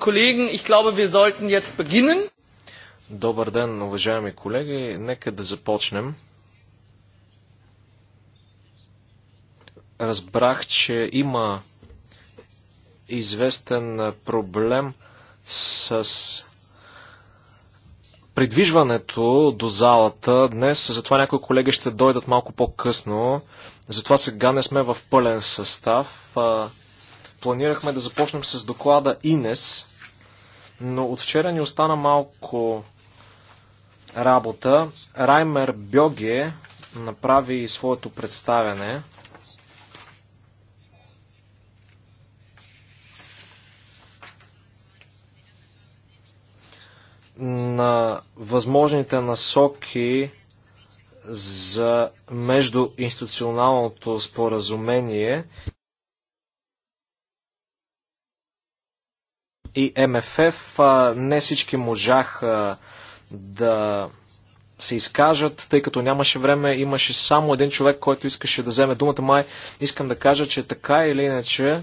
Kollegen, ich glaube, wir sollten jetzt beginnen. Добър ден, уважаеми колеги. Нека да започнем. Разбрах, че има известен проблем с придвижването до залата днес, затова някои колеги ще дойдат малко по-късно. Затова сега не сме в пълен състав. Планирахме да започнем с доклада Инес но от вчера ни остана малко работа. Раймер Бьоге направи своето представяне. на възможните насоки за междуинституционалното споразумение. и МФФ. Не всички можаха да се изкажат, тъй като нямаше време, имаше само един човек, който искаше да вземе думата. Май искам да кажа, че така или иначе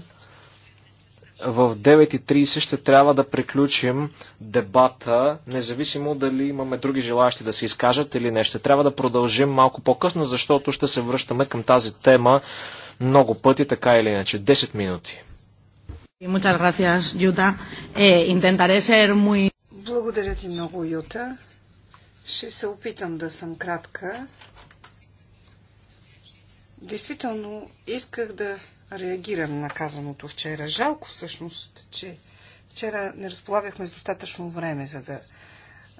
в 9.30 ще трябва да приключим дебата, независимо дали имаме други желаящи да се изкажат или не. Ще трябва да продължим малко по-късно, защото ще се връщаме към тази тема много пъти, така или иначе. 10 минути. Muchas gracias, Юта. Eh, intentaré ser muy... Благодаря ти много, Юта. Ще се опитам да съм кратка. Действително, исках да реагирам на казаното вчера. Жалко всъщност, че вчера не разполагахме с достатъчно време, за да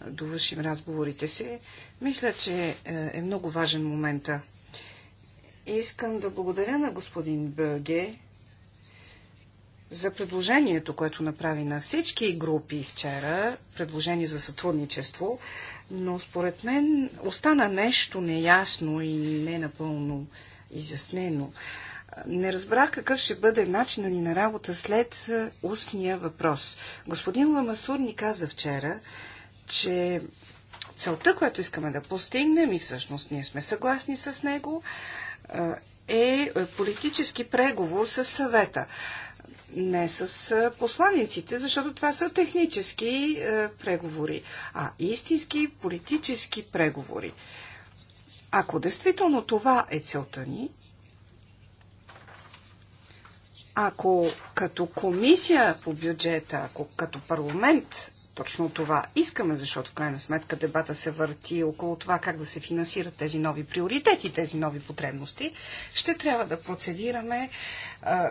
довършим разговорите си. Мисля, че е, е много важен момента. Искам да благодаря на господин Бълге за предложението, което направи на всички групи вчера, предложение за сътрудничество, но според мен остана нещо неясно и не напълно изяснено. Не разбрах какъв ще бъде начинът ни на работа след е, устния въпрос. Господин Ламасур ни каза вчера, че целта, която искаме да постигнем, и всъщност ние сме съгласни с него, е, е политически преговор с съвета не с посланиците, защото това са технически преговори, а истински политически преговори. Ако действително това е целта ни, ако като комисия по бюджета, ако като парламент точно това искаме, защото в крайна сметка дебата се върти около това как да се финансират тези нови приоритети, тези нови потребности, ще трябва да процедираме а,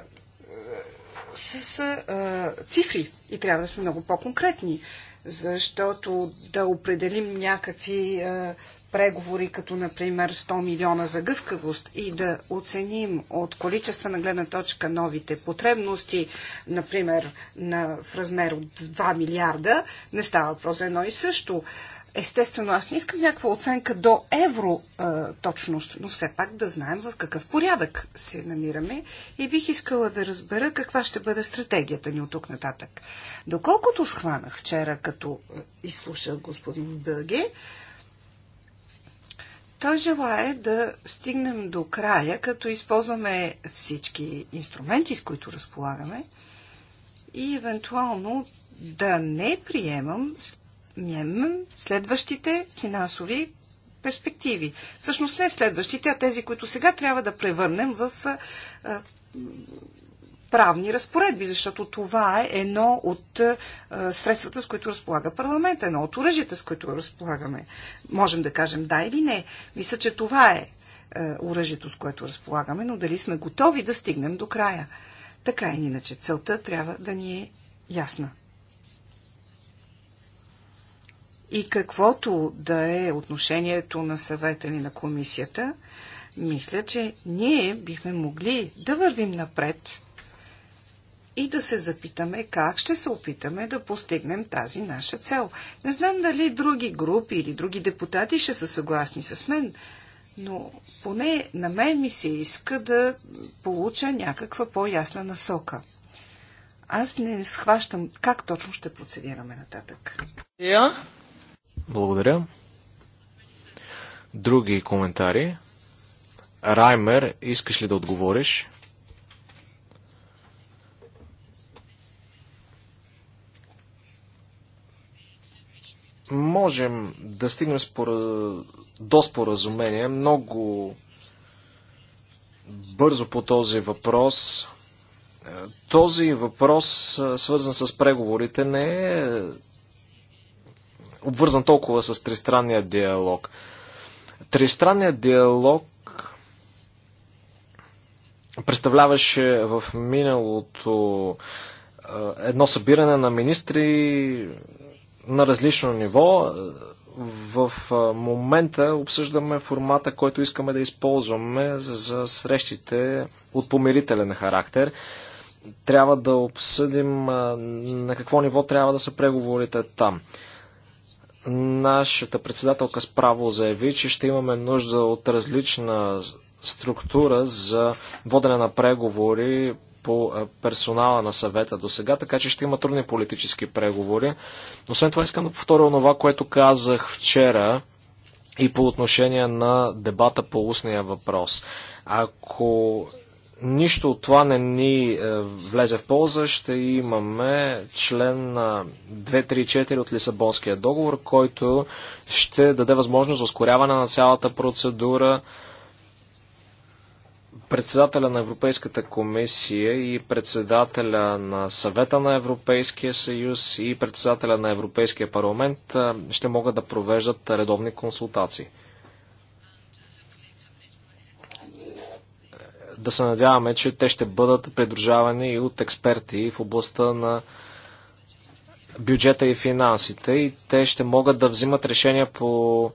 с а, цифри и трябва да сме много по-конкретни, защото да определим някакви а, преговори, като например 100 милиона за гъвкавост и да оценим от количества на гледна точка новите потребности, например на, в размер от 2 милиарда, не става въпрос за едно и също. Естествено, аз не искам някаква оценка до евро а, точност, но все пак да знаем в какъв порядък се намираме и бих искала да разбера каква ще бъде стратегията ни от тук нататък. Доколкото схванах вчера, като изслушах господин Бълге, той желая да стигнем до края, като използваме всички инструменти, с които разполагаме и евентуално да не приемам Мем, следващите финансови перспективи. Всъщност не следващите, а тези, които сега трябва да превърнем в а, правни разпоредби, защото това е едно от а, средствата, с които разполага парламента, едно от оръжията, с които разполагаме. Можем да кажем да или не. Мисля, че това е оръжието, с което разполагаме, но дали сме готови да стигнем до края. Така е, иначе, целта трябва да ни е ясна. И каквото да е отношението на съвета ни на комисията, мисля, че ние бихме могли да вървим напред и да се запитаме как ще се опитаме да постигнем тази наша цел. Не знам дали други групи или други депутати ще са съгласни с мен, но поне на мен ми се иска да получа някаква по-ясна насока. Аз не схващам как точно ще процедираме нататък. Yeah. Благодаря. Други коментари? Раймер, искаш ли да отговориш? Можем да стигнем спор... до споразумение много бързо по този въпрос. Е, този въпрос, е, свързан с преговорите, не е обвързан толкова с тристранния диалог. Тристранният диалог представляваше в миналото е, едно събиране на министри на различно ниво. В е, момента обсъждаме формата, който искаме да използваме за срещите от помирителен характер. Трябва да обсъдим е, на какво ниво трябва да са преговорите там. Нашата председателка справо заяви, че ще имаме нужда от различна структура за водене на преговори по е, персонала на съвета до сега, така че ще има трудни политически преговори. Но Освен това искам да повторя онова, което казах вчера и по отношение на дебата по устния въпрос. Ако нищо от това не ни е, влезе в полза, ще имаме член на 234 от Лисабонския договор, който ще даде възможност за ускоряване на цялата процедура. Председателя на Европейската комисия и председателя на съвета на Европейския съюз и председателя на Европейския парламент е, ще могат да провеждат редовни консултации. да се надяваме, че те ще бъдат придружавани и от експерти в областта на бюджета и финансите и те ще могат да взимат решения по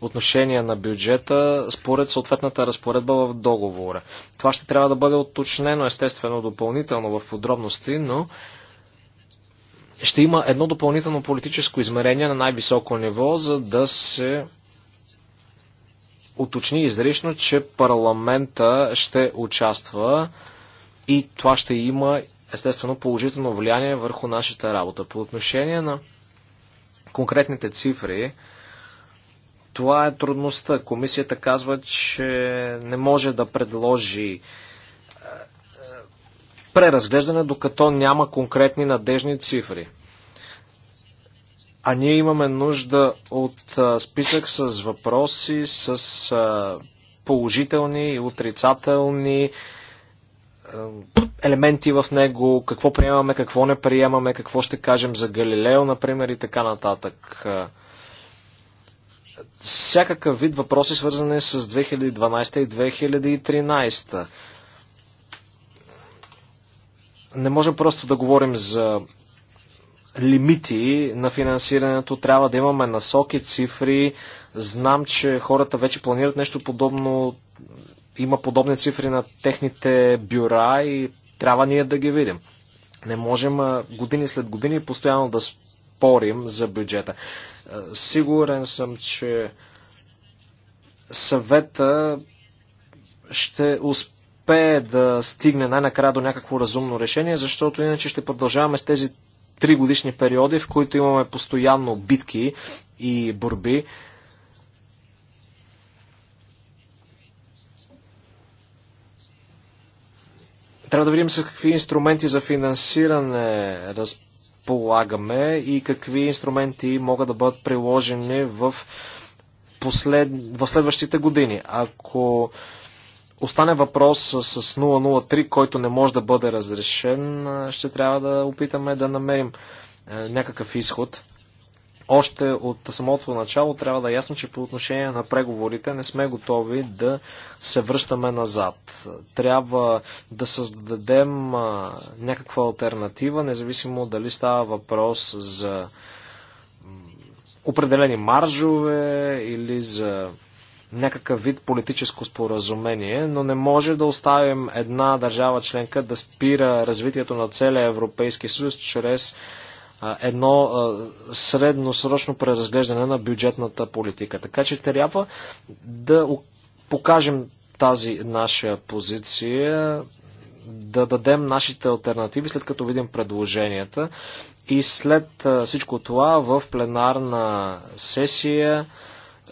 отношение на бюджета според съответната разпоредба в договора. Това ще трябва да бъде уточнено естествено допълнително в подробности, но ще има едно допълнително политическо измерение на най-високо ниво, за да се уточни изрично, че парламента ще участва и това ще има естествено положително влияние върху нашата работа. По отношение на конкретните цифри, това е трудността. Комисията казва, че не може да предложи е, е, преразглеждане, докато няма конкретни надежни цифри. А ние имаме нужда от списък с въпроси, с положителни и отрицателни елементи в него, какво приемаме, какво не приемаме, какво ще кажем за Галилео, например, и така нататък. Всякакъв вид въпроси, свързани с 2012 и 2013. Не можем просто да говорим за лимити на финансирането, трябва да имаме насоки, цифри. Знам, че хората вече планират нещо подобно, има подобни цифри на техните бюра и трябва ние да ги видим. Не можем години след години постоянно да спорим за бюджета. Е, сигурен съм, че съвета ще успее да стигне най-накрая до някакво разумно решение, защото иначе ще продължаваме с тези три годишни периоди, в които имаме постоянно битки и борби. Трябва да видим с какви инструменти за финансиране разполагаме и какви инструменти могат да бъдат приложени в, послед... в следващите години. Ако остане въпрос с 003, който не може да бъде разрешен, ще трябва да опитаме да намерим е, някакъв изход. Още от самото начало трябва да е ясно, че по отношение на преговорите не сме готови да се връщаме назад. Трябва да създадем някаква альтернатива, независимо дали става въпрос за определени маржове или за някакъв вид политическо споразумение, но не може да оставим една държава членка да спира развитието на целия Европейски съюз чрез едно средносрочно преразглеждане на бюджетната политика. Така че трябва да покажем тази наша позиция, да дадем нашите альтернативи, след като видим предложенията и след всичко това в пленарна сесия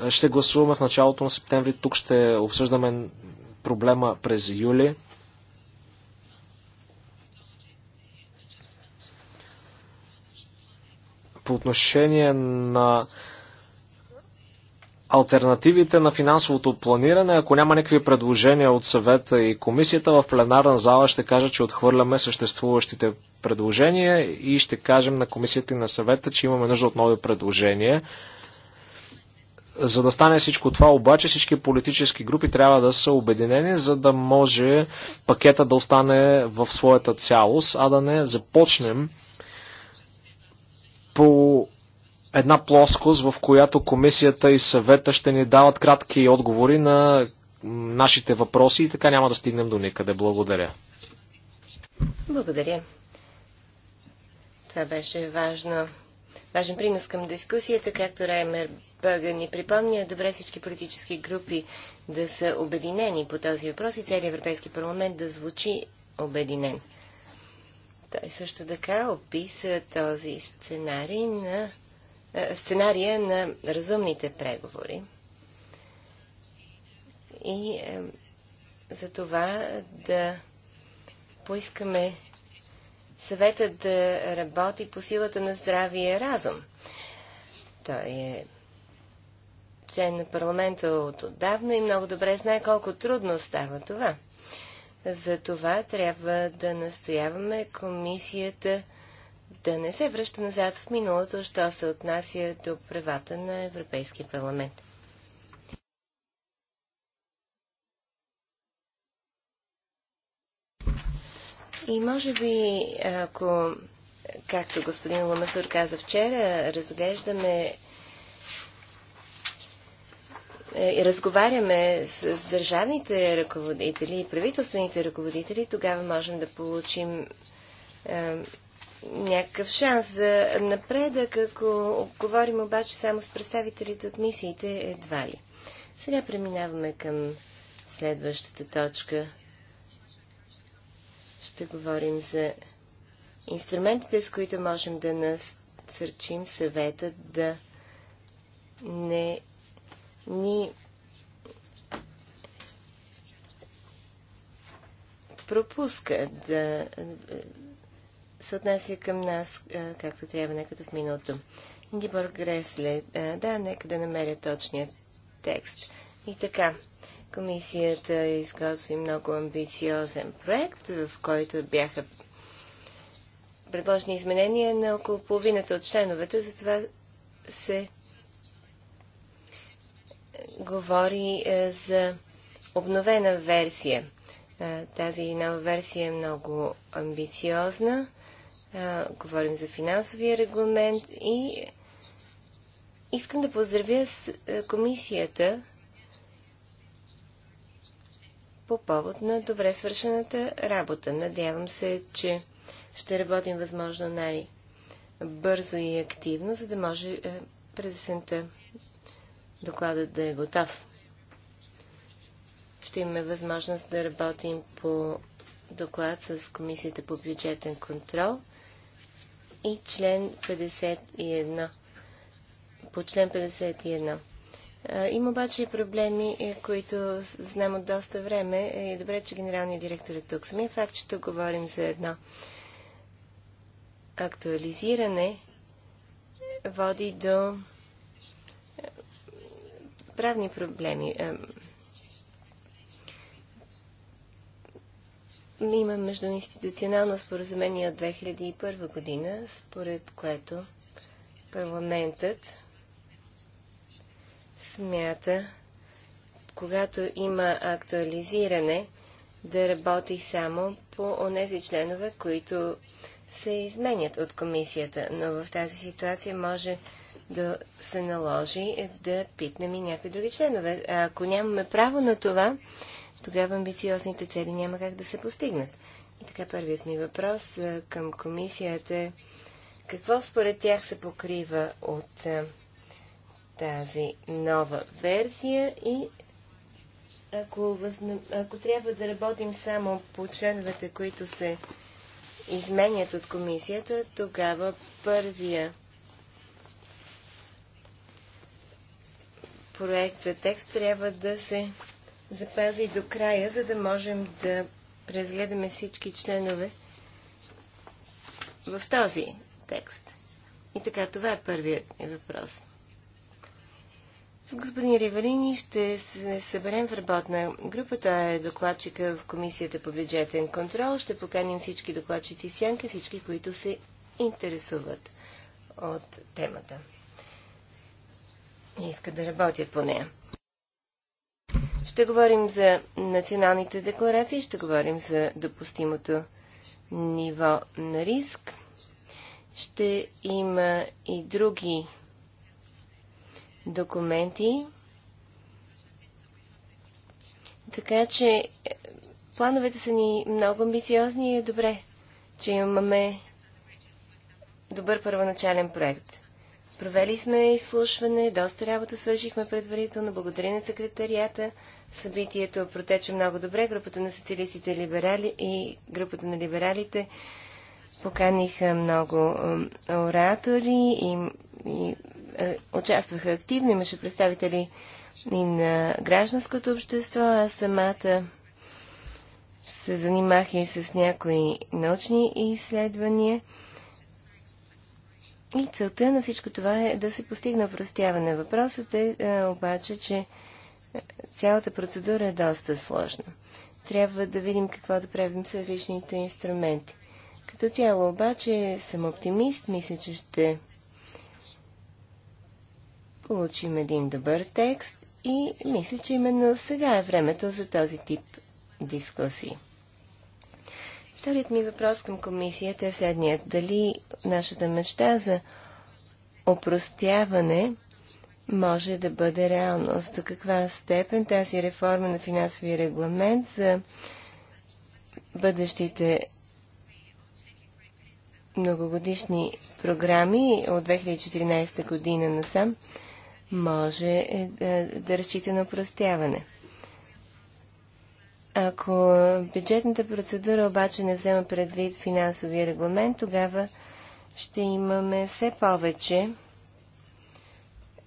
е, ще гласуваме в началото на септември. Тук ще обсъждаме проблема през юли. По отношение на альтернативите на финансовото планиране, ако няма някакви предложения от съвета и комисията, в пленарна зала ще кажа, че отхвърляме съществуващите предложения и ще кажем на комисията и на съвета, че имаме нужда от нови предложения. За да стане всичко това, обаче всички политически групи трябва да са обединени, за да може пакета да остане в своята цялост, а да не започнем по една плоскост, в която комисията и съвета ще ни дават кратки отговори на нашите въпроси и така няма да стигнем до никъде. Благодаря. Благодаря. Това беше важна, важен принос към дискусията, както Раймер Бърга ни припомня, добре всички политически групи да са обединени по този въпрос и целият Европейски парламент да звучи обединен. Той също така описа този сценарий на, сценария на разумните преговори. И е, за това да поискаме съветът да работи по силата на здравия разум. Той е член на парламента от отдавна и много добре знае колко трудно става това. За това трябва да настояваме комисията да не се връща назад в миналото, що се отнася до правата на Европейския парламент. И може би, ако, както господин Ламасур каза вчера, разглеждаме е, и разговаряме с, с държавните ръководители и правителствените ръководители, тогава можем да получим е, някакъв шанс за напредък, ако говорим обаче само с представителите от мисиите, едва ли. Сега преминаваме към следващата точка. Ще говорим за инструментите, с които можем да насърчим съвета да не ни пропуска да се отнася към нас както трябва, не като в миналото. Гибор Гресле, да, нека да намеря точния текст. И така, комисията изготви много амбициозен проект, в който бяха предложени изменения на около половината от членовете, затова се говори е, за обновена версия. Е, тази нова версия е много амбициозна. Е, говорим за финансовия регламент и искам да поздравя с комисията по повод на добре свършената работа. Надявам се, че ще работим възможно най-бързо и активно, за да може през есента докладът да е готов. Ще имаме възможност да работим по доклад с Комисията по бюджетен контрол и член 51. По член 51. Има обаче и проблеми, е, които знам от доста време. И е, добре, че генералният директор е тук. Самия факт, че тук говорим за едно актуализиране, води до правни проблеми. Е, има междуинституционално споразумение от 2001 година, според което парламентът смята, когато има актуализиране, да работи само по онези членове, които се изменят от комисията. Но в тази ситуация може да се наложи да пикнем и някои други членове. А ако нямаме право на това, тогава амбициозните цели няма как да се постигнат. И така първият ми въпрос към комисията е какво според тях се покрива от тази нова версия и ако, възна... ако трябва да работим само по членовете, които се изменят от комисията, тогава първия проект за текст трябва да се запази до края, за да можем да разгледаме всички членове в този текст. И така, това е първият ми въпрос. С господин Риварини ще се съберем в работна група. Той е докладчика в Комисията по бюджетен контрол. Ще поканим всички докладчици в сянка, всички, които се интересуват от темата и искат да работят по нея. Ще говорим за националните декларации, ще говорим за допустимото ниво на риск. Ще има и други документи. Така че е, плановете са ни много амбициозни и е добре, че имаме добър първоначален проект. Провели сме изслушване, доста работа свършихме предварително. Благодаря на секретарията. Събитието протече много добре. Групата на социалистите и либерали и групата на либералите поканиха много оратори и, и е, участваха активно. Имаше представители и на гражданското общество, а самата се занимах и с някои научни изследвания. И целта на всичко това е да се постигне простяване. Въпросът е, е обаче, че е, цялата процедура е доста сложна. Трябва да видим какво да правим с различните инструменти. Като цяло обаче съм оптимист, мисля, че ще получим един добър текст и мисля, че именно сега е времето за този тип дискусии. Вторият ми въпрос към комисията е следният. Дали нашата мечта за опростяване може да бъде реалност? До каква степен тази реформа на финансовия регламент за бъдещите многогодишни програми от 2014 година насам може е, да, разчита на опростяване? Ако бюджетната процедура обаче не взема предвид финансовия регламент, тогава ще имаме все повече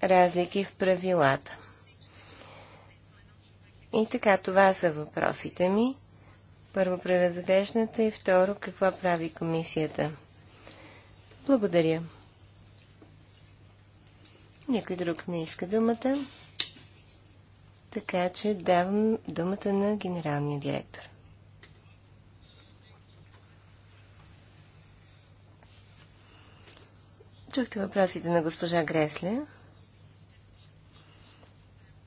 разлики в правилата. И така, това са въпросите ми. Първо преразглеждането и второ какво прави комисията. Благодаря. Някой друг не иска думата. Така че давам думата на генералния директор. Чухте въпросите на госпожа Гресле.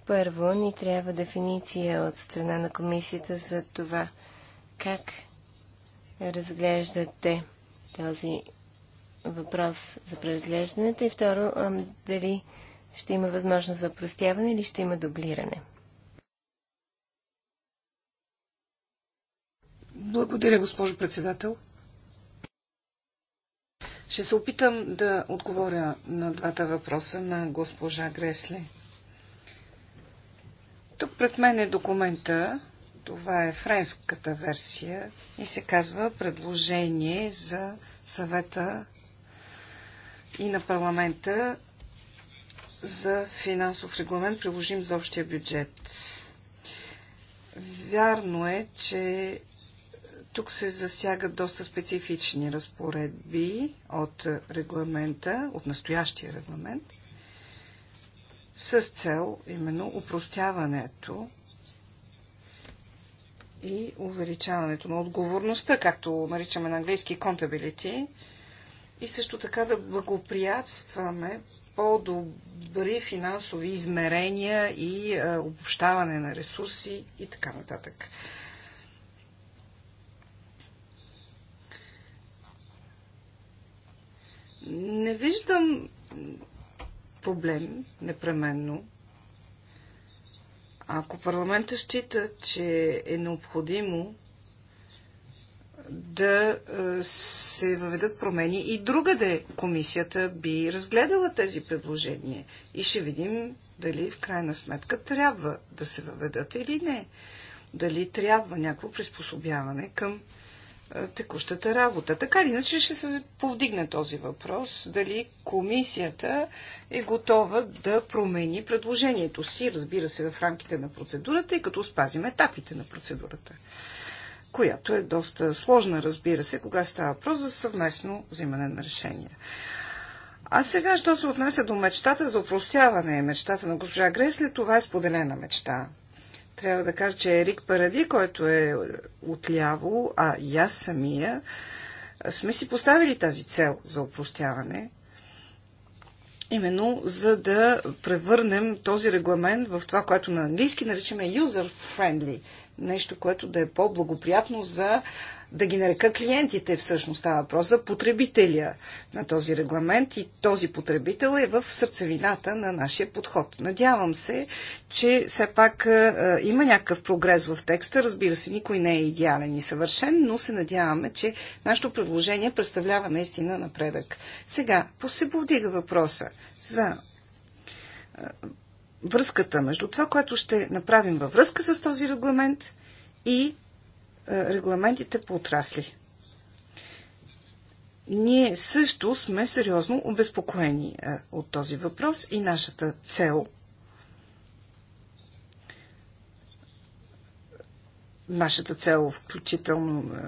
Първо ни трябва дефиниция от страна на комисията за това как разглеждате този въпрос за преразглеждането и второ дали ще има възможност за опростяване или ще има дублиране? Благодаря, госпожо председател. Ще се опитам да отговоря на двата въпроса на госпожа Гресле. Тук пред мен е документа. Това е френската версия и се казва предложение за съвета и на парламента за финансов регламент, приложим за общия бюджет. Вярно е, че тук се засягат доста специфични разпоредби от регламента, от настоящия регламент, с цел именно упростяването и увеличаването на отговорността, както наричаме на английски accountability, и също така да благоприятстваме по-добри финансови измерения и а, обобщаване на ресурси и така нататък. Не виждам проблем непременно. Ако парламента счита, че е необходимо да е, се въведат промени и другаде комисията би разгледала тези предложения и ще видим дали в крайна сметка трябва да се въведат или не. Дали трябва някакво приспособяване към е, текущата работа. Така или иначе ще се повдигне този въпрос, дали комисията е готова да промени предложението си, разбира се, в рамките на процедурата и като спазим етапите на процедурата която е доста сложна, разбира се, кога става въпрос за съвместно взимане на решения. А сега, що се отнася до мечтата за упростяване, мечтата на госпожа Гресли, това е споделена мечта. Трябва да кажа, че Ерик Паради, който е отляво, а и аз самия, сме си поставили тази цел за упростяване, именно за да превърнем този регламент в това, което на английски наричаме user-friendly, нещо, което да е по-благоприятно за да ги нарека клиентите всъщност. Става въпрос за потребителя на този регламент и този потребител е в сърцевината на нашия подход. Надявам се, че все пак а, има някакъв прогрес в текста. Разбира се, никой не е идеален и съвършен, но се надяваме, че нашето предложение представлява наистина напредък. Сега, по се повдига въпроса за връзката между това, което ще направим във връзка с този регламент и е, регламентите по отрасли. Ние също сме сериозно обезпокоени е, от този въпрос и нашата цел нашата цел, включително е,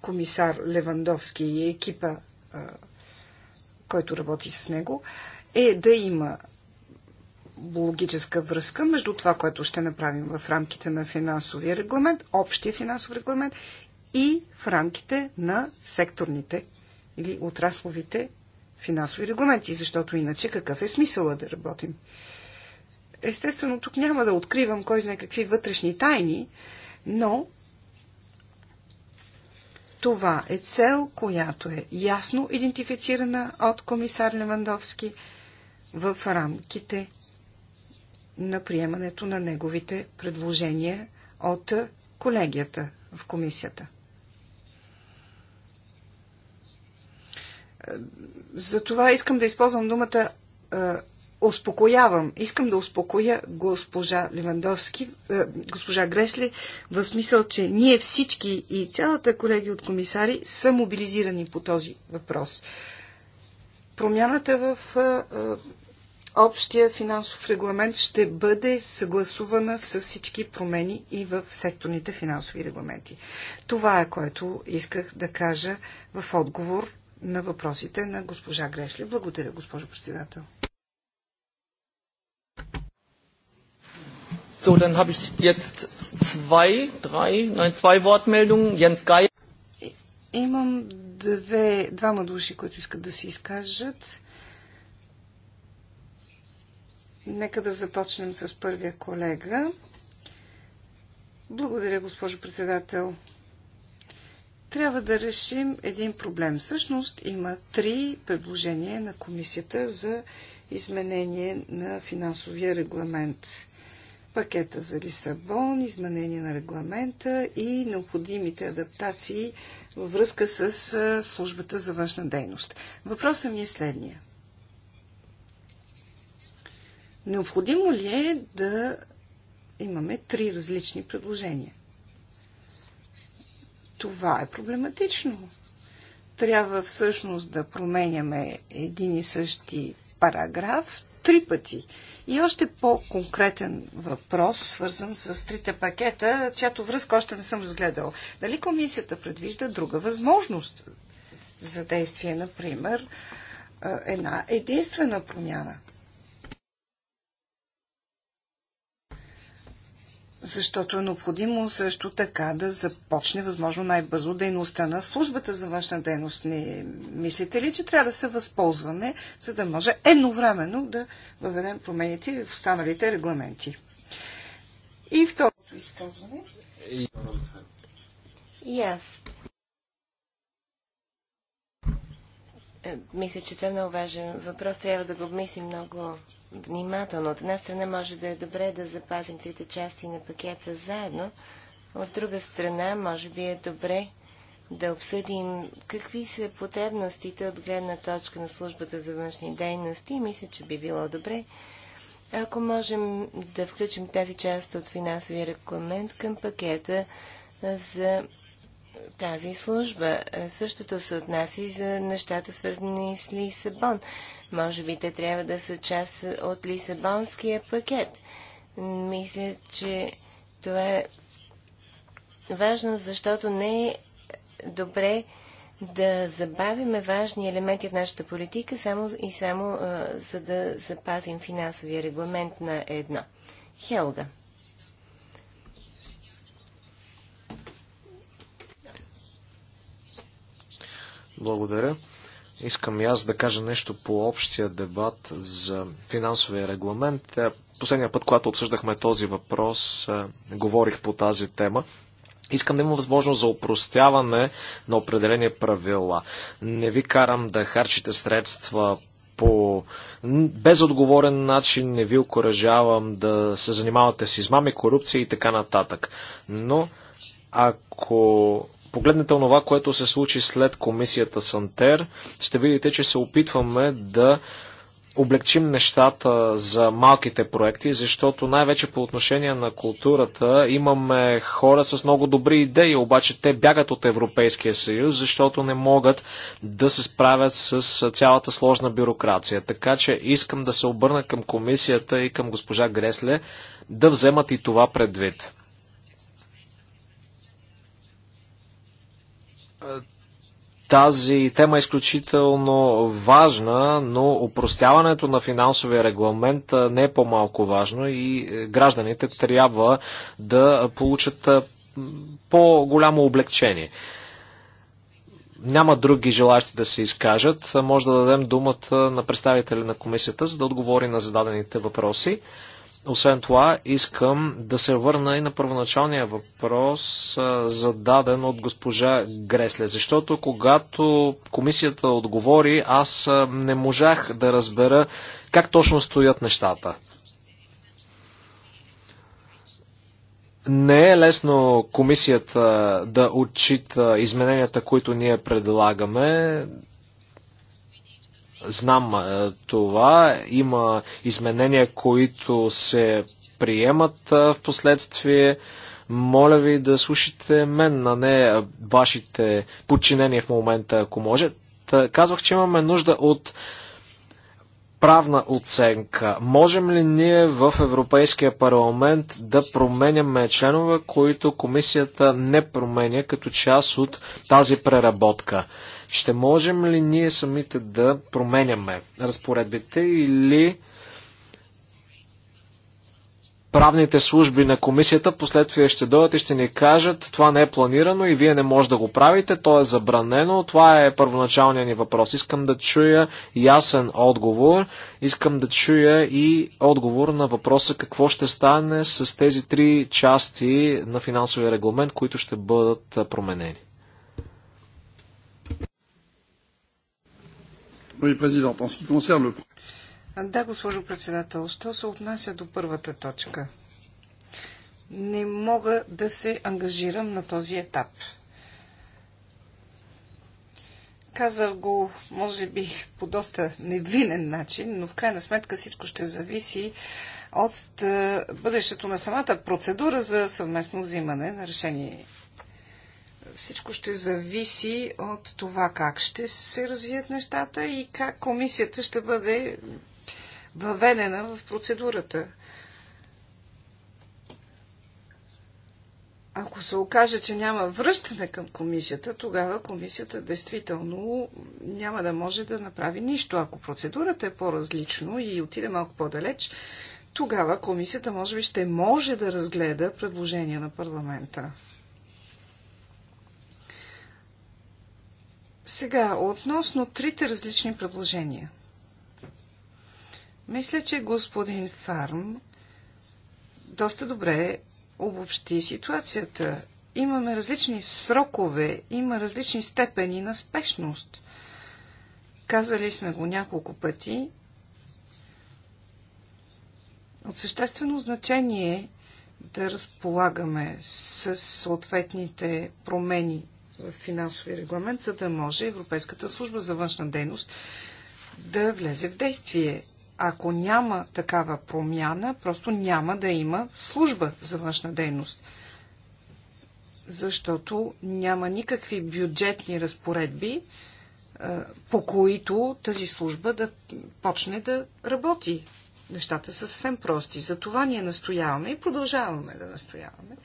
комисар Левандовски и екипа, който работи с него, е да има логическа връзка между това, което ще направим в рамките на финансовия регламент, общия финансов регламент и в рамките на секторните или отрасловите финансови регламенти, защото иначе какъв е смисъла да работим? Естествено, тук няма да откривам кой знае какви вътрешни тайни, но това е цел, която е ясно идентифицирана от комисар Левандовски в рамките на приемането на неговите предложения от колегията в комисията. Затова искам да използвам думата успокоявам. Искам да успокоя госпожа Левандовски, госпожа Гресли, в смисъл, че ние всички и цялата колеги от комисари са мобилизирани по този въпрос. Промяната в общия финансов регламент ще бъде съгласувана с всички промени и в секторните финансови регламенти. Това е което исках да кажа в отговор на въпросите на госпожа Гресли. Благодаря, госпожо председател. So, dann habe ich jetzt zwei, drei, nein, zwei Wortmeldungen. Jens Geier. Имам две, двама души, които искат да се изкажат. Нека да започнем с първия колега. Благодаря, госпожо председател. Трябва да решим един проблем. Всъщност има три предложения на комисията за изменение на финансовия регламент. Пакета за Лисабон, изменение на регламента и необходимите адаптации във връзка с службата за външна дейност. Въпросът ми е следния. Необходимо ли е да имаме три различни предложения? Това е проблематично. Трябва всъщност да променяме един и същи параграф три пъти. И още по-конкретен въпрос, свързан с трите пакета, чиято връзка още не съм разгледал. Дали комисията предвижда друга възможност за действие, например, е, една единствена промяна защото е необходимо също така да започне възможно най-бързо дейността на службата за външна дейност. Не мислите ли, че трябва да се възползваме, за да може едновременно да въведем промените в останалите регламенти? И второто изказване. И, аз Е, мисля, че това е много важен въпрос. Трябва да го обмислим много внимателно. От една страна може да е добре да запазим трите части на пакета заедно. От друга страна, може би е добре да обсъдим какви са потребностите от гледна точка на службата за външни дейности. Мисля, че би било добре, ако можем да включим тази част от финансовия рекламент към пакета за тази служба. Е, същото се отнася и за нещата, свързани с Лисабон. Може би те трябва да са част от Лисабонския пакет. Мисля, че това е важно, защото не е добре да забавиме важни елементи от нашата политика само и само а, е, за да запазим финансовия регламент на едно. Хелга. Благодаря. Искам и аз да кажа нещо по общия дебат за финансовия регламент. Е, последния път, когато обсъждахме този въпрос, е, говорих по тази тема. Искам да има възможност за опростяване на определени правила. Не ви карам да харчите средства по безотговорен начин, не ви окоръжавам да се занимавате с измами, корупция и така нататък. Но ако погледнете онова, което се случи след комисията Сантер, ще видите, че се опитваме да облегчим нещата за малките проекти, защото най-вече по отношение на културата имаме хора с много добри идеи, обаче те бягат от Европейския съюз, защото не могат да се справят с цялата сложна бюрокрация. Така че искам да се обърна към комисията и към госпожа Гресле да вземат и това предвид. Тази тема е изключително важна, но упростяването на финансовия регламент не е по-малко важно и е, гражданите трябва да получат по-голямо облегчение. Няма други желащи да се изкажат. Може да дадем думата на представители на комисията, за да отговори на зададените въпроси. Освен това, искам да се върна и на първоначалния въпрос, зададен от госпожа Гресле, защото когато комисията отговори, аз не можах да разбера как точно стоят нещата. Не е лесно комисията да отчита измененията, които ние предлагаме. Знам е, това. Има изменения, които се приемат е, в последствие. Моля ви да слушате мен, а не е, вашите подчинения в момента, ако може. Казвах, че имаме нужда от правна оценка. Можем ли ние в Европейския парламент да променяме членове, които комисията не променя като част от тази преработка? Ще можем ли ние самите да променяме разпоредбите или правните служби на комисията последствие ще дойдат и ще ни кажат това не е планирано и вие не може да го правите, то е забранено. Това е първоначалният ни въпрос. Искам да чуя ясен отговор. Искам да чуя и отговор на въпроса какво ще стане с тези три части на финансовия регламент, които ще бъдат променени. Да, госпожо председател, що се отнася до първата точка? Не мога да се ангажирам на този етап. Казах го, може би, по доста невинен начин, но в крайна сметка всичко ще зависи от е, бъдещето на самата процедура за съвместно взимане на решение всичко ще зависи от това как ще се развият нещата и как комисията ще бъде въведена в процедурата. Ако се окаже, че няма връщане към комисията, тогава комисията действително няма да може да направи нищо. Ако процедурата е по-различно и отиде малко по-далеч, тогава комисията може би ще може да разгледа предложения на парламента. Сега, относно трите различни предложения. Мисля, че господин Фарм доста добре обобщи ситуацията. Имаме различни срокове, има различни степени на спешност. Казали сме го няколко пъти. От съществено значение е да разполагаме с съответните промени финансови регламент, за да може Европейската служба за външна дейност да влезе в действие. Ако няма такава промяна, просто няма да има служба за външна дейност. Защото няма никакви бюджетни разпоредби, по които тази служба да почне да работи. Нещата са съвсем прости. За това ние настояваме и продължаваме да настояваме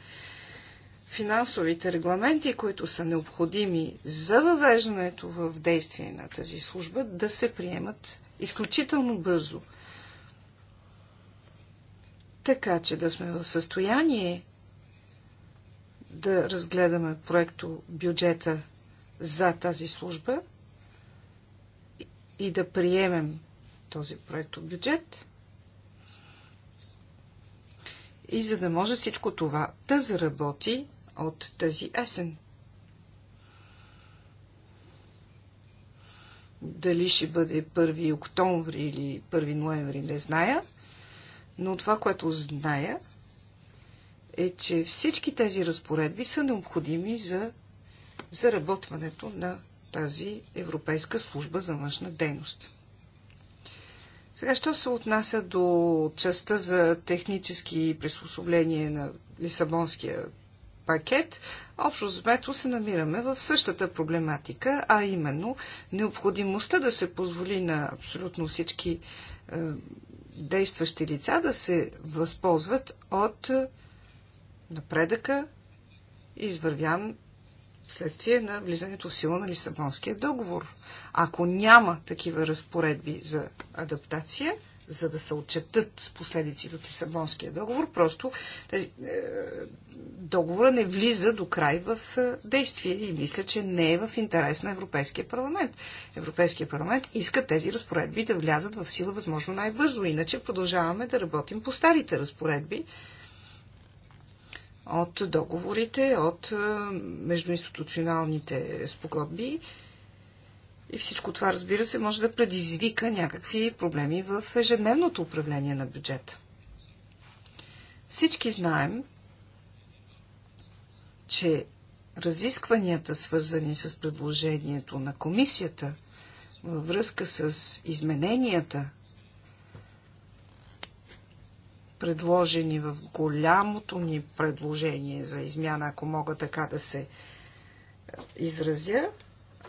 финансовите регламенти, които са необходими за въвеждането в действие на тази служба, да се приемат изключително бързо. Така че да сме в състояние да разгледаме проекто бюджета за тази служба и да приемем този проект бюджет. И за да може всичко това да заработи от тази есен. Дали ще бъде 1 октомври или 1 ноември, не зная. Но това, което зная, е, че всички тези разпоредби са необходими за заработването на тази Европейска служба за външна дейност. Сега, що се отнася до частта за технически приспособление на Лисабонския пакет, общо взето се намираме в същата проблематика, а именно необходимостта да се позволи на абсолютно всички е, действащи лица да се възползват от е, напредъка, извървян вследствие на влизането в сила на Лисабонския договор. Ако няма такива разпоредби за адаптация, за да се отчетат последиците от Лисабонския договор. Просто тази, е, е, договора не влиза до край в е, действие и мисля, че не е в интерес на Европейския парламент. Европейския парламент иска тези разпоредби да влязат в сила възможно най-бързо. Иначе продължаваме да работим по старите разпоредби от договорите, от е, междуинституционалните спогодби и всичко това, разбира се, може да предизвика някакви проблеми в ежедневното управление на бюджета. Всички знаем, че разискванията, свързани с предложението на комисията във връзка с измененията, предложени в голямото ни предложение за измяна, ако мога така да се изразя,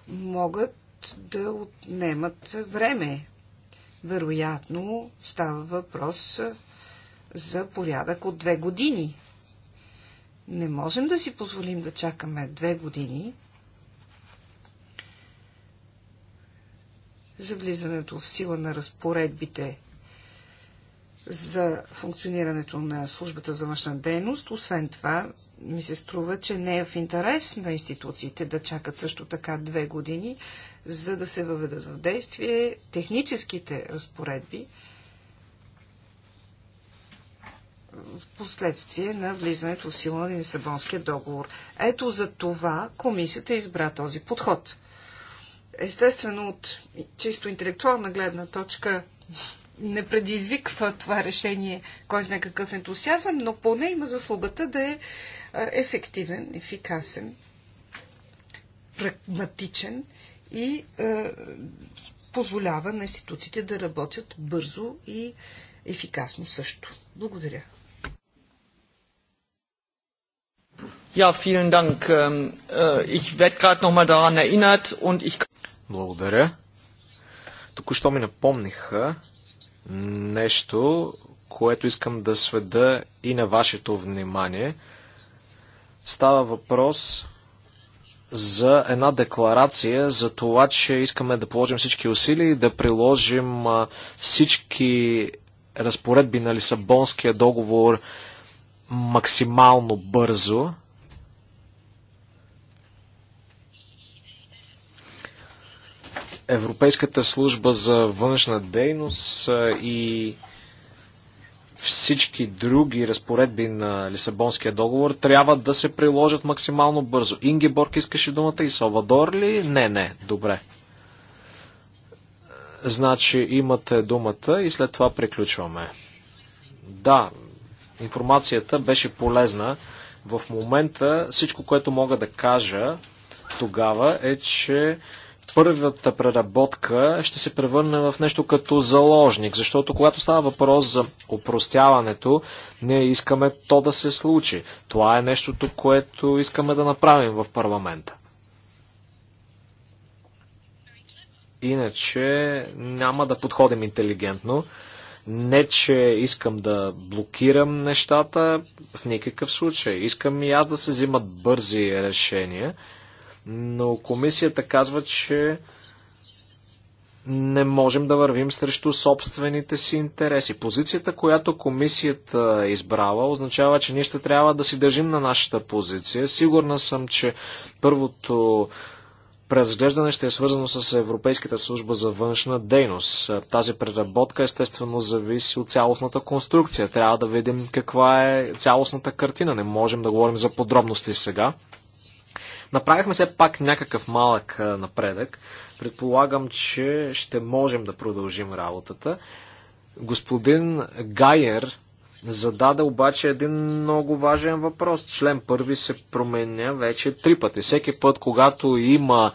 могат да отнемат време. Вероятно става въпрос за порядък от две години. Не можем да си позволим да чакаме две години за влизането в сила на разпоредбите за функционирането на службата за външна дейност. Освен това, ми се струва, че не е в интерес на институциите да чакат също така две години, за да се въведат в действие техническите разпоредби в последствие на влизането в сила на Лисабонския договор. Ето за това комисията избра този подход. Естествено, от чисто интелектуална гледна точка не предизвиква това решение кой знае какъв ентусиазъм, но поне има заслугата да е, е ефективен, ефикасен, прагматичен и е, позволява на институциите да работят бързо и ефикасно също. Благодаря. Ja, vielen Dank. Ähm, äh, ich werde gerade nochmal daran erinnert und ich... Благодаря. Току-що ми напомниха нещо, което искам да сведа и на вашето внимание. Става въпрос за една декларация за това, че искаме да положим всички усилия и да приложим всички разпоредби на Лисабонския договор максимално бързо. Европейската служба за външна дейност и всички други разпоредби на Лисабонския договор трябва да се приложат максимално бързо. Ингеборг искаше думата и Салвадор ли? Не, не. Добре. Значи имате думата и след това приключваме. Да, информацията беше полезна. В момента всичко, което мога да кажа тогава е, че първата преработка ще се превърне в нещо като заложник, защото когато става въпрос за опростяването, ние искаме то да се случи. Това е нещото, което искаме да направим в парламента. Иначе няма да подходим интелигентно. Не, че искам да блокирам нещата в никакъв случай. Искам и аз да се взимат бързи решения. Но комисията казва, че не можем да вървим срещу собствените си интереси. Позицията, която комисията е избрала, означава, че ние ще трябва да си държим на нашата позиция. Сигурна съм, че първото преразглеждане ще е свързано с Европейската служба за външна дейност. Тази преработка естествено зависи от цялостната конструкция. Трябва да видим каква е цялостната картина. Не можем да говорим за подробности сега. Направихме все пак някакъв малък напредък. Предполагам, че ще можем да продължим работата. Господин Гайер зададе обаче един много важен въпрос. Член първи се променя вече три пъти. Всеки път, когато има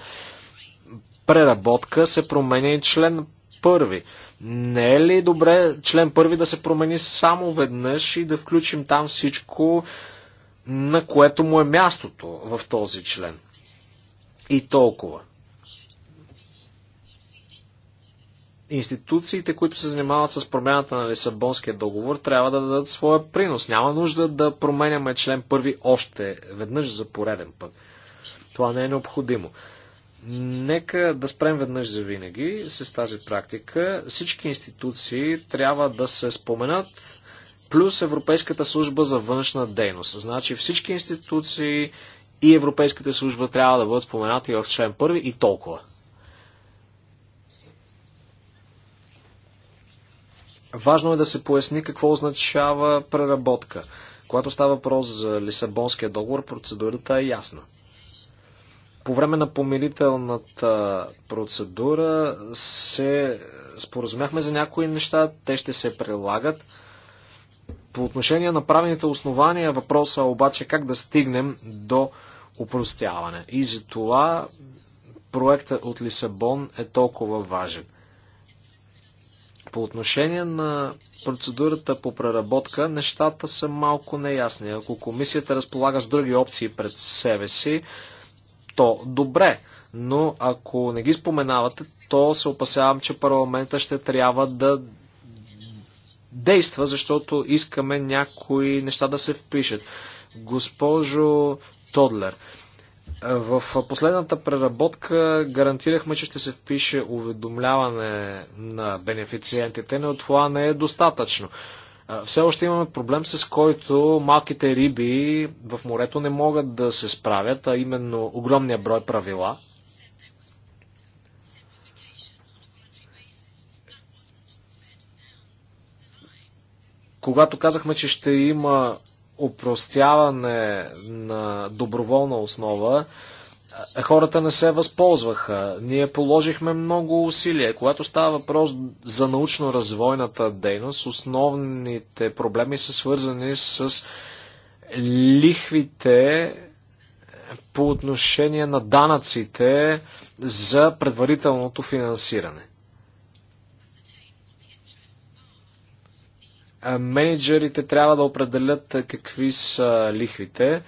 преработка, се променя и член първи. Не е ли добре член първи да се промени само веднъж и да включим там всичко, на което му е мястото в този член. И толкова. Институциите, които се занимават с промяната на Лисабонския договор, трябва да дадат своя принос. Няма нужда да променяме член първи още веднъж за пореден път. Това не е необходимо. Нека да спрем веднъж за винаги с тази практика. Всички институции трябва да се споменат, плюс Европейската служба за външна дейност. Значи всички институции и Европейската служба трябва да бъдат споменати в член 1 и толкова. Важно е да се поясни какво означава преработка. Когато става въпрос за Лисабонския договор, процедурата е ясна. По време на помирителната процедура се споразумяхме за някои неща, те ще се прилагат. По отношение на правените основания, въпроса обаче как да стигнем до упростяване. И за това проекта от Лисабон е толкова важен. По отношение на процедурата по преработка, нещата са малко неясни. Ако комисията разполага с други опции пред себе си, то добре. Но ако не ги споменавате, то се опасявам, че парламента ще трябва да действа, защото искаме някои неща да се впишат. Госпожо Тодлер, в последната преработка гарантирахме, че ще се впише уведомляване на бенефициентите, но това не е достатъчно. Все още имаме проблем, с който малките риби в морето не могат да се справят, а именно огромния брой правила – Когато казахме, че ще има упростяване на доброволна основа, хората не се възползваха. Ние положихме много усилия. Когато става въпрос за научно-развойната дейност, основните проблеми са свързани с лихвите по отношение на данъците за предварителното финансиране. менеджерите трябва да определят какви са лихвите.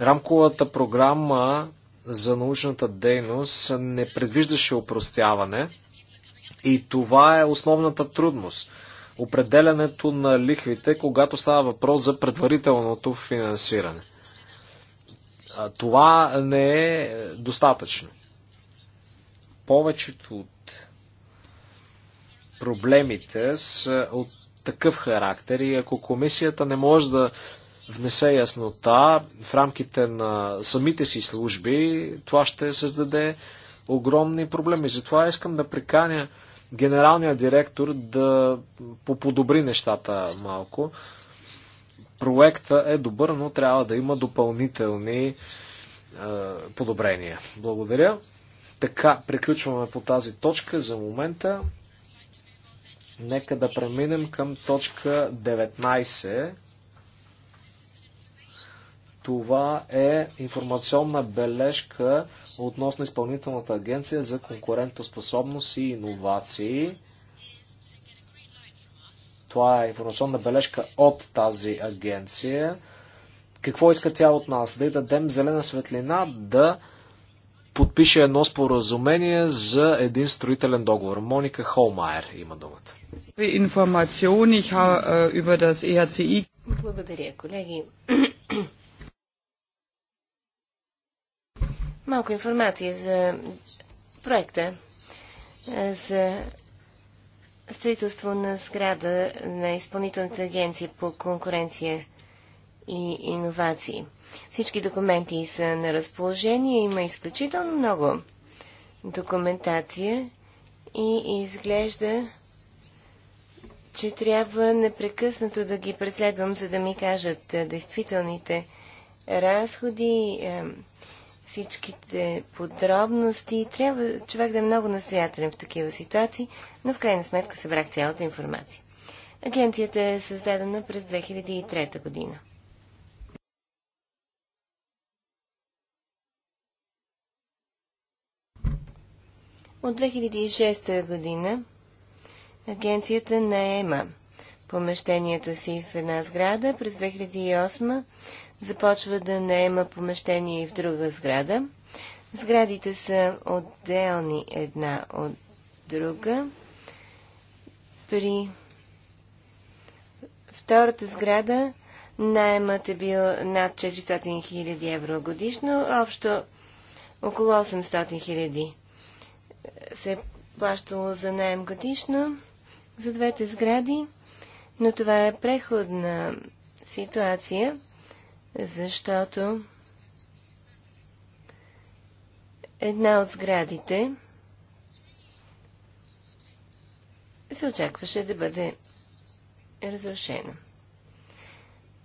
Рамковата програма за научната дейност не предвиждаше упростяване и това е основната трудност. Определянето на лихвите, когато става въпрос за предварителното финансиране. Това не е достатъчно. Повечето от проблемите са от такъв характер и ако комисията не може да внесе яснота в рамките на самите си служби, това ще създаде огромни проблеми. Затова искам да приканя генералния директор да поподобри нещата малко. Проекта е добър, но трябва да има допълнителни е, подобрения. Благодаря. Така, приключваме по тази точка за момента. Нека да преминем към точка 19. Това е информационна бележка относно Изпълнителната агенция за конкурентоспособност и иновации. Това е информационна бележка от тази агенция. Какво иска тя от нас? Да й дадем зелена светлина да подпише едно споразумение за един строителен договор. Моника Холмайер има думата. Е, e Благодаря, колеги. Малко информация за проекта е, за строителство на сграда на Изпълнителната агенция по конкуренция и иновации. Всички документи са на разположение, има изключително много документация и изглежда, че трябва непрекъснато да ги преследвам, за да ми кажат действителните разходи, всичките подробности. Трябва човек да е много настоятелен в такива ситуации, но в крайна сметка събрах цялата информация. Агенцията е създадена през 2003 година. От 2006 година агенцията наема помещенията си в една сграда. През 2008 започва да наема помещение и в друга сграда. Сградите са отделни една от друга. При втората сграда найемът е бил над 400 000 евро годишно, общо около 800 000 се е плащало за найем годишно за двете сгради, но това е преходна ситуация, защото една от сградите се очакваше да бъде разрушена.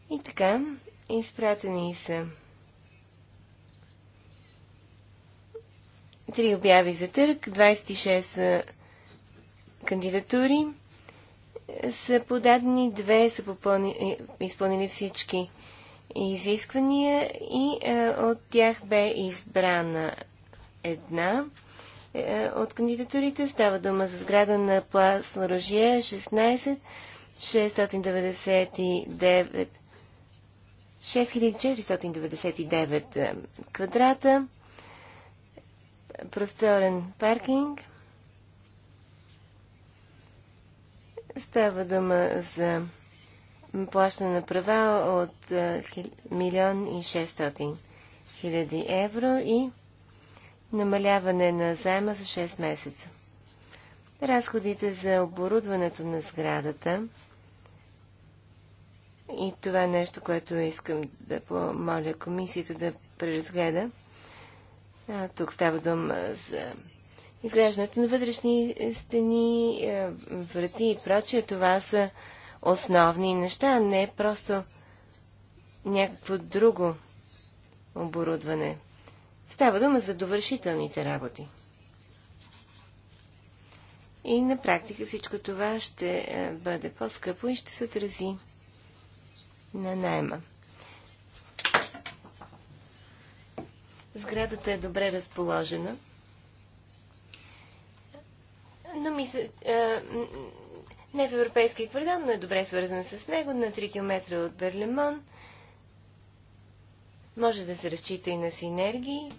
И така, изпратени са Три обяви за търг, 26 кандидатури са подадени, две са попълни, е, изпълнили всички изисквания и а, е, от тях бе избрана една е, от кандидатурите. Става дума за сграда на Плас Лорожия 16 699 6499 квадрата просторен паркинг. Става дума за плащане на права от милион и 600 хиляди евро и намаляване на заема за 6 месеца. Разходите за оборудването на сградата и това е нещо, което искам да помоля комисията да преразгледа. Тук става дума за изграждането на вътрешни стени, врати и прочие. Това са основни неща, не просто някакво друго оборудване. Става дума за довършителните работи. И на практика всичко това ще бъде по-скъпо и ще се отрази на найма. Сградата е добре разположена. Но ми се... А, не в европейския квартал, но е добре свързан с него, на 3 км от Берлемон. Може да се разчита и на синергии.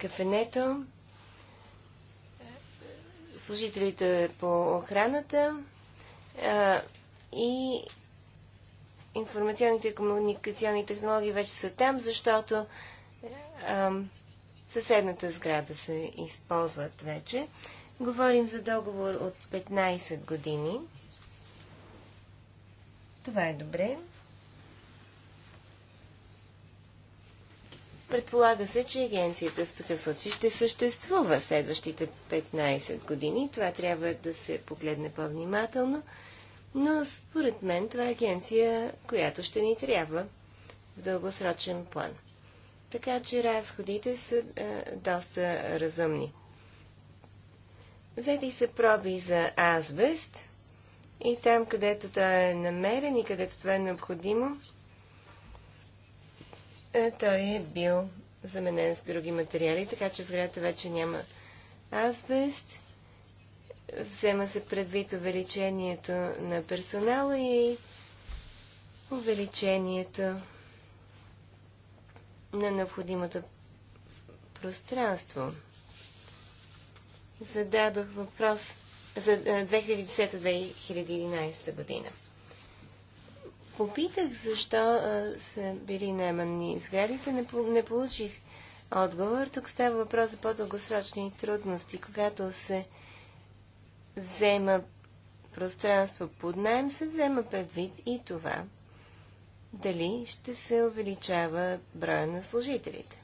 Кафенето. Служителите по охраната. А, и информационните и комуникационни технологии вече са там, защото съседната сграда се използват вече. Говорим за договор от 15 години. Това е добре. Предполага се, че агенцията в такъв случай ще съществува следващите 15 години. Това трябва да се погледне по-внимателно. Но според мен това е агенция, която ще ни трябва в дългосрочен план. Така че разходите са а, доста разумни. Взети са проби за азбест и там, където той е намерен и където това е необходимо, е, той е бил заменен с други материали, така че в сградата вече няма азбест. Взема се предвид увеличението на персонала и увеличението на необходимото пространство. Зададох въпрос за 2010-2011 е, година. Попитах защо а, е, са били наемани сградите, не, не получих отговор. Тук става въпрос за по-дългосрочни трудности. Когато се взема пространство под найем, се взема предвид и това дали ще се увеличава броя на служителите.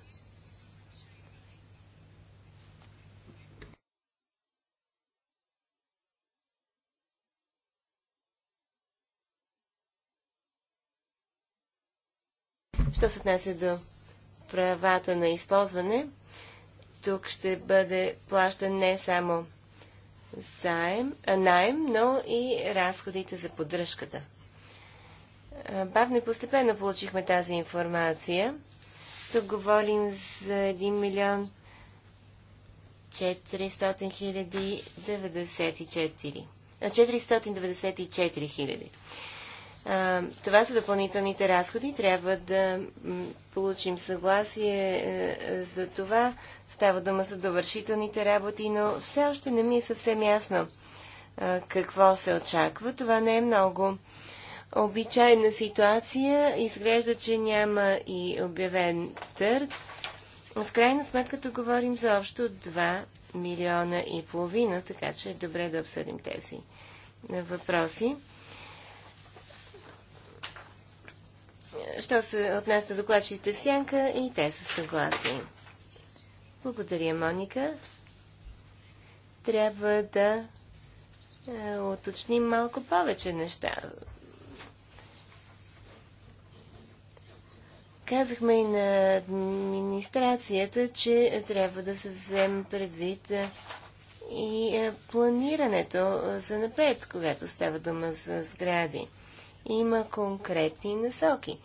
Що се отнася до правата на използване, тук ще бъде плащан не само заем, а найем, но и разходите за поддръжката. Е, бавно и постепенно получихме тази информация. Тук говорим за 1 милион 494 хиляди. Е, е, това са допълнителните разходи. Трябва да получим съгласие за това. Става дума за довършителните работи, но все още не ми е съвсем ясно какво се очаква. Това не е много обичайна ситуация. Изглежда, че няма и обявен търг. В крайна сметка тук говорим за общо 2 милиона и половина, така че е добре да обсъдим тези въпроси. Що се отнася до докладчите в сянка и те са съгласни. Благодаря, Моника. Трябва да е, уточним малко повече неща Казахме и на администрацията, че трябва да се вземе предвид и планирането за напред, когато става дума за сгради. Има конкретни насоки,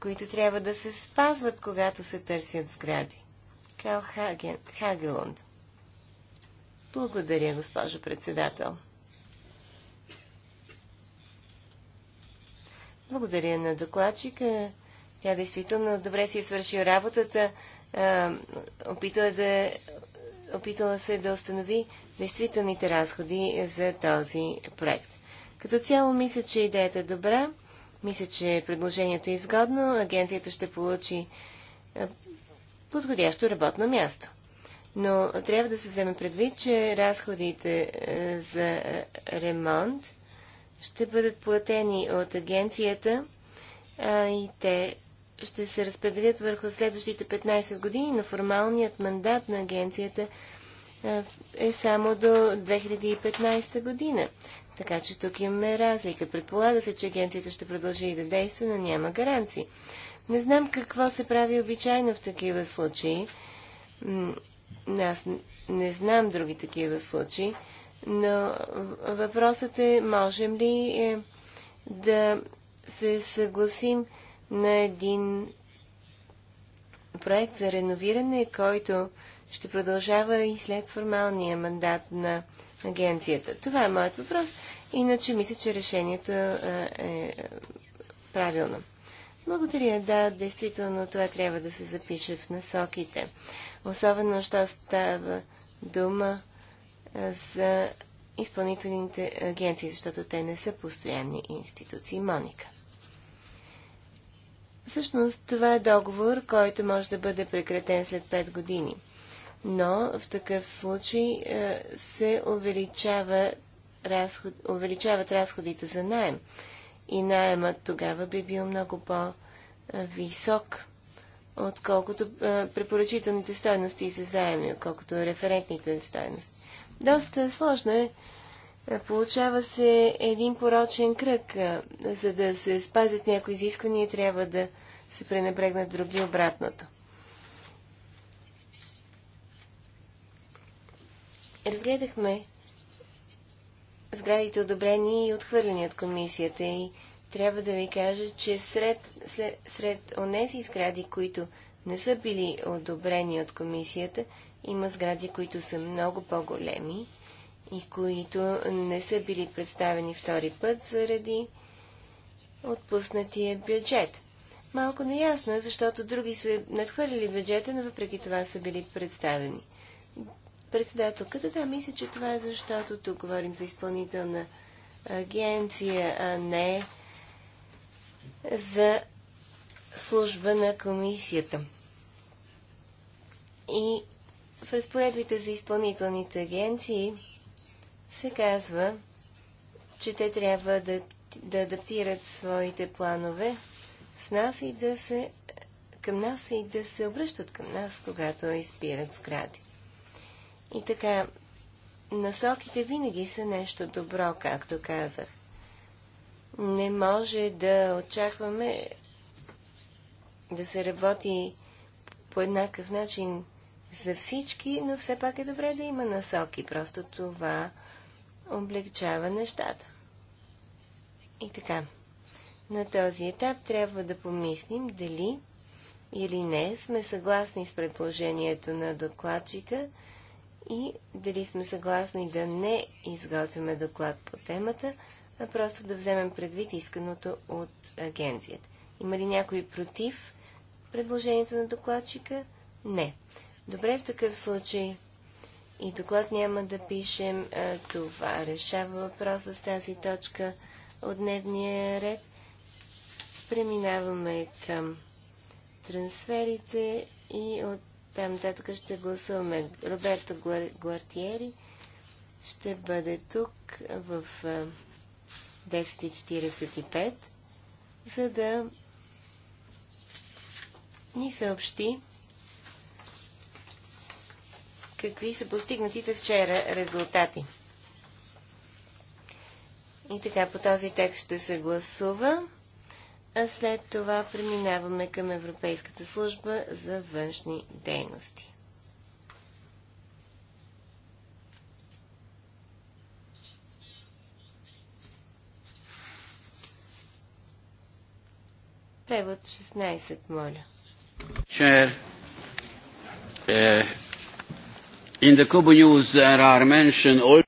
които трябва да се спазват, когато се търсят сгради. Кал Хаген, Хагелунд. Благодаря, госпожо председател. Благодаря на докладчика тя действително добре си е свършила работата. А, опитала, да, опитала се да установи действителните разходи за този проект. Като цяло мисля, че идеята е добра. Мисля, че предложението е изгодно. Агенцията ще получи подходящо работно място. Но трябва да се вземе предвид, че разходите за ремонт ще бъдат платени от агенцията а, и те ще се разпределят върху следващите 15 години, но формалният мандат на агенцията е, е само до 2015 година. Така че тук имаме разлика. Предполага се, че агенцията ще продължи и да действа, но няма гаранции. Не знам какво се прави обичайно в такива случаи. Аз не знам други такива случаи, но въпросът е, можем ли е, да се съгласим на един проект за реновиране, който ще продължава и след формалния мандат на агенцията. Това е моят въпрос. Иначе мисля, че решението е, е правилно. Благодаря. Да, действително това трябва да се запише в насоките. Особено, що става дума е, за изпълнителните агенции, защото те не са постоянни институции. Моника. Всъщност това е договор, който може да бъде прекратен след 5 години. Но в такъв случай е, се увеличава разход, увеличават разходите за найем. И найемът тогава би бил много по-висок, отколкото е, препоръчителните стоености за заеми, отколкото референтните стоености. Доста сложно е е, получава се един порочен кръг. Е, за да се спазят някои изисквания, трябва да се пренебрегнат други обратното. Разгледахме сградите одобрени и отхвърлени от комисията и трябва да ви кажа, че сред, сред, сред онези сгради, които не са били одобрени от комисията, има сгради, които са много по-големи и които не са били представени втори път заради отпуснатия бюджет. Малко неясно е, защото други са надхвърлили бюджета, но въпреки това са били представени. Председателката, да, мисля, че това е защото тук говорим за изпълнителна агенция, а не за служба на комисията. И в разпоредбите за изпълнителните агенции се казва, че те трябва да, да адаптират своите планове с нас и да се към нас и да се обръщат към нас, когато изпират сгради. И така, насоките винаги са нещо добро, както казах. Не може да очакваме да се работи по еднакъв начин за всички, но все пак е добре да има насоки. Просто това облегчава нещата. И така, на този етап трябва да помислим дали или не сме съгласни с предложението на докладчика и дали сме съгласни да не изготвяме доклад по темата, а просто да вземем предвид исканото от агенцията. Има ли някой против предложението на докладчика? Не. Добре, в такъв случай и доклад няма да пишем. Това решава въпроса с тази точка от дневния ред. Преминаваме към трансферите и от там нататък ще гласуваме. Роберто Гуартиери ще бъде тук в 10.45, за да ни съобщи какви са постигнатите вчера резултати. И така, по този текст ще се гласува, а след това преминаваме към Европейската служба за външни дейности. Превод 16, моля. Е, In the Kubu news there are mentioned all...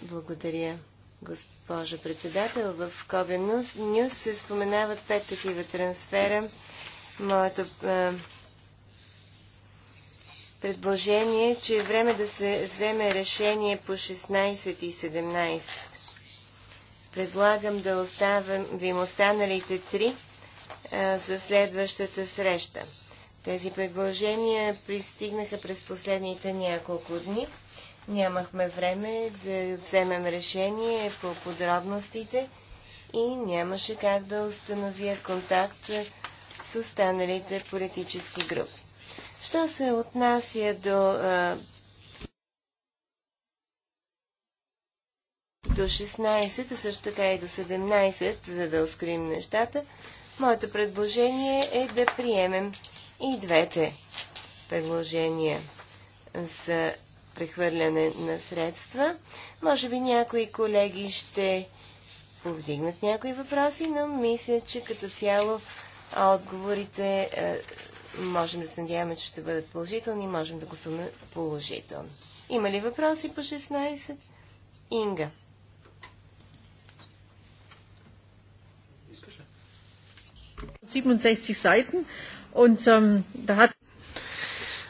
Благодаря, госпожа председател. В Кобе Нюс се споменават пет такива трансфера. Моето е, предложение е, че е време да се вземе решение по 16 и 17. Предлагам да оставим останалите три е, за следващата среща. Тези предложения пристигнаха през последните няколко дни. Нямахме време да вземем решение по подробностите и нямаше как да установя контакт с останалите политически групи. Що се отнася до, до 16, а също така и до 17, за да ускорим нещата, моето предложение е да приемем и двете предложения за прехвърляне на средства. Може би някои колеги ще повдигнат някои въпроси, но мисля, че като цяло отговорите е, можем да се надяваме, че ще бъдат положителни и можем да сме положително. Има ли въпроси по 16? Инга. Искаш ли? 67 Seiten Und, ähm, da hat...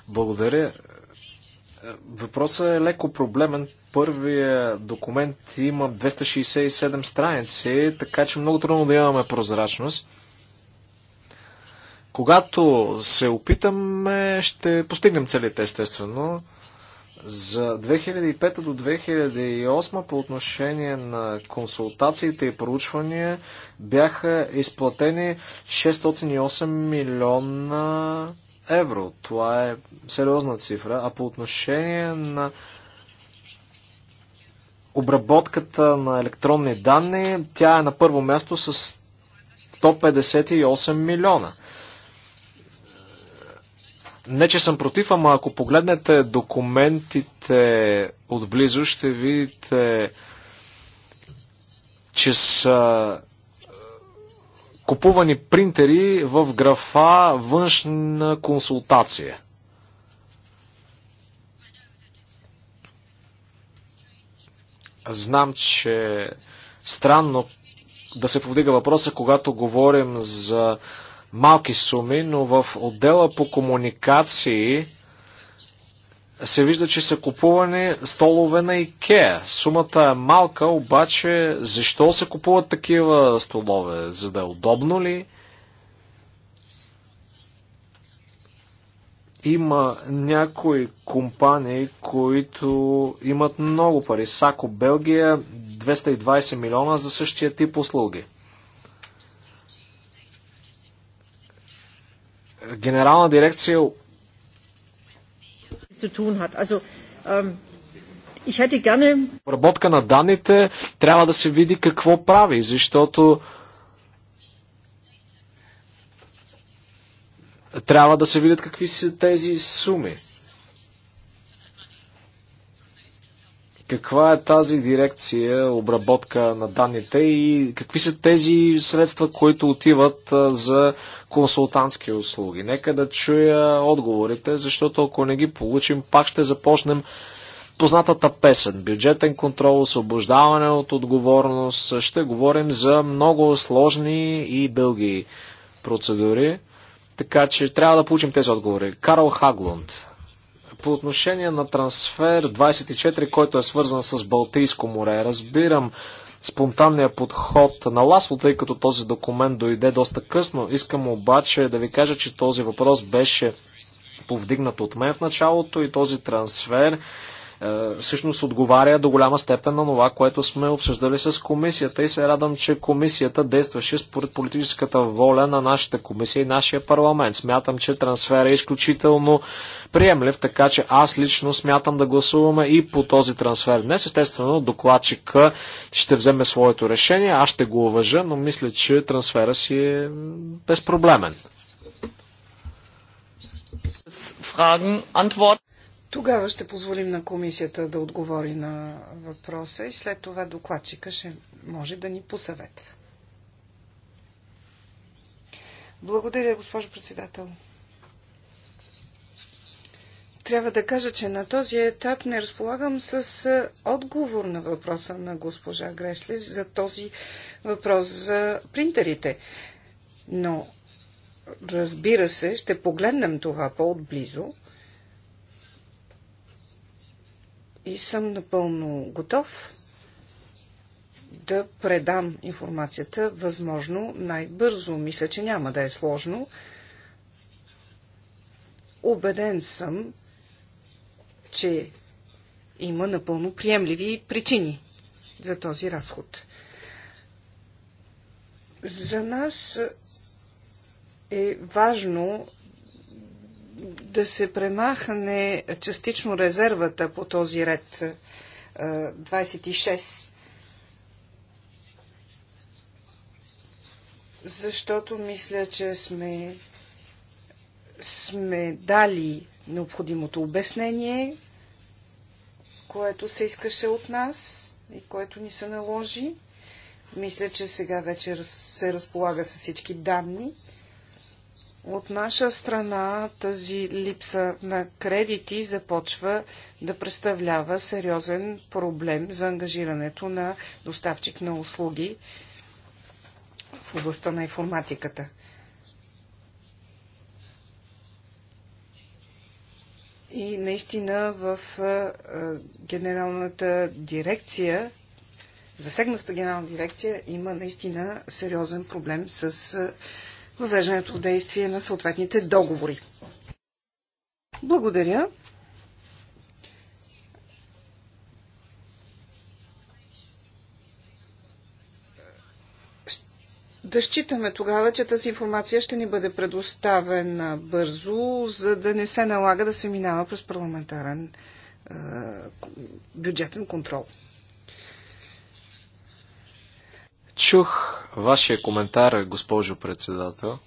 Благодаря. Въпросът е леко проблемен. Първия документ има 267 страници, така че много трудно да имаме прозрачност. Когато се опитаме, ще постигнем целите, естествено. За 2005 до 2008 по отношение на консултациите и проучвания бяха изплатени 608 милиона евро. Това е сериозна цифра. А по отношение на обработката на електронни данни, тя е на първо място с 158 милиона. Не, че съм против, ама ако погледнете документите отблизо, ще видите, че са е, купувани принтери в графа външна консултация. Знам, че странно да се повдига въпроса, когато говорим за малки суми, но в отдела по комуникации се вижда, че са купувани столове на Икеа. Сумата е малка, обаче защо се купуват такива столове? За да е удобно ли? Има някои компании, които имат много пари. Сако Белгия 220 милиона за същия тип услуги. генерална дирекция ähm, Обработка на данните трябва да се види какво прави, защото трябва да се видят какви са тези суми. Каква е тази дирекция обработка на данните и какви са тези средства, които отиват за консултантски услуги. Нека да чуя отговорите, защото ако не ги получим, пак ще започнем познатата песен. Бюджетен контрол, освобождаване от отговорност. Ще говорим за много сложни и дълги процедури. Така че трябва да получим тези отговори. Карл Хаглунд. По отношение на трансфер 24, който е свързан с Балтийско море, разбирам спонтанния подход на Ласло, тъй като този документ дойде доста късно. Искам обаче да ви кажа, че този въпрос беше повдигнат от мен в началото и този трансфер е, всъщност отговаря до голяма степен на това, което сме обсъждали с комисията и се радвам, че комисията действаше според политическата воля на нашата комисия и нашия парламент. Смятам, че трансфер е изключително приемлив, така че аз лично смятам да гласуваме и по този трансфер. Днес, естествено, докладчика ще вземе своето решение, аз ще го уважа, но мисля, че трансфера си е безпроблемен. Fragen, Antworten. Тогава ще позволим на комисията да отговори на въпроса и след това докладчика ще може да ни посъветва. Благодаря, госпожо председател. Трябва да кажа, че на този етап не разполагам с отговор на въпроса на госпожа Гресли за този въпрос за принтерите. Но, разбира се, ще погледнем това по-отблизо и съм напълно готов да предам информацията възможно най-бързо. Мисля, че няма да е сложно. Обеден съм, че има напълно приемливи причини за този разход. За нас е важно да се премахне частично резервата по този ред 26. Е, Защото мисля, че сме, сме дали необходимото обяснение, което се искаше от нас и което ни се наложи. Мисля, че сега вече се разполага с всички данни. От наша страна тази липса на кредити започва да представлява сериозен проблем за ангажирането на доставчик на услуги в областта на информатиката. И наистина в генералната дирекция, засегната генерална дирекция, има наистина сериозен проблем с въвеждането в действие на съответните договори. Благодаря. Да считаме тогава, че тази информация ще ни бъде предоставена бързо, за да не се налага да се минава през парламентарен е, бюджетен контрол. Чух вашия коментар, госпожо председател.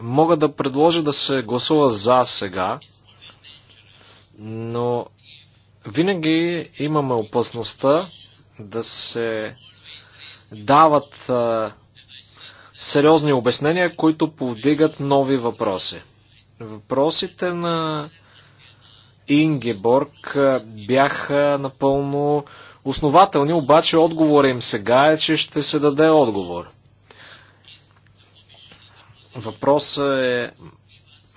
Мога да предложа да се гласува за сега, но винаги имаме опасността да се дават а, сериозни обяснения, които повдигат нови въпроси. Въпросите на Ингеборг бяха напълно основателни, обаче отговора им сега е, че ще се даде отговор. Въпросът е,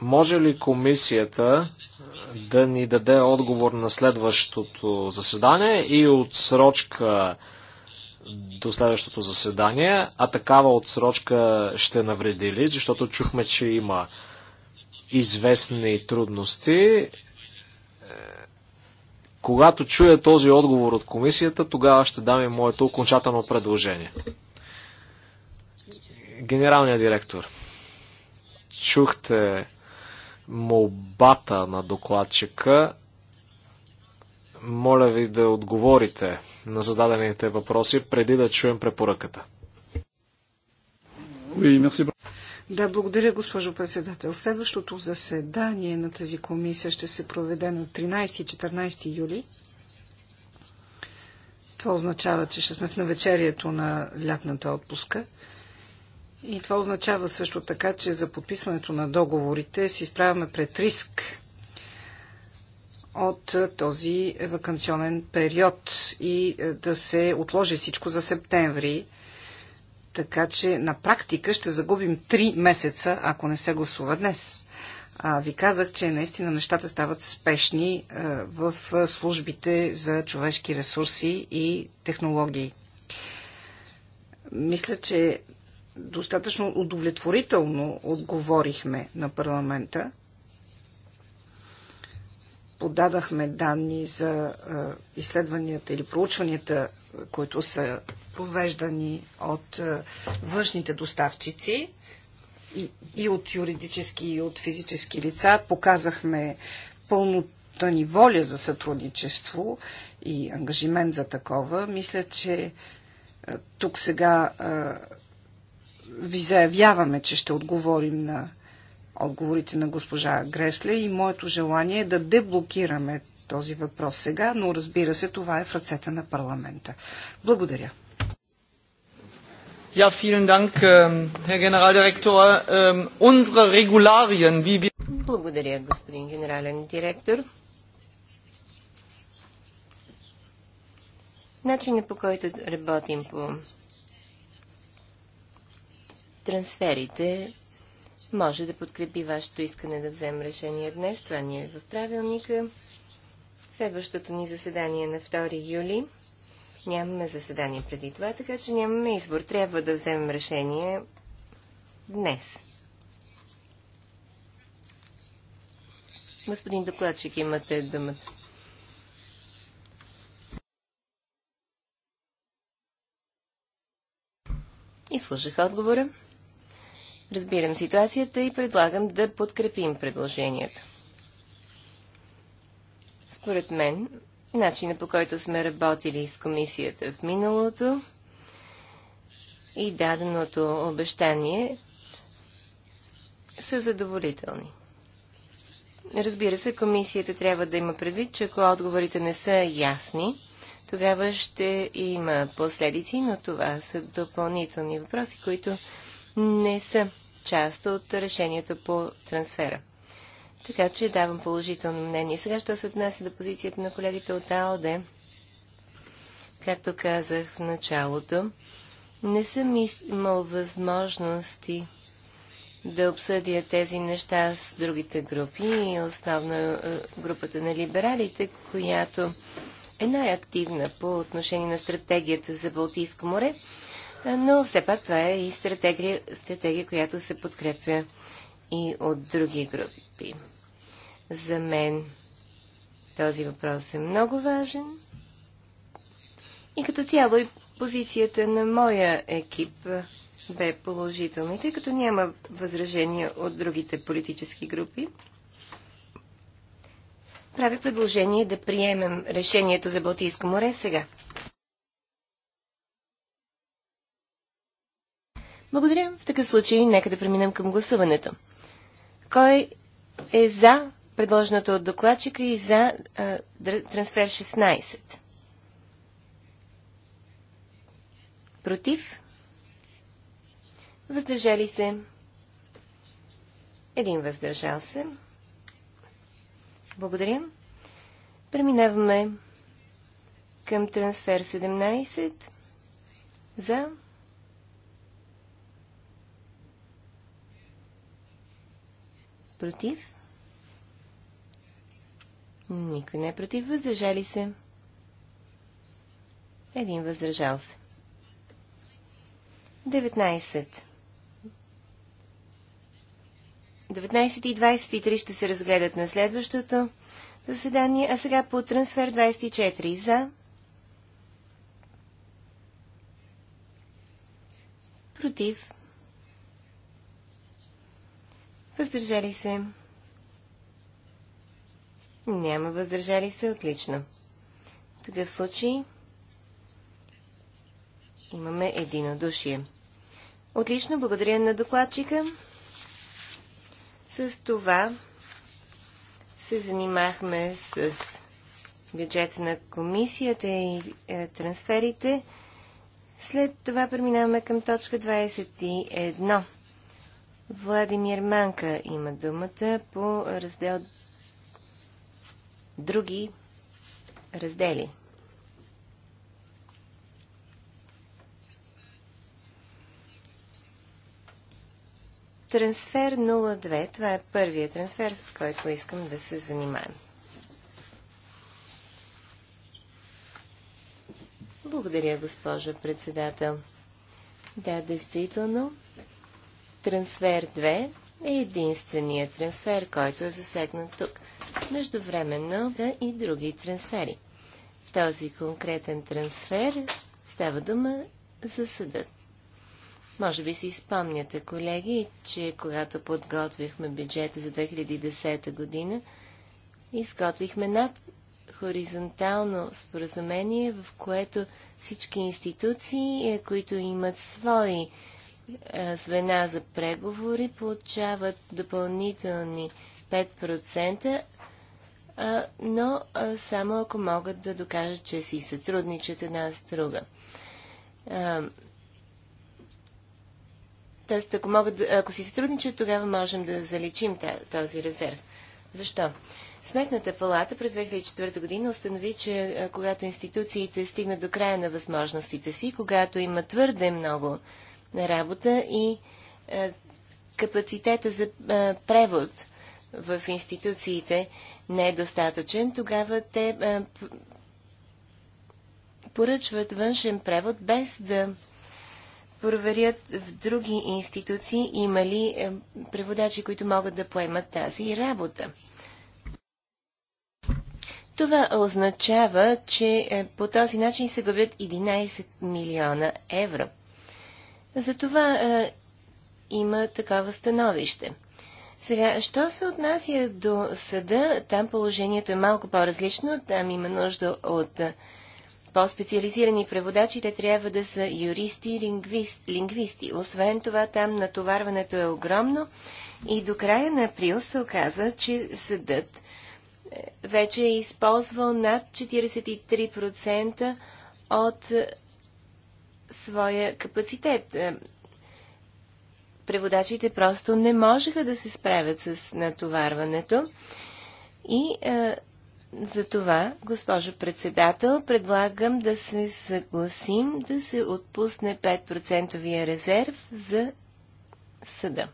може ли комисията да ни даде отговор на следващото заседание и отсрочка до следващото заседание, а такава отсрочка ще навреди ли, защото чухме, че има известни трудности. Когато чуя този отговор от комисията, тогава ще дам и моето окончателно предложение. Генералният директор, чухте молбата на докладчика. Моля ви да отговорите на зададените въпроси преди да чуем препоръката. Oui, merci. Да, благодаря, госпожо председател. Следващото заседание на тази комисия ще се проведе на 13 и 14 юли. Това означава, че ще сме в навечерието на лятната отпуска. И това означава също така, че за подписването на договорите се изправяме пред риск от този вакансионен период и да се отложи всичко за септември така че на практика ще загубим 3 месеца, ако не се гласува днес. А, ви казах, че наистина нещата стават спешни а, е, в службите за човешки ресурси и технологии. Мисля, че достатъчно удовлетворително отговорихме на парламента подадахме данни за изследванията или проучванията, които са провеждани от външните доставчици и, и от юридически и от физически лица. Показахме пълната ни воля за сътрудничество и ангажимент за такова. Мисля, че тук сега ви заявяваме, че ще отговорим на отговорите на госпожа Гресле и моето желание е да деблокираме този въпрос сега, но разбира се, това е в ръцете на парламента. Благодаря. Ja, vielen Dank, ähm, Herr Generaldirektor. Ähm, unsere Regularien, wie wir... Благодаря, господин генерален директор. Начинът по който работим по трансферите може да подкрепи вашето искане да вземе решение днес. Това ни е в правилника. Следващото ни заседание е на 2 юли. Нямаме заседание преди това, така че нямаме избор. Трябва да вземем решение днес. Господин докладчик, имате думата. И слушах отговора. Разбирам ситуацията и предлагам да подкрепим предложението. Според мен, начина по който сме работили с комисията в миналото и даденото обещание са задоволителни. Разбира се, комисията трябва да има предвид, че ако отговорите не са ясни, тогава ще има последици, но това са допълнителни въпроси, които не са част от решението по трансфера. Така че давам положително мнение. Сега ще се отнася до позицията на колегите от АЛД. Както казах в началото, не съм имал възможности да обсъдя тези неща с другите групи и основно е, групата на либералите, която е най-активна по отношение на стратегията за Балтийско море но все пак това е и стратегия, стратегия която се подкрепя и от други групи. За мен този въпрос е много важен. И като цяло и позицията на моя екип бе положителна. И тъй като няма възражения от другите политически групи, прави предложение да приемем решението за Балтийско море сега. Благодаря. В такъв случай нека да преминем към гласуването. Кой е за предложеното от докладчика и за а, трансфер 16? Против? Въздържали се? Един въздържал се. Благодаря. Преминаваме към трансфер 17. За? Против? Никой не е против. Въздържали се? Един въздържал се. 19. 19 и 23 ще се разгледат на следващото заседание, а сега по трансфер 24 за. Против. Въздържали се. Няма въздържали се. Отлично. В такъв случай имаме единодушие. Отлично. Благодаря на докладчика. С това се занимахме с бюджета на комисията и е, трансферите. След това преминаваме към точка 21. Владимир Манка има думата по раздел Други раздели. Трансфер 02. Това е първия трансфер, с който искам да се занимаем. Благодаря, госпожа председател. Да, действително. Трансфер 2 е единственият трансфер, който е засегнат тук. Междувременно да и други трансфери. В този конкретен трансфер става дума за съда. Може би си спомняте, колеги, че когато подготвихме бюджета за 2010 година, изготвихме над хоризонтално споразумение, в което всички институции, е, които имат свои е, звена за преговори получават допълнителни 5%, но само ако могат да докажат, че си сътрудничат една с друга. Тоест, ако, могат, ако си сътрудничат, тогава можем да заличим този резерв. Защо? Сметната палата през 2004 година установи, че когато институциите стигнат до края на възможностите си, когато има твърде много на работа и е, капацитета за е, превод в институциите не е достатъчен, тогава те е, поръчват външен превод без да проверят в други институции има ли преводачи, които могат да поемат тази работа. Това означава, че по този начин се губят 11 милиона евро. Затова а, е, има такова становище. Сега, що се отнася до съда, там положението е малко по-различно. Там има нужда от е, по-специализирани преводачи. Те трябва да са юристи и лингвист, лингвисти. Освен това, там натоварването е огромно. И до края на април се оказа, че съдът е, вече е използвал над 43% от своя капацитет. Е, преводачите просто не можеха да се справят с натоварването и е, за това, госпожо председател, предлагам да се съгласим да се отпусне 5% резерв за съда.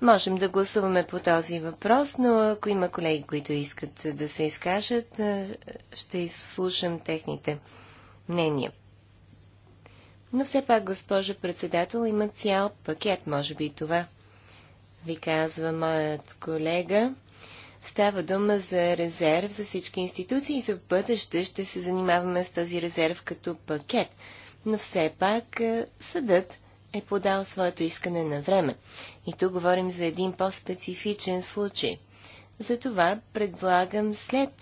Можем да гласуваме по този въпрос, но ако има колеги, които искат да се изкажат, е, ще изслушам техните мнения. Но все пак, госпожа председател, има цял пакет, може би това. Ви казва моят колега. Става дума за резерв за всички институции и за бъдеще ще се занимаваме с този резерв като пакет. Но все пак е, съдът е подал своето искане на време. И тук говорим за един по-специфичен случай. Затова предлагам след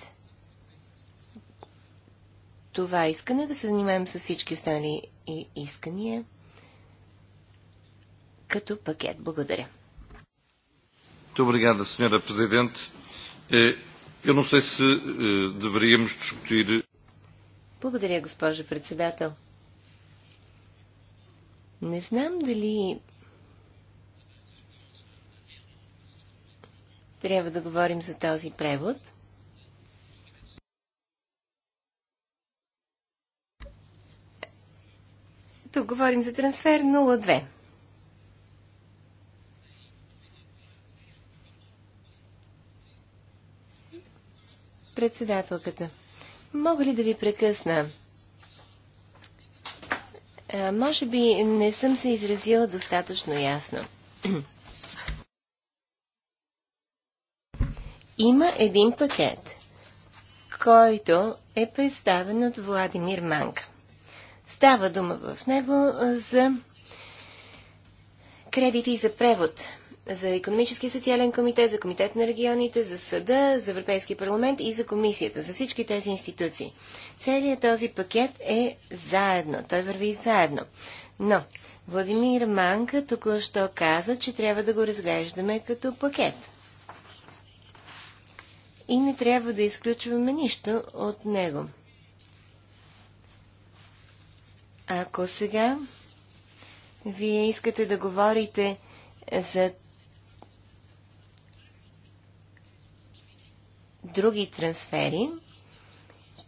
това искане, да се занимаем с всички останали искания като пакет. Благодаря. Obrigado, Sra. Presidente. Е, eu não да se защото иде. Благодаря, госпожа председател. Не знам дали трябва да говорим за този превод. Тук говорим за трансфер 02. Председателката. Мога ли да ви прекъсна? А, може би не съм се изразила достатъчно ясно. Има един пакет, който е представен от Владимир Манка. Става дума в него за кредити за превод за економически и социален комитет, за комитет на регионите, за съда, за Европейски парламент и за комисията, за всички тези институции. Целият този пакет е заедно, той върви заедно. Но Владимир Манка току-що каза, че трябва да го разглеждаме като пакет. И не трябва да изключваме нищо от него. Ако сега вие искате да говорите за други трансфери,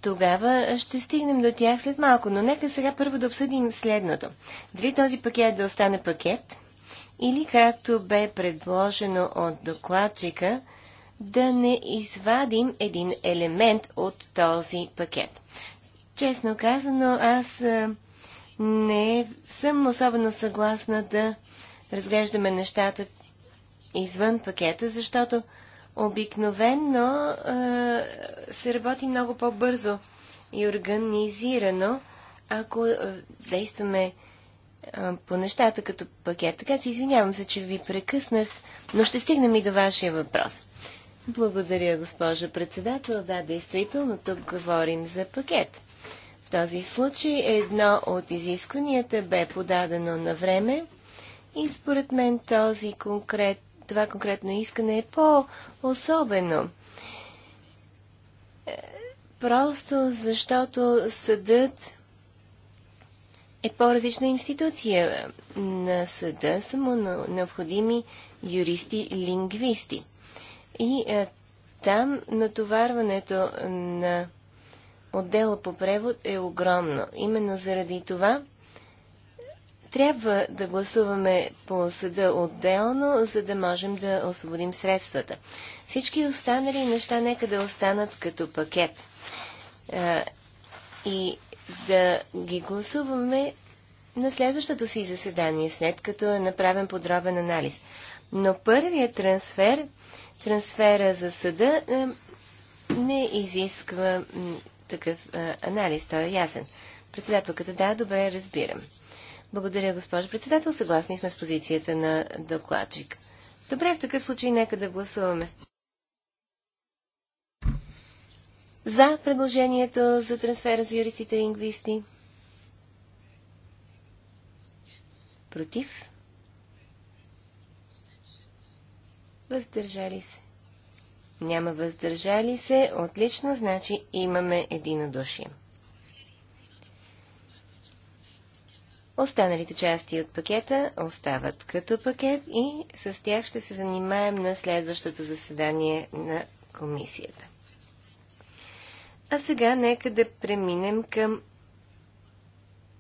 тогава ще стигнем до тях след малко. Но нека сега първо да обсъдим следното. Дали този пакет да остане пакет или както бе предложено от докладчика, да не извадим един елемент от този пакет. Честно казано, аз а, не съм особено съгласна да разглеждаме нещата извън пакета, защото обикновенно е, се работи много по-бързо и организирано, ако действаме по нещата като пакет. Така че извинявам се, че ви прекъснах, но ще стигнем и до вашия въпрос. Благодаря, госпожа председател. Да, действително, тук говорим за пакет този случай едно от изискванията бе подадено на време и според мен този конкрет, това конкретно искане е по-особено. Е, просто защото съдът е по-различна институция. На съда са му необходими юристи-лингвисти. И а, е, там натоварването на отдела по превод е огромно. Именно заради това трябва да гласуваме по съда отделно, за да можем да освободим средствата. Всички останали неща нека да останат като пакет. А, и да ги гласуваме на следващото си заседание, след като е направен подробен анализ. Но първият трансфер, трансфера за съда, е, не изисква такъв а, анализ. Той е ясен. Председателката, да, добре, разбирам. Благодаря, госпожо председател. Съгласни сме с позицията на докладчик. Добре, в такъв случай нека да гласуваме. За предложението за трансфера за юристите и лингвисти. Против. Въздържали се няма въздържали се, отлично, значи имаме единодушие. Останалите части от пакета остават като пакет и с тях ще се занимаем на следващото заседание на комисията. А сега нека да преминем към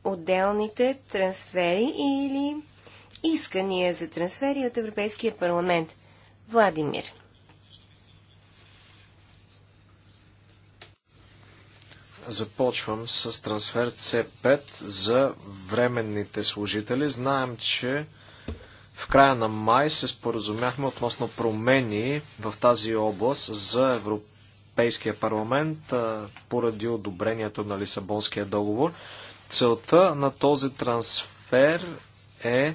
отделните трансфери или искания за трансфери от Европейския парламент. Владимир. Започвам с трансфер C5 за временните служители. Знаем, че в края на май се споразумяхме относно промени в тази област за Европейския парламент поради одобрението на Лисабонския договор. Целта на този трансфер е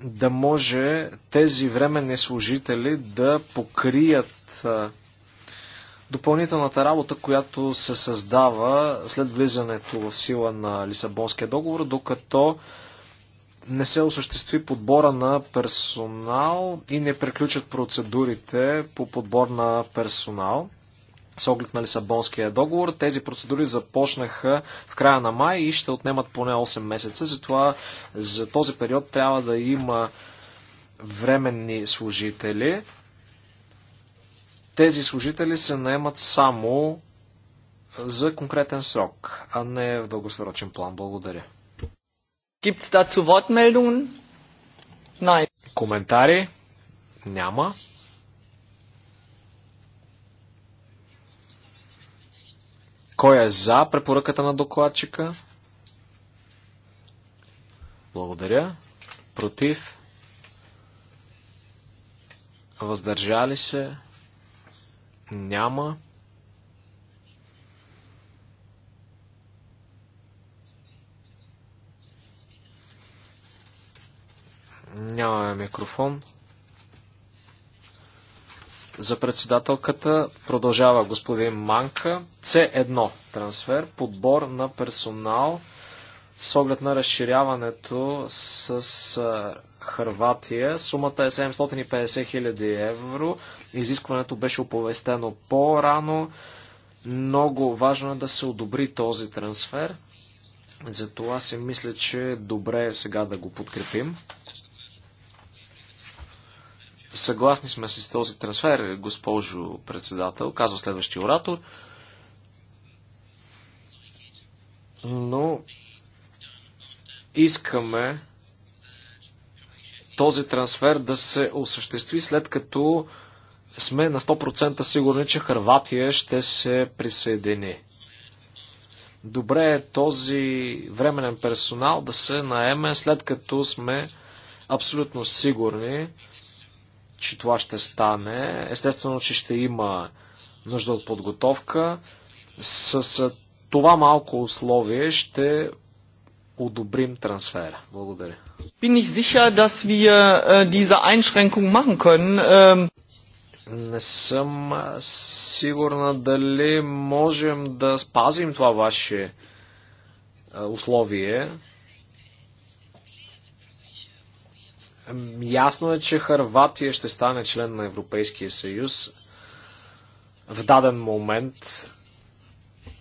да може тези временни служители да покрият допълнителната работа, която се създава след влизането в сила на Лисабонския договор, докато не се осъществи подбора на персонал и не приключат процедурите по подбор на персонал с оглед на Лисабонския договор. Тези процедури започнаха в края на май и ще отнемат поне 8 месеца. Затова за този период трябва да има временни служители. Тези служители се наемат само за конкретен срок, а не в дългосрочен план. Благодаря. Gibt's dazu Wortmeldungen? Nein. Коментари? Няма. Кой е за препоръката на докладчика? Благодаря. Против? Въздържали се? Няма. Няма микрофон. За председателката продължава господин Манка. C1 трансфер, подбор на персонал с оглед на разширяването с Харватия. Сумата е 750 000 евро. Изискването беше оповестено по-рано. Много важно е да се одобри този трансфер. Затова си мисля, че е добре сега да го подкрепим. Съгласни сме с този трансфер, госпожо председател, казва следващия оратор. Но искаме този трансфер да се осъществи след като сме на 100% сигурни, че Харватия ще се присъедини. Добре е този временен персонал да се наеме след като сме абсолютно сигурни, че това ще стане. Естествено, че ще има нужда от подготовка. С, с това малко условие ще одобрим трансфера. Благодаря. Bin ich sicher, dass wir äh, diese Einschränkung machen können. Ähm, Не съм сигурна дали можем да спазим това ваше условие. Ясно е, че Харватия ще стане член на Европейския съюз в даден момент.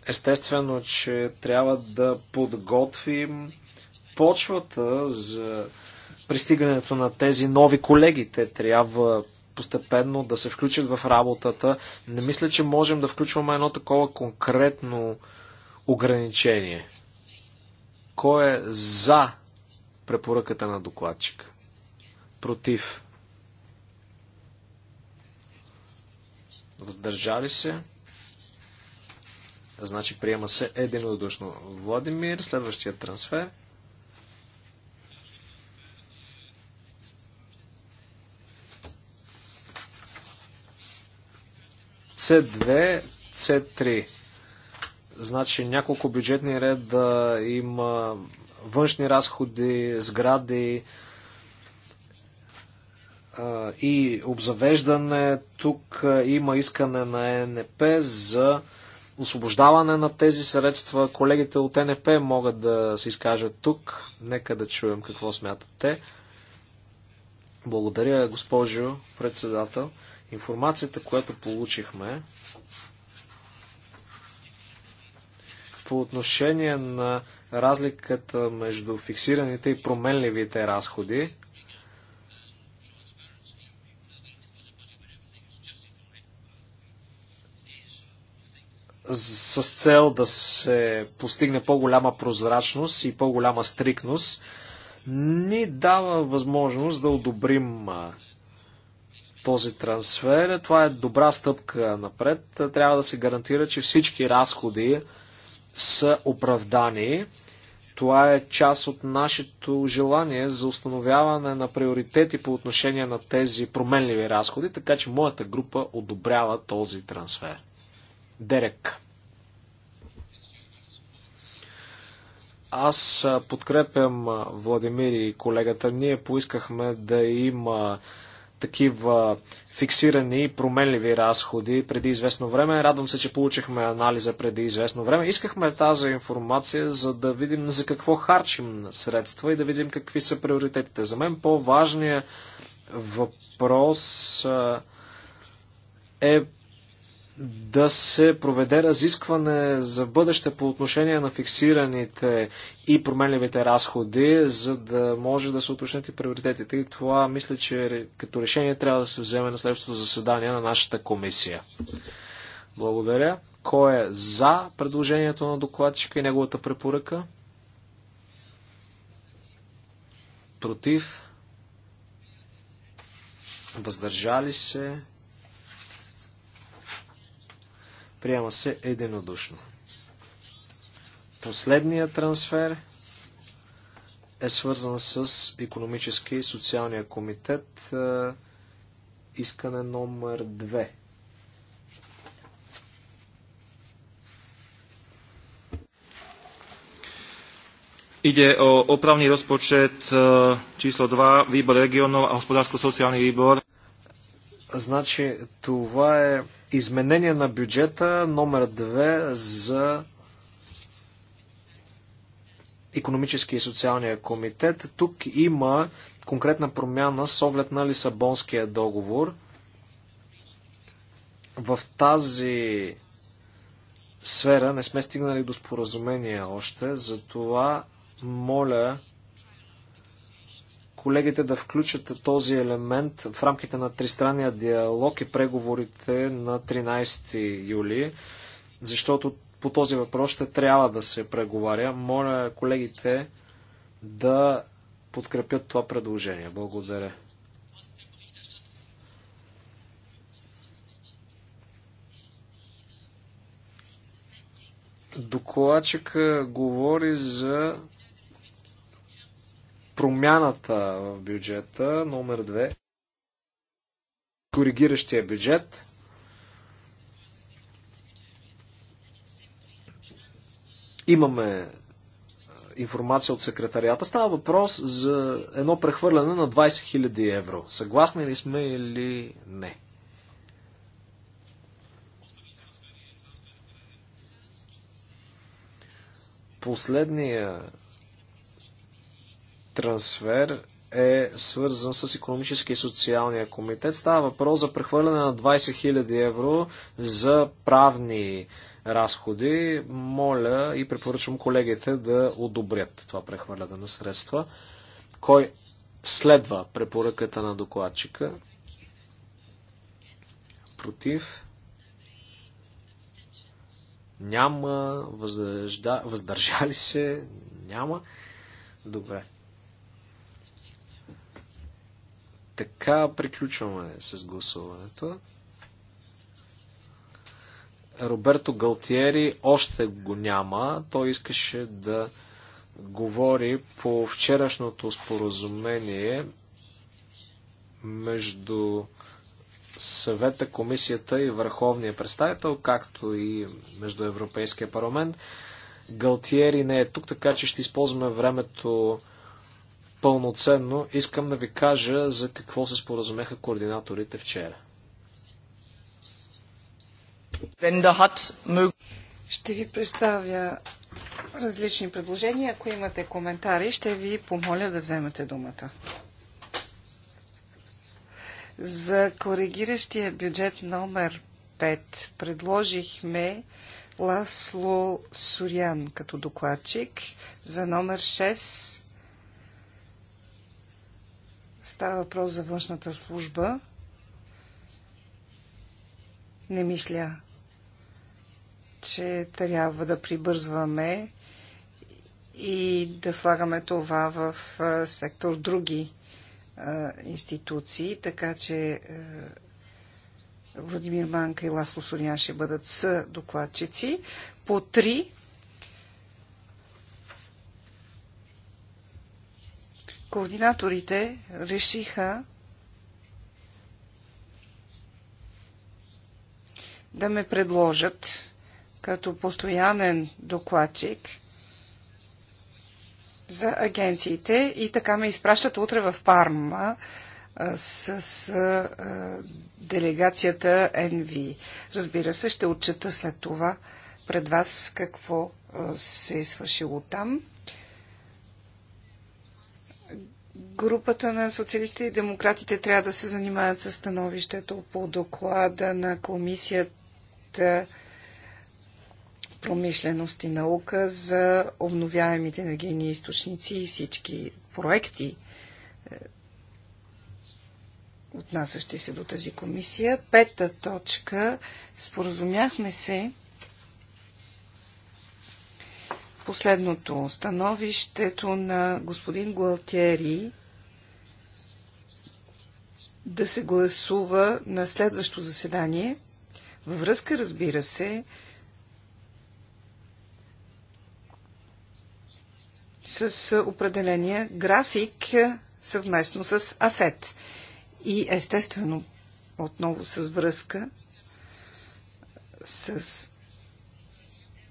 Естествено, че трябва да подготвим почвата за пристигането на тези нови колеги. Те трябва постепенно да се включат в работата. Не мисля, че можем да включваме едно такова конкретно ограничение. Кой е за препоръката на докладчика? Против? Въздържали се? Значи приема се единодушно. Владимир, следващия трансфер – C2, C3. Значи няколко бюджетни реда има външни разходи, сгради и обзавеждане. Тук има искане на ЕНП за освобождаване на тези средства. Колегите от ЕНП могат да се изкажат тук. Нека да чуем какво смятат те. Благодаря, госпожо председател. Информацията, която получихме по отношение на разликата между фиксираните и променливите разходи, с цел да се постигне по-голяма прозрачност и по-голяма стрикност, ни дава възможност да одобрим този трансфер. Това е добра стъпка напред. Трябва да се гарантира, че всички разходи са оправдани. Това е част от нашето желание за установяване на приоритети по отношение на тези променливи разходи, така че моята група одобрява този трансфер. Дерек. Аз подкрепям Владимир и колегата. Ние поискахме да има такива фиксирани и променливи разходи преди известно време. Радвам се, че получихме анализа преди известно време. Искахме тази информация, за да видим за какво харчим средства и да видим какви са приоритетите. За мен по-важният въпрос е да се проведе разискване за бъдеще по отношение на фиксираните и променливите разходи, за да може да се уточнят и приоритетите. И това мисля, че като решение трябва да се вземе на следващото заседание на нашата комисия. Благодаря. Кой е за предложението на докладчика и неговата препоръка? Против? Въздържали се? Приема се единодушно. Последният трансфер е свързан с економически и социалния комитет. Искане номер 2. Ide o opravný rozpočet číslo 2, výbor regionov a hospodársko-sociálny výbor. Значи, това е изменение на бюджета номер 2 за економически и социалния комитет. Тук има конкретна промяна с оглед на Лисабонския договор. В тази сфера не сме стигнали до споразумение още, затова моля колегите да включат този елемент в рамките на тристранния диалог и преговорите на 13 юли, защото по този въпрос ще трябва да се преговаря. Моля колегите да подкрепят това предложение. Благодаря. Докладчик говори за промяната в бюджета, номер 2, коригиращия бюджет. Имаме информация от секретарията. Става въпрос за едно прехвърляне на 20 000 евро. Съгласни ли сме или не? Последния трансфер е свързан с економически и социалния комитет. Става въпрос за прехвърляне на 20 000 евро за правни разходи. Моля и препоръчвам колегите да одобрят това прехвърляне на средства. Кой следва препоръката на докладчика? Против? Няма. Въздържали се? Няма. Добре. така приключваме с гласуването. Роберто Галтиери още го няма. Той искаше да говори по вчерашното споразумение между съвета, комисията и върховния представител, както и между Европейския парламент. Галтиери не е тук, така че ще използваме времето пълноценно, искам да ви кажа за какво се споразумеха координаторите вчера. Ще ви представя различни предложения. Ако имате коментари, ще ви помоля да вземете думата. За коригиращия бюджет номер 5 предложихме Ласло Сурян като докладчик. За номер 6 Става въпрос за външната служба. Не мисля, че трябва да прибързваме и да слагаме това в сектор други институции, така че Владимир Манка и Ласло Сурян ще бъдат с докладчици. По три Координаторите решиха да ме предложат като постоянен докладчик за агенциите и така ме изпращат утре в Парма с, с делегацията НВ. Разбира се, ще отчета след това пред вас какво се е свършило там групата на социалистите и демократите трябва да се занимават с становището по доклада на комисията промишленост и наука за обновяемите енергийни източници и всички проекти, е, отнасящи се до тази комисия. Пета точка. Споразумяхме се последното становището на господин Гуалтери да се гласува на следващо заседание, във връзка, разбира се, с определения график съвместно с АФЕТ. И естествено, отново с връзка с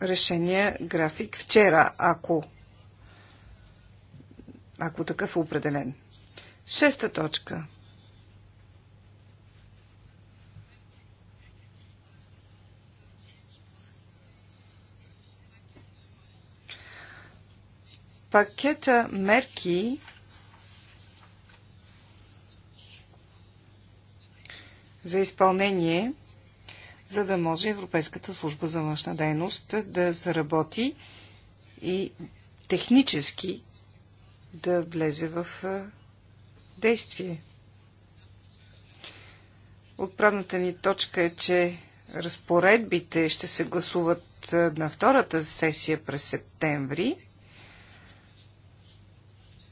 решения график вчера, ако, ако такъв е определен. Шеста точка. Пакета мерки за изпълнение – за да може Европейската служба за външна дейност да заработи и технически да влезе в действие. Отправната ни точка е, че разпоредбите ще се гласуват на втората сесия през септември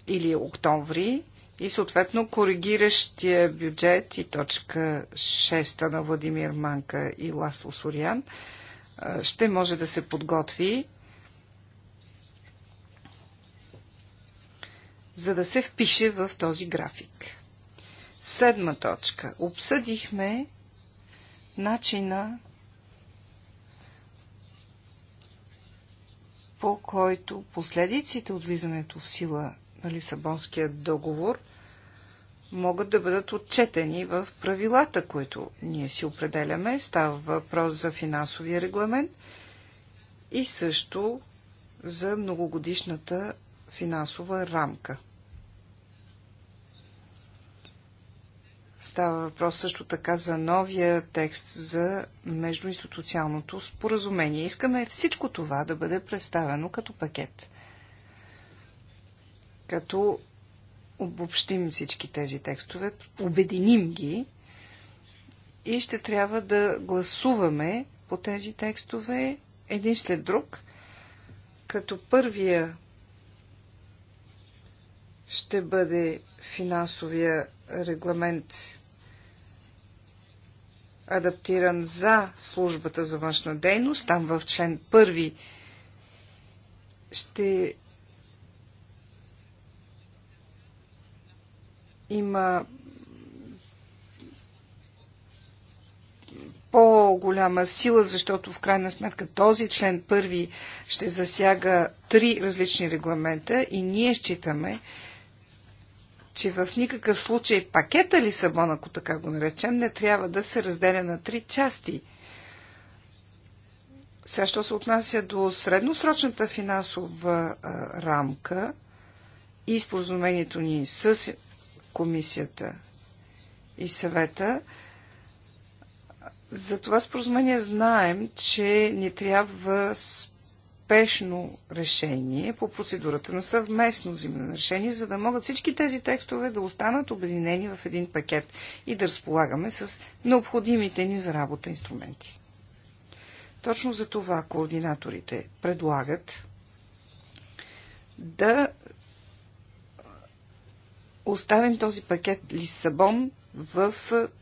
или октомври и съответно коригиращия бюджет и точка 6 на Владимир Манка и Ласло Сориан ще може да се подготви за да се впише в този график. Седма точка. Обсъдихме начина по който последиците от влизането в сила на Лисабонския договор могат да бъдат отчетени в правилата, които ние си определяме. Става въпрос за финансовия регламент и също за многогодишната финансова рамка. Става въпрос също така за новия текст за междуинституционалното споразумение. Искаме всичко това да бъде представено като пакет като обобщим всички тези текстове, обединим ги и ще трябва да гласуваме по тези текстове един след друг, като първия ще бъде финансовия регламент адаптиран за службата за външна дейност. Там в член първи ще има по-голяма сила, защото в крайна сметка този член първи ще засяга три различни регламента и ние считаме, че в никакъв случай пакета Лисабон, ако така го наречем, не трябва да се разделя на три части. Сега, що се отнася до средносрочната финансова рамка и споразумението ни с комисията и съвета. За това споразумение знаем, че ни трябва спешно решение по процедурата на съвместно взимане на решение, за да могат всички тези текстове да останат обединени в един пакет и да разполагаме с необходимите ни за работа инструменти. Точно за това координаторите предлагат да оставим този пакет Лиссабон в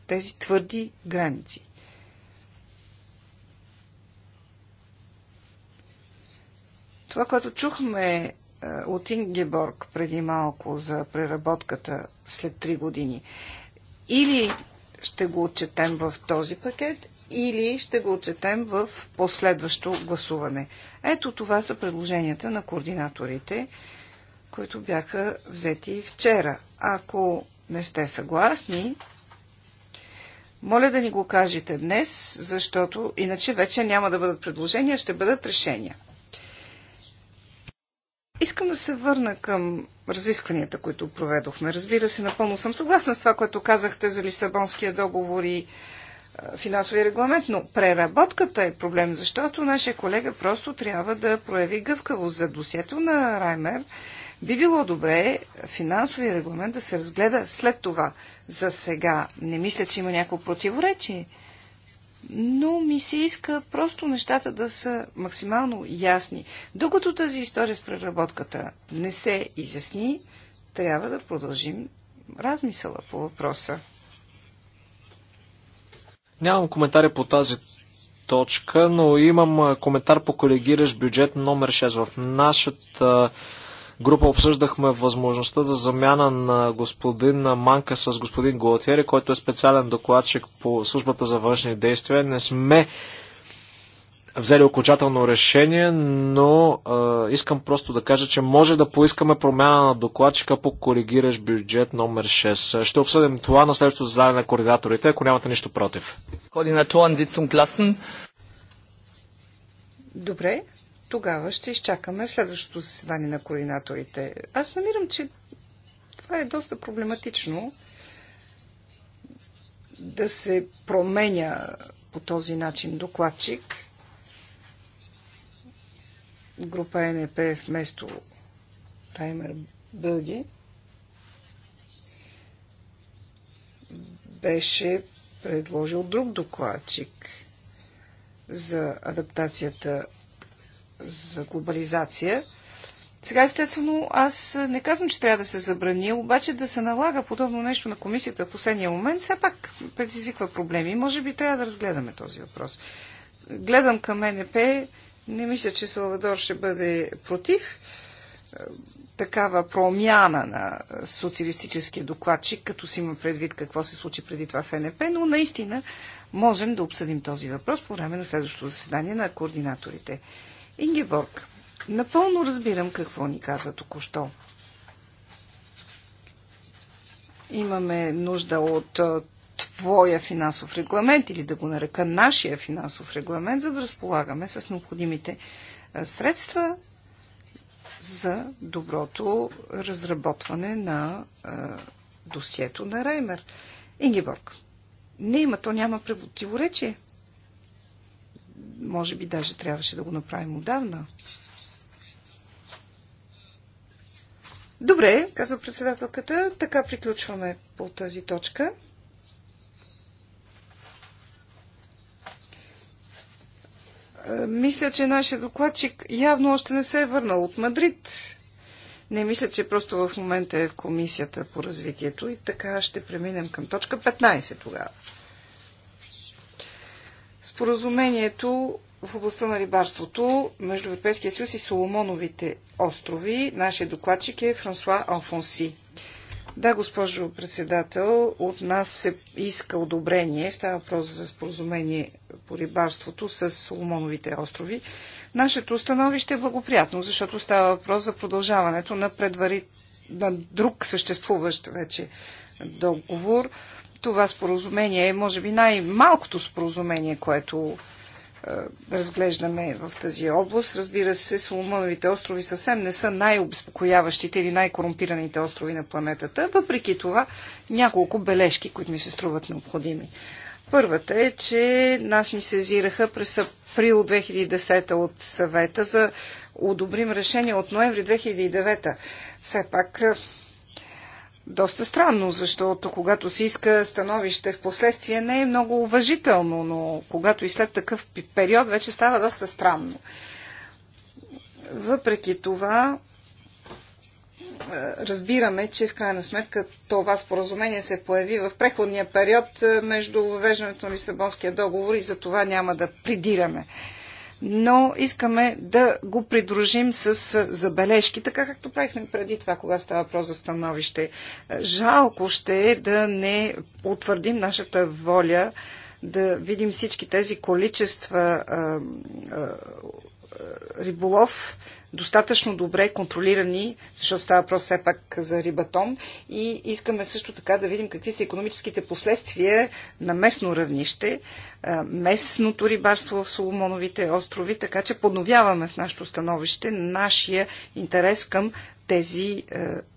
тези твърди граници. Това, което чухме от Ингеборг преди малко за преработката след 3 години, или ще го отчетем в този пакет, или ще го отчетем в последващо гласуване. Ето това са предложенията на координаторите които бяха взети вчера. Ако не сте съгласни, моля да ни го кажете днес, защото иначе вече няма да бъдат предложения, ще бъдат решения. Искам да се върна към разискванията, които проведохме. Разбира се, напълно съм съгласна с това, което казахте за Лисабонския договор и финансовия регламент, но преработката е проблем, защото нашия колега просто трябва да прояви гъвкавост за досието на Раймер. Би било добре финансовия регламент да се разгледа след това. За сега не мисля, че има някакво противоречие, но ми се иска просто нещата да са максимално ясни. Докато тази история с преработката не се изясни, трябва да продължим размисъла по въпроса. Нямам коментари по тази точка, но имам коментар по колегираш бюджет номер 6. В нашата група обсъждахме възможността за замяна на господин Манка с господин Голатери, който е специален докладчик по службата за външни действия. Не сме взели окончателно решение, но а, е, искам просто да кажа, че може да поискаме промяна на докладчика по коригираш бюджет номер 6. Ще обсъдим това на следващото заседание на координаторите, ако нямате нищо против. Координаторен Добре, тогава ще изчакаме следващото заседание на координаторите. Аз намирам, че това е доста проблематично да се променя по този начин докладчик. Група НП вместо Раймер Бълги беше предложил друг докладчик за адаптацията за глобализация. Сега, естествено, аз не казвам, че трябва да се забрани, обаче да се налага подобно нещо на комисията в последния момент, все пак предизвиква проблеми. Може би трябва да разгледаме този въпрос. Гледам към НП, не мисля, че Салвадор ще бъде против е, такава промяна на социалистическия докладчик, като си има предвид какво се случи преди това в НП, но наистина можем да обсъдим този въпрос по време на следващото заседание на координаторите. Ингеборг, напълно разбирам какво ни каза току-що. Имаме нужда от твоя финансов регламент или да го нарека нашия финансов регламент, за да разполагаме с необходимите средства за доброто разработване на досието на Раймер. Ингеборг, не има, то няма противоречие може би даже трябваше да го направим отдавна. Добре, казва председателката, така приключваме по тази точка. Мисля, че нашия докладчик явно още не се е върнал от Мадрид. Не мисля, че просто в момента е в комисията по развитието и така ще преминем към точка 15 тогава. Споразумението в областта на рибарството между Европейския съюз и Соломоновите острови. Нашия докладчик е Франсуа Алфонси. Да, госпожо председател, от нас се иска одобрение. Става въпрос за споразумение по рибарството с Соломоновите острови. Нашето установище е благоприятно, защото става въпрос за продължаването на, предвари... на друг съществуващ вече договор това споразумение е, може би, най-малкото споразумение, което е, разглеждаме в тази област. Разбира се, Соломоновите острови съвсем не са най-обезпокояващите или най-корумпираните острови на планетата. Въпреки това, няколко бележки, които ми се струват необходими. Първата е, че нас ни сезираха през април 2010 от съвета за одобрим решение от ноември 2009. Все пак е, доста странно, защото когато се иска становище в последствие не е много уважително, но когато и след такъв период вече става доста странно. Въпреки това, е, разбираме, че в крайна сметка това споразумение се появи в преходния период е, между въвеждането на Лисабонския договор и за това няма да придираме но искаме да го придружим с забележки, така както правихме преди това, кога става въпрос за становище. Жалко ще е да не утвърдим нашата воля да видим всички тези количества а, а, риболов достатъчно добре контролирани, защото става въпрос все пак за рибатон. И искаме също така да видим какви са економическите последствия на местно равнище, местното рибарство в Соломоновите острови, така че подновяваме в нашето становище нашия интерес към тези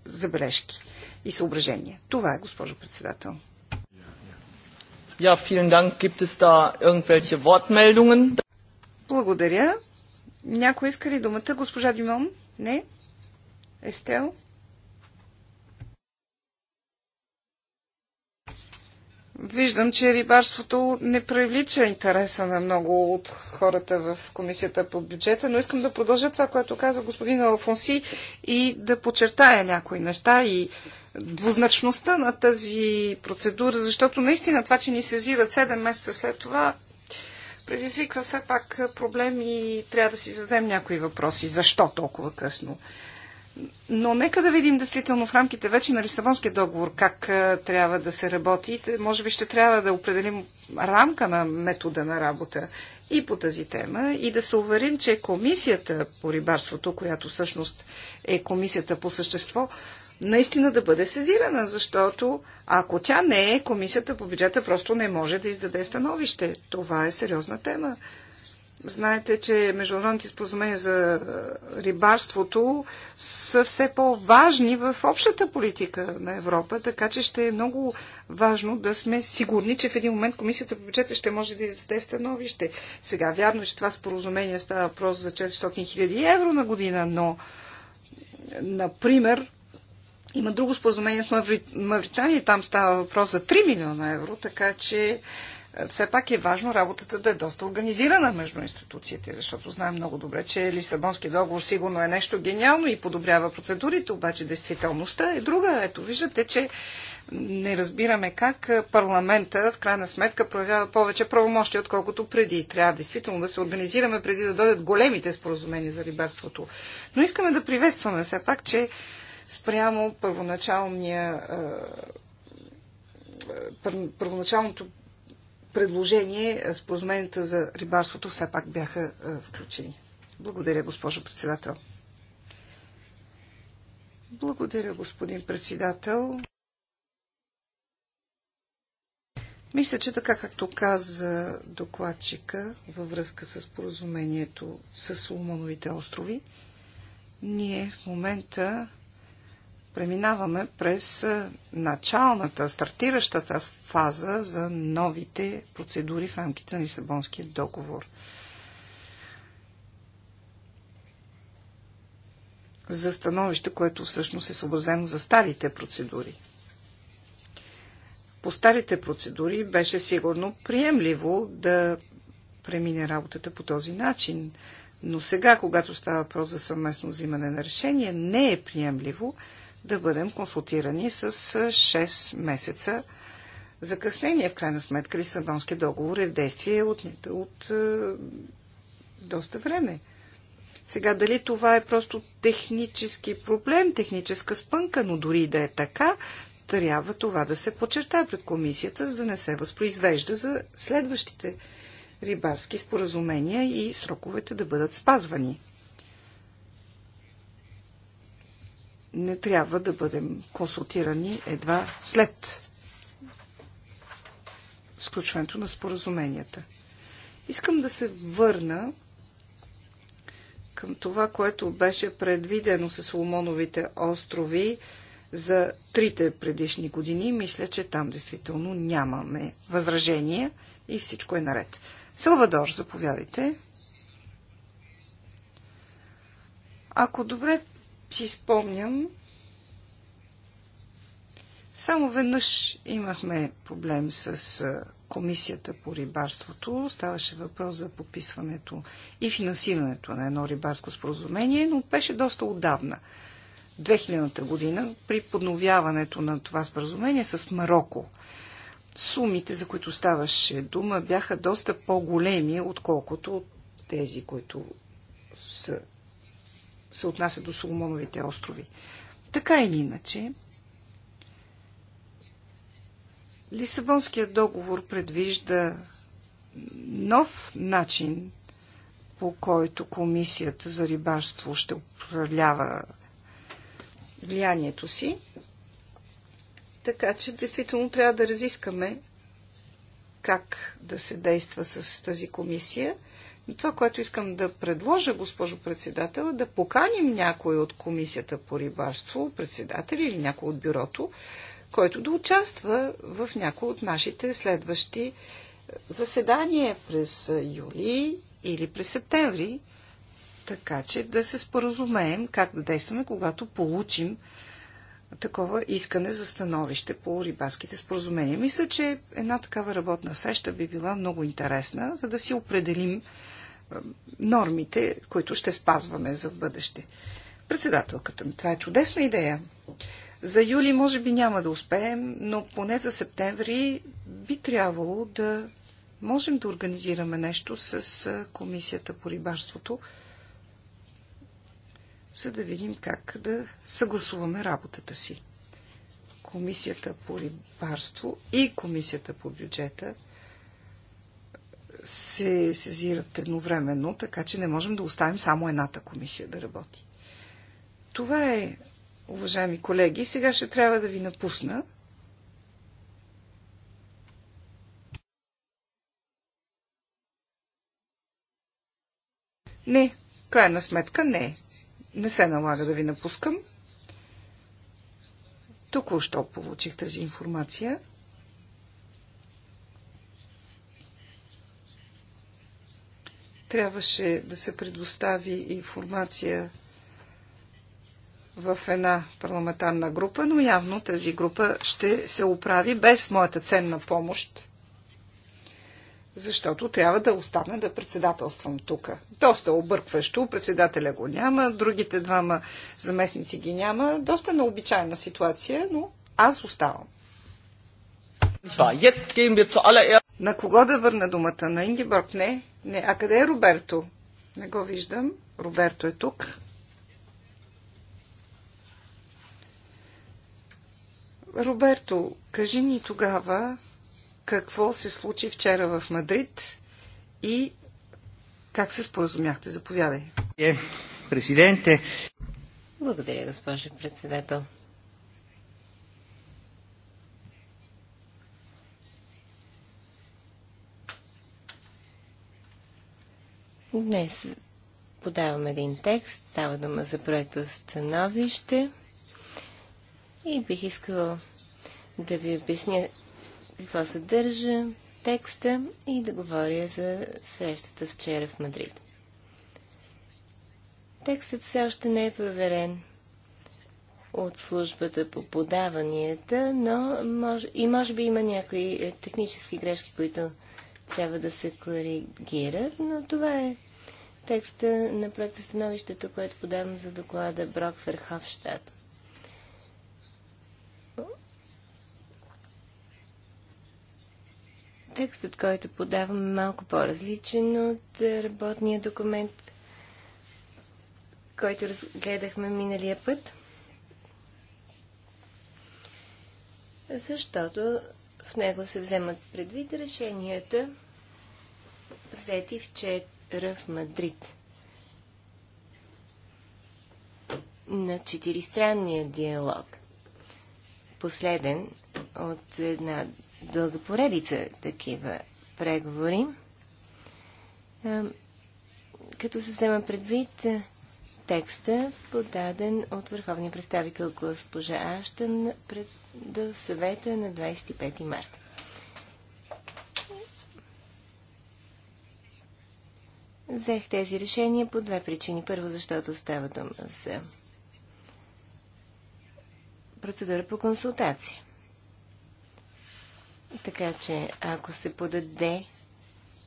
забележки и съображения. Това е, госпожо председател. Ja, vielen Dank. Gibt es da irgendwelche Wortmeldungen? Благодаря. Някой иска ли думата? Госпожа Дюмон? Не? Естел? Виждам, че рибарството не привлича интереса на много от хората в комисията по бюджета, но искам да продължа това, което каза господин Алфонси и да подчертая някои неща и двузначността на тази процедура, защото наистина това, че ни сезират 7 месеца след това, предизвиква все пак проблем и трябва да си зададем някои въпроси. Защо толкова късно? Но нека да видим действително в рамките вече на Лисабонския договор как трябва да се работи. Може би ще трябва да определим рамка на метода на работа и по тази тема и да се уверим, че комисията по рибарството, която всъщност е комисията по същество, наистина да бъде сезирана, защото ако тя не е, комисията по бюджета просто не може да издаде становище. Това е сериозна тема. Знаете, че международните споразумения за рибарството са все по-важни в общата политика на Европа, така че ще е много важно да сме сигурни, че в един момент Комисията по бюджета ще може да издаде становище. Сега, вярно, е, че това споразумение става въпрос за 400 000 евро на година, но, например, има друго споразумение в Мавритания, там става въпрос за 3 милиона евро, така че все пак е важно работата да е доста организирана между институциите, защото знаем много добре, че Лисабонски договор сигурно е нещо гениално и подобрява процедурите, обаче действителността е друга. Ето, виждате, че не разбираме как парламента в крайна сметка проявява повече правомощи, отколкото преди. Трябва действително да се организираме преди да дойдат големите споразумения за рибарството. Но искаме да приветстваме все пак, че спрямо първоначалния е, е, първоначалното предложение е, споразуменията за рибарството все пак бяха е, включени. Благодаря, госпожо председател. Благодаря, господин председател. Мисля, че така както каза докладчика във връзка с поразумението с Соломоновите острови, ние в момента преминаваме през началната, стартиращата фаза за новите процедури в рамките на Лисабонския договор. За становище, което всъщност е съобразено за старите процедури. По старите процедури беше сигурно приемливо да премине работата по този начин, но сега, когато става въпрос за съвместно взимане на решение, не е приемливо, да бъдем консултирани с 6 месеца закъснение. В крайна сметка Лисабонския договор е в действие от, от, от доста време. Сега, дали това е просто технически проблем, техническа спънка, но дори да е така, трябва това да се подчертае пред комисията, за да не се възпроизвежда за следващите рибарски споразумения и сроковете да бъдат спазвани. не трябва да бъдем консултирани едва след сключването на споразуменията. Искам да се върна към това, което беше предвидено с Соломоновите острови за трите предишни години. Мисля, че там действително нямаме възражения и всичко е наред. Салвадор, заповядайте. Ако добре си спомням, само веднъж имахме проблем с комисията по рибарството. Ставаше въпрос за подписването и финансирането на едно рибарско споразумение, но беше доста отдавна. 2000-та година, при подновяването на това споразумение с Марокко. Сумите, за които ставаше дума, бяха доста по-големи, отколкото тези, които са се отнася до Соломоновите острови. Така или иначе, Лисабонският договор предвижда нов начин, по който Комисията за рибарство ще управлява влиянието си. Така че, действително, трябва да разискаме как да се действа с тази комисия – това, което искам да предложа, госпожо председател, е да поканим някой от комисията по рибарство, председател или някой от бюрото, който да участва в някои от нашите следващи заседания през юли или през септември, така че да се споразумеем как да действаме, когато получим такова искане за становище по рибарските споразумения. Мисля, че една такава работна среща би била много интересна, за да си определим нормите, които ще спазваме за бъдеще. Председателката, това е чудесна идея. За юли може би няма да успеем, но поне за септември би трябвало да можем да организираме нещо с Комисията по рибарството, за да видим как да съгласуваме работата си. Комисията по рибарство и Комисията по бюджета – се сезират едновременно, така че не можем да оставим само едната комисия да работи. Това е, уважаеми колеги. Сега ще трябва да ви напусна. Не, крайна сметка не. Не се налага да ви напускам. Току-що получих тази информация. Трябваше да се предостави информация в една парламентарна група, но явно тази група ще се оправи без моята ценна помощ, защото трябва да остана да председателствам тук. Доста объркващо, председателя го няма, другите двама заместници ги няма. Доста необичайна ситуация, но аз оставам. На кого да върна думата? На Ингеборг? Не. Не. А къде е Роберто? Не го виждам. Роберто е тук. Роберто, кажи ни тогава какво се случи вчера в Мадрид и как се споразумяхте? Заповядай. Е, президенте. Благодаря, госпожо председател. Днес подавам един текст, става дума за проекта становище и бих искала да ви обясня какво съдържа текста и да говоря за срещата вчера в Мадрид. Текстът все още не е проверен от службата по подаванията, но може, и може би има някои е, технически грешки, които трябва да се коригира, но това е текста на проекта становището, което подавам за доклада Брок Ферхофштадт. Текстът, който подавам е малко по-различен от е, работния документ, който разгледахме миналия път. Защото в него се вземат предвид решенията, взети вчера в Мадрид. На четиристранния диалог. Последен от една дълга поредица такива преговори. Като се взема предвид текста, подаден от върховния представител госпожа Аштън пред до съвета на 25 марта. Взех тези решения по две причини. Първо, защото става дума за процедура по консултация. Така че, ако се подаде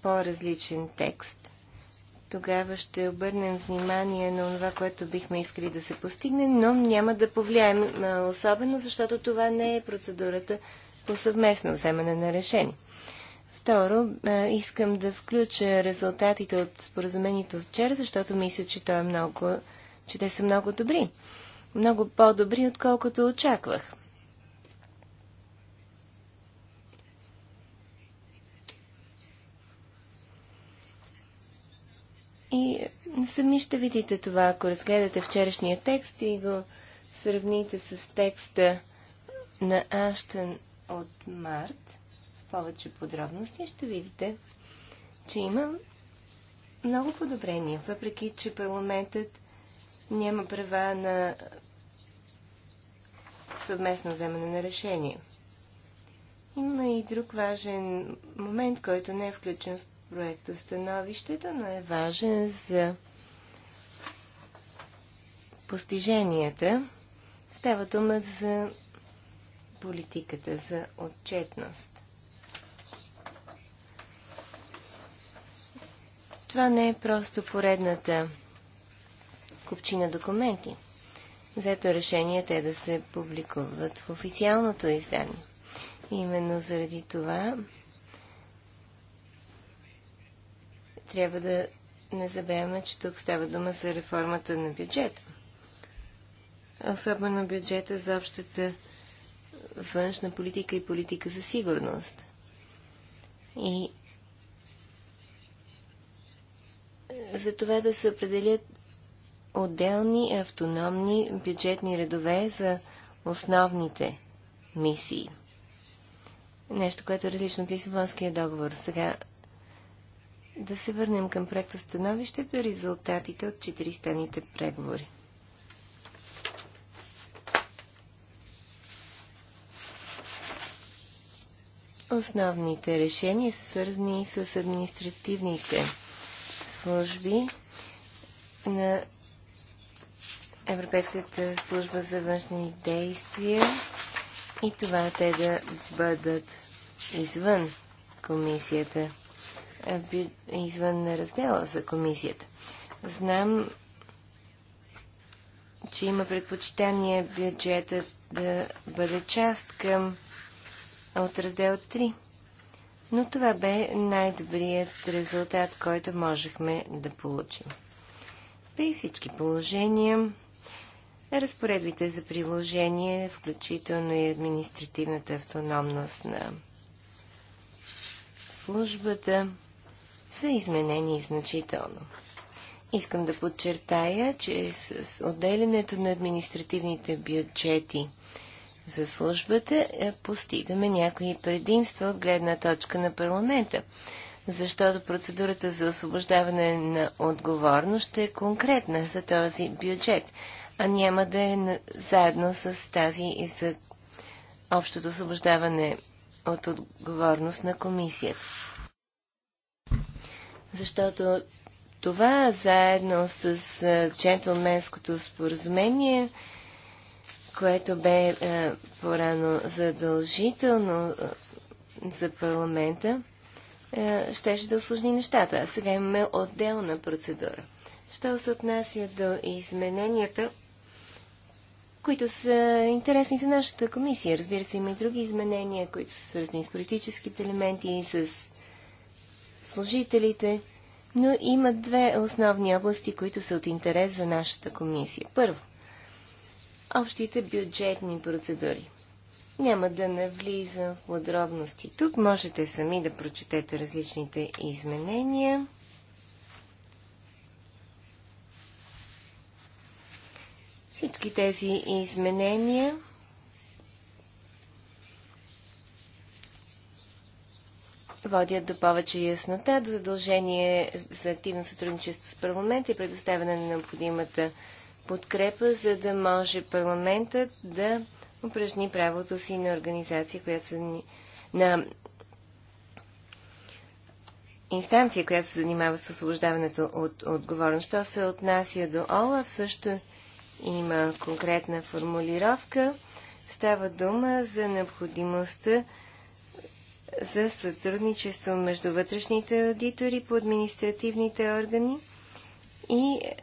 по-различен текст, тогава ще обърнем внимание на това, което бихме искали да се постигне, но няма да повлияем особено, защото това не е процедурата по съвместно вземане на решение. Второ, искам да включа резултатите от споразумението вчера, защото мисля, че, той е много, че те са много добри. Много по-добри, отколкото очаквах. И сами ще видите това, ако разгледате вчерашния текст и го сравните с текста на Аштън от март в повече подробности, ще видите, че има много подобрения, въпреки че парламентът няма права на съвместно вземане на решение. Има и друг важен момент, който не е включен в проекто становището, но е важен за постиженията. Става дума за политиката, за отчетност. Това не е просто поредната купчина документи. Взето е решение те да се публикуват в официалното издание. Именно заради това трябва да не забравяме, че тук става дума за реформата на бюджета. Особено бюджета за общата външна политика и политика за сигурност. И за това да се определят отделни автономни бюджетни редове за основните мисии. Нещо, което е различно от Лисабонския договор. Сега да се върнем към проекта становището и резултатите от четиристените преговори. Основните решения са свързани с административните служби на Европейската служба за външни действия и това те да бъдат извън комисията. Е е извън раздела за комисията. Знам, че има предпочитание бюджета да бъде част към от раздел 3. Но това бе най-добрият резултат, който можехме да получим. При всички положения, разпоредбите за приложение, включително и административната автономност на службата, са изменени значително. Искам да подчертая, че с отделянето на административните бюджети за службата е, постигаме някои предимства от гледна точка на парламента, защото процедурата за освобождаване на отговорност ще е конкретна за този бюджет, а няма да е заедно с тази и за общото освобождаване от отговорност на комисията защото това заедно с джентлменското споразумение, което бе порано задължително за парламента, щеше да осложни нещата. А сега имаме отделна процедура. Що се отнася до измененията, които са интересни за нашата комисия. Разбира се, има и други изменения, които са свързани с политическите елементи и с служителите, но има две основни области, които са от интерес за нашата комисия. Първо, общите бюджетни процедури. Няма да навлизам в подробности. Тук можете сами да прочетете различните изменения. Всички тези изменения водят до повече яснота, до задължение за активно сътрудничество с парламента и предоставяне на необходимата подкрепа, за да може парламентът да упражни правото си на организация, която се на инстанция, която се занимава с освобождаването от отговорност. Що се отнася до ОЛАВ, също има конкретна формулировка. Става дума за необходимостта за сътрудничество между вътрешните аудитори по административните органи и е,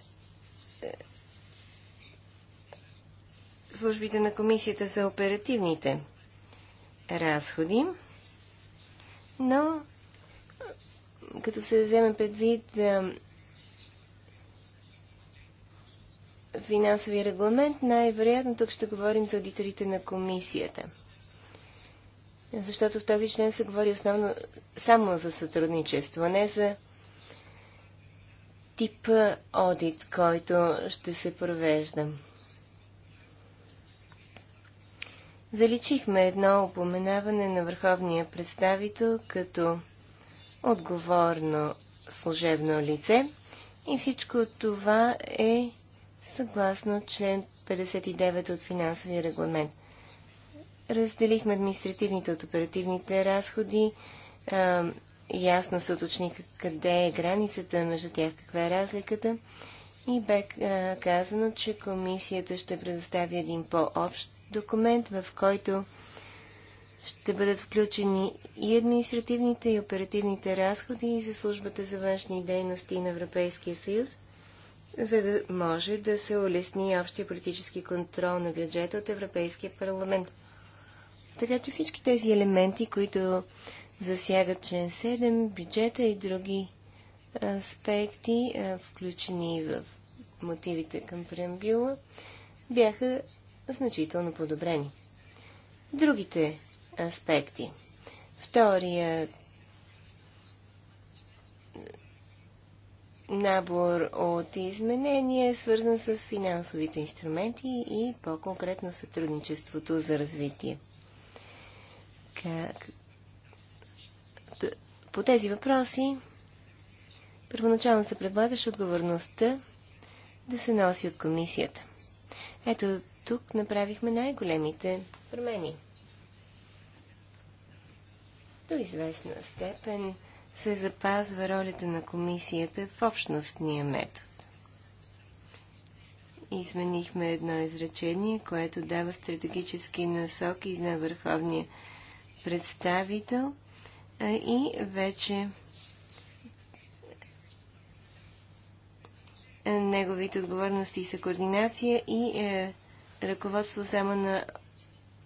службите на комисията за оперативните разходи, но като се вземе предвид е, финансови регламент, най-вероятно тук ще говорим за аудиторите на комисията защото в този член се говори основно само за сътрудничество, а не за типа одит, който ще се провежда. Заличихме едно упоменаване на върховния представител като отговорно служебно лице и всичко това е съгласно член 59 от финансовия регламент. Разделихме административните от оперативните разходи. А, ясно се уточни къде е границата между тях, каква е разликата. И бе а, казано, че комисията ще предостави един по-общ документ, в който ще бъдат включени и административните и оперативните разходи за службата за външни дейности на Европейския съюз, за да може да се улесни общия политически контрол на бюджета от Европейския парламент. Така че всички тези елементи, които засягат член 7, бюджета и други аспекти, включени в мотивите към преамбюла, бяха значително подобрени. Другите аспекти. Втория набор от изменения е свързан с финансовите инструменти и по-конкретно сътрудничеството за развитие. Как... По тези въпроси първоначално се предлагаше отговорността да се носи от комисията. Ето тук направихме най-големите промени. До известна степен се запазва ролята на комисията в общностния метод. Изменихме едно изречение, което дава стратегически насоки на Върховния представител и вече неговите отговорности са координация и е, ръководство само на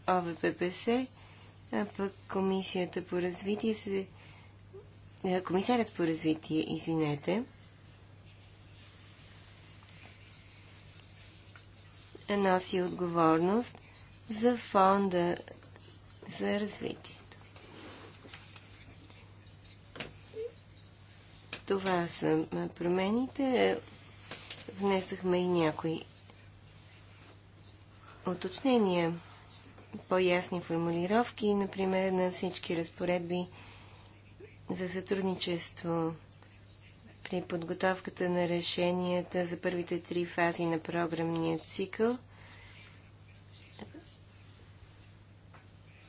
ОВППС, а пък комисията по развитие се... Е, Комисарят по развитие, извинете, носи отговорност за фонда, за развитието. Това са промените. Внесохме и някои уточнения, по-ясни формулировки, например, на всички разпоредби за сътрудничество при подготовката на решенията за първите три фази на програмния цикъл –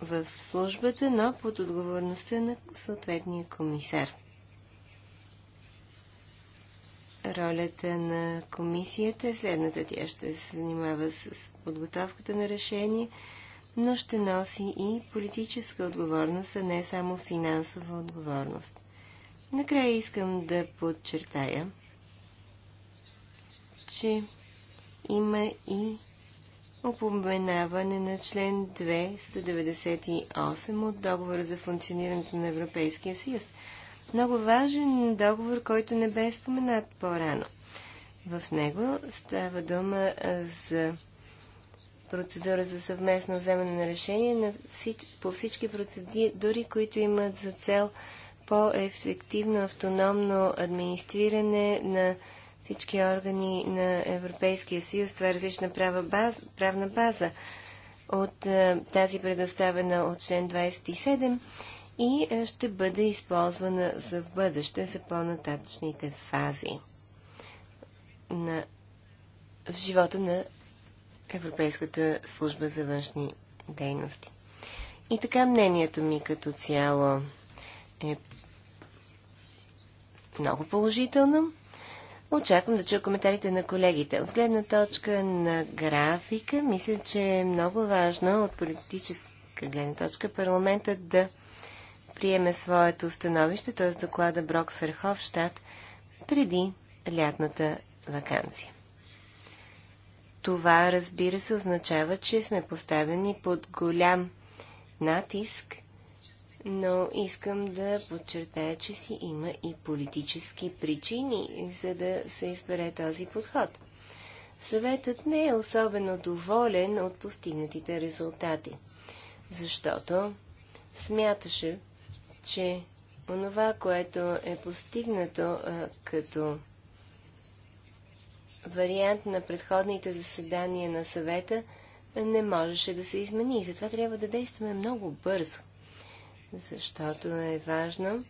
в службата, но под отговорността на съответния комисар. Ролята на комисията е следната. Тя ще се занимава с подготовката на решение, но ще носи и политическа отговорност, а не само финансова отговорност. Накрая искам да подчертая, че има и упоменаване на член 298 от договора за функционирането на Европейския съюз. Много важен договор, който не бе споменат по-рано. В него става дума за процедура за съвместно вземане на решение на всич... по всички процедури, които имат за цел по-ефективно автономно администриране на всички органи на Европейския съюз. Това е различна права база, правна база от е, тази предоставена от член 27 и е, ще бъде използвана за в бъдеще за по-нататъчните фази на, в живота на Европейската служба за външни дейности. И така мнението ми като цяло е много положително. Очаквам да чуя коментарите на колегите. От гледна точка на графика, мисля, че е много важно от политическа гледна точка парламента да приеме своето становище, т.е. доклада Брок Ферховщад, преди лятната вакансия. Това, разбира се, означава, че сме поставени под голям натиск но искам да подчертая, че си има и политически причини, за да се избере този подход. Съветът не е особено доволен от постигнатите резултати, защото смяташе, че онова, което е постигнато а, като вариант на предходните заседания на съвета, не можеше да се измени. Затова трябва да действаме много бързо защото е важно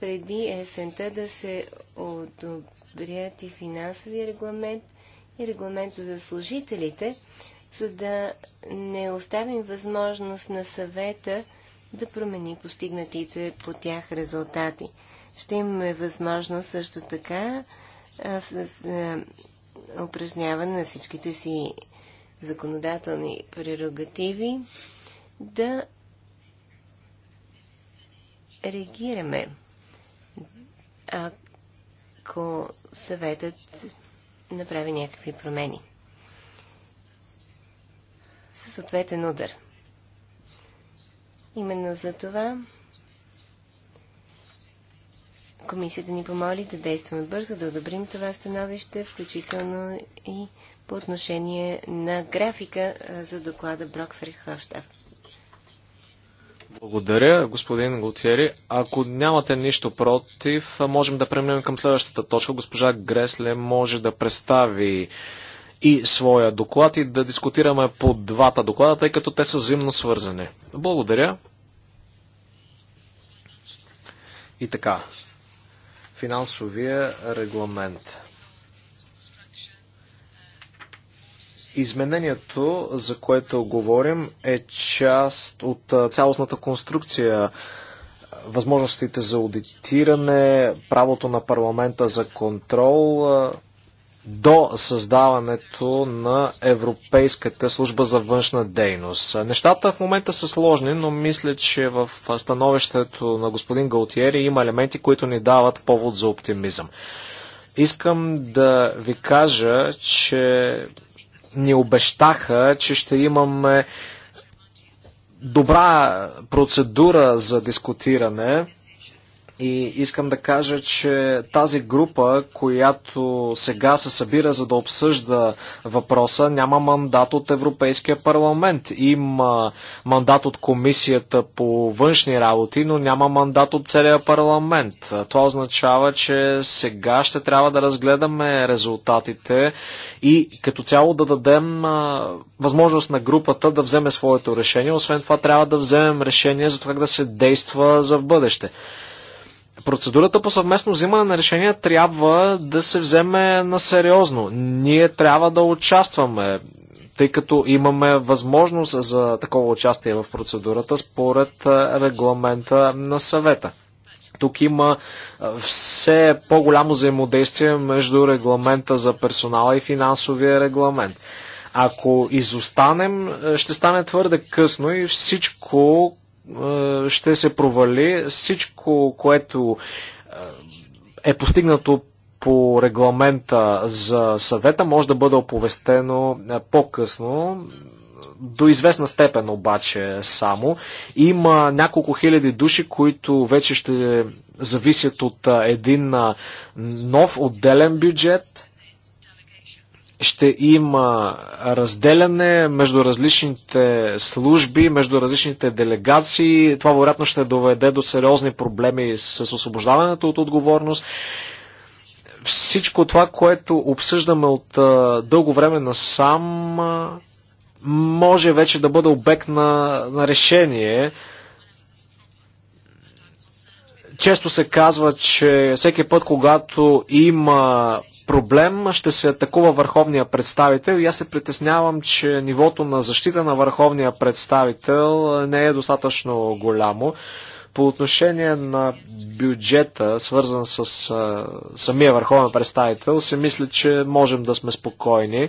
преди есента да се одобрят и финансови регламент и регламент за служителите, за да не оставим възможност на съвета да промени постигнатите по тях резултати. Ще имаме възможност също така а, с упражняване на всичките си законодателни прерогативи да реагираме, ако съветът направи някакви промени. Със ответен удар. Именно за това комисията ни помоли да действаме бързо, да одобрим това становище, включително и по отношение на графика за доклада Брок Фрихофштадт. Благодаря, господин Готиери. Ако нямате нищо против, можем да преминем към следващата точка. Госпожа Гресле може да представи и своя доклад и да дискутираме по двата доклада, тъй като те са зимно свързани. Благодаря. И така, финансовия регламент. Изменението, за което говорим, е част от цялостната конструкция възможностите за аудитиране, правото на парламента за контрол до създаването на Европейската служба за външна дейност. Нещата в момента са сложни, но мисля, че в становището на господин Галтиери има елементи, които ни дават повод за оптимизъм. Искам да ви кажа, че ни обещаха, че ще имаме добра процедура за дискутиране. И искам да кажа, че тази група, която сега се събира за да обсъжда въпроса, няма мандат от Европейския парламент. Има мандат от Комисията по външни работи, но няма мандат от целия парламент. Това означава, че сега ще трябва да разгледаме резултатите и като цяло да дадем възможност на групата да вземе своето решение. Освен това, трябва да вземем решение за това да се действа за в бъдеще. Процедурата по съвместно взимане на решения трябва да се вземе на сериозно. Ние трябва да участваме, тъй като имаме възможност за такова участие в процедурата според регламента на съвета. Тук има все по-голямо взаимодействие между регламента за персонала и финансовия регламент. Ако изостанем, ще стане твърде късно и всичко, е, ще се провали. Всичко, което е, е постигнато по регламента за съвета, може да бъде оповестено е, по-късно. До известна степен обаче само. Има няколко хиляди души, които вече ще зависят от един нов отделен бюджет ще има разделяне между различните служби, между различните делегации. Това вероятно ще доведе до сериозни проблеми с освобождаването от отговорност. Всичко това, което обсъждаме от а, дълго време насам, а, може вече да бъде обект на, на решение. Често се казва, че всеки път, когато има проблем, ще се атакува върховния представител и аз се притеснявам, че нивото на защита на върховния представител не е достатъчно голямо. По отношение на бюджета, свързан с а, самия върховен представител, се мисля, че можем да сме спокойни.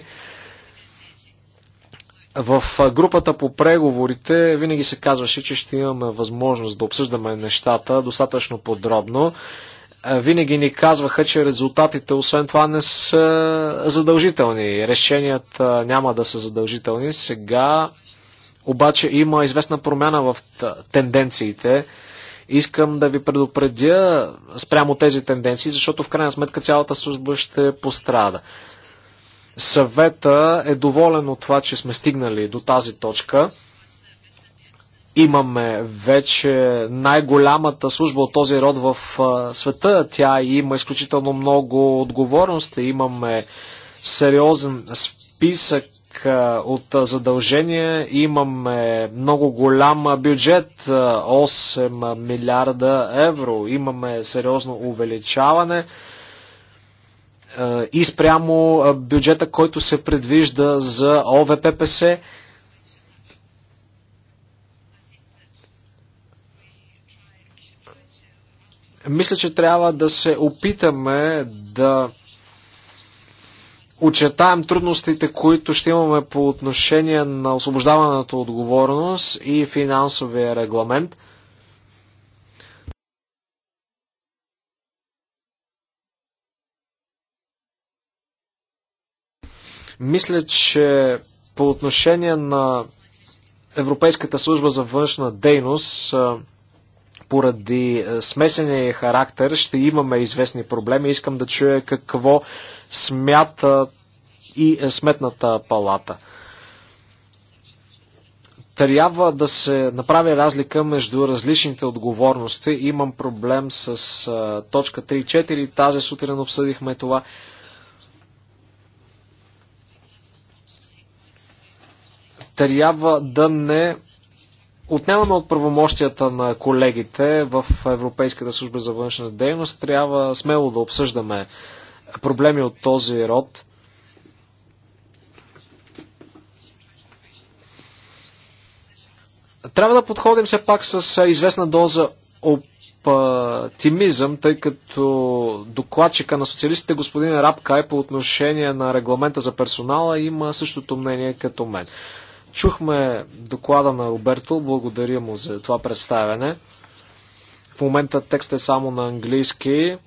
В групата по преговорите винаги се казваше, че ще имаме възможност да обсъждаме нещата достатъчно подробно винаги ни казваха, че резултатите освен това не са задължителни. Решенията няма да са задължителни. Сега обаче има известна промяна в тенденциите. Искам да ви предупредя спрямо тези тенденции, защото в крайна сметка цялата служба ще пострада. Съвета е доволен от това, че сме стигнали до тази точка – Имаме вече най-голямата служба от този род в света. Тя има изключително много отговорности. Имаме сериозен списък от задължения. Имаме много голям бюджет 8 милиарда евро. Имаме сериозно увеличаване и спрямо бюджета, който се предвижда за ОВППС Мисля, че трябва да се опитаме да очетаем трудностите, които ще имаме по отношение на освобождаването отговорност и финансовия регламент. Мисля, че по отношение на Европейската служба за външна дейност, поради е, смесения характер ще имаме известни проблеми. Искам да чуя какво смята и е, сметната палата. Трябва да се направи разлика между различните отговорности. Имам проблем с е, точка 34. Тази сутрин обсъдихме това. Трябва да не отнемаме от правомощията на колегите в Европейската служба за външна дейност. Трябва смело да обсъждаме проблеми от този род. Трябва да подходим все пак с известна доза оптимизъм, тъй като докладчика на социалистите господин Рабкай по отношение на регламента за персонала има същото мнение като мен. Чухме доклада на Роберто, благодаря му за това представяне. В момента текстът е само на английски.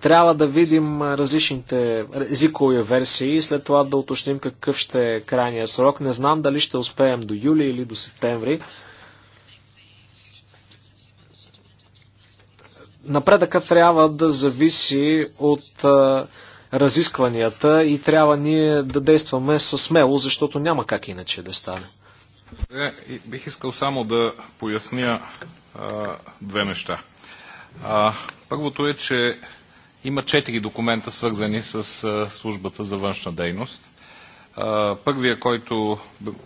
Трябва да видим различните езикови версии и след това да уточним какъв ще е крайния срок. Не знам дали ще успеем до юли или до септември. Напредъка трябва да зависи от разискванията и трябва ние да действаме със смело, защото няма как иначе да стане. Е, бих искал само да поясня а, две неща. А, първото е, че има четири документа, свързани с а, службата за външна дейност. А, първия, който,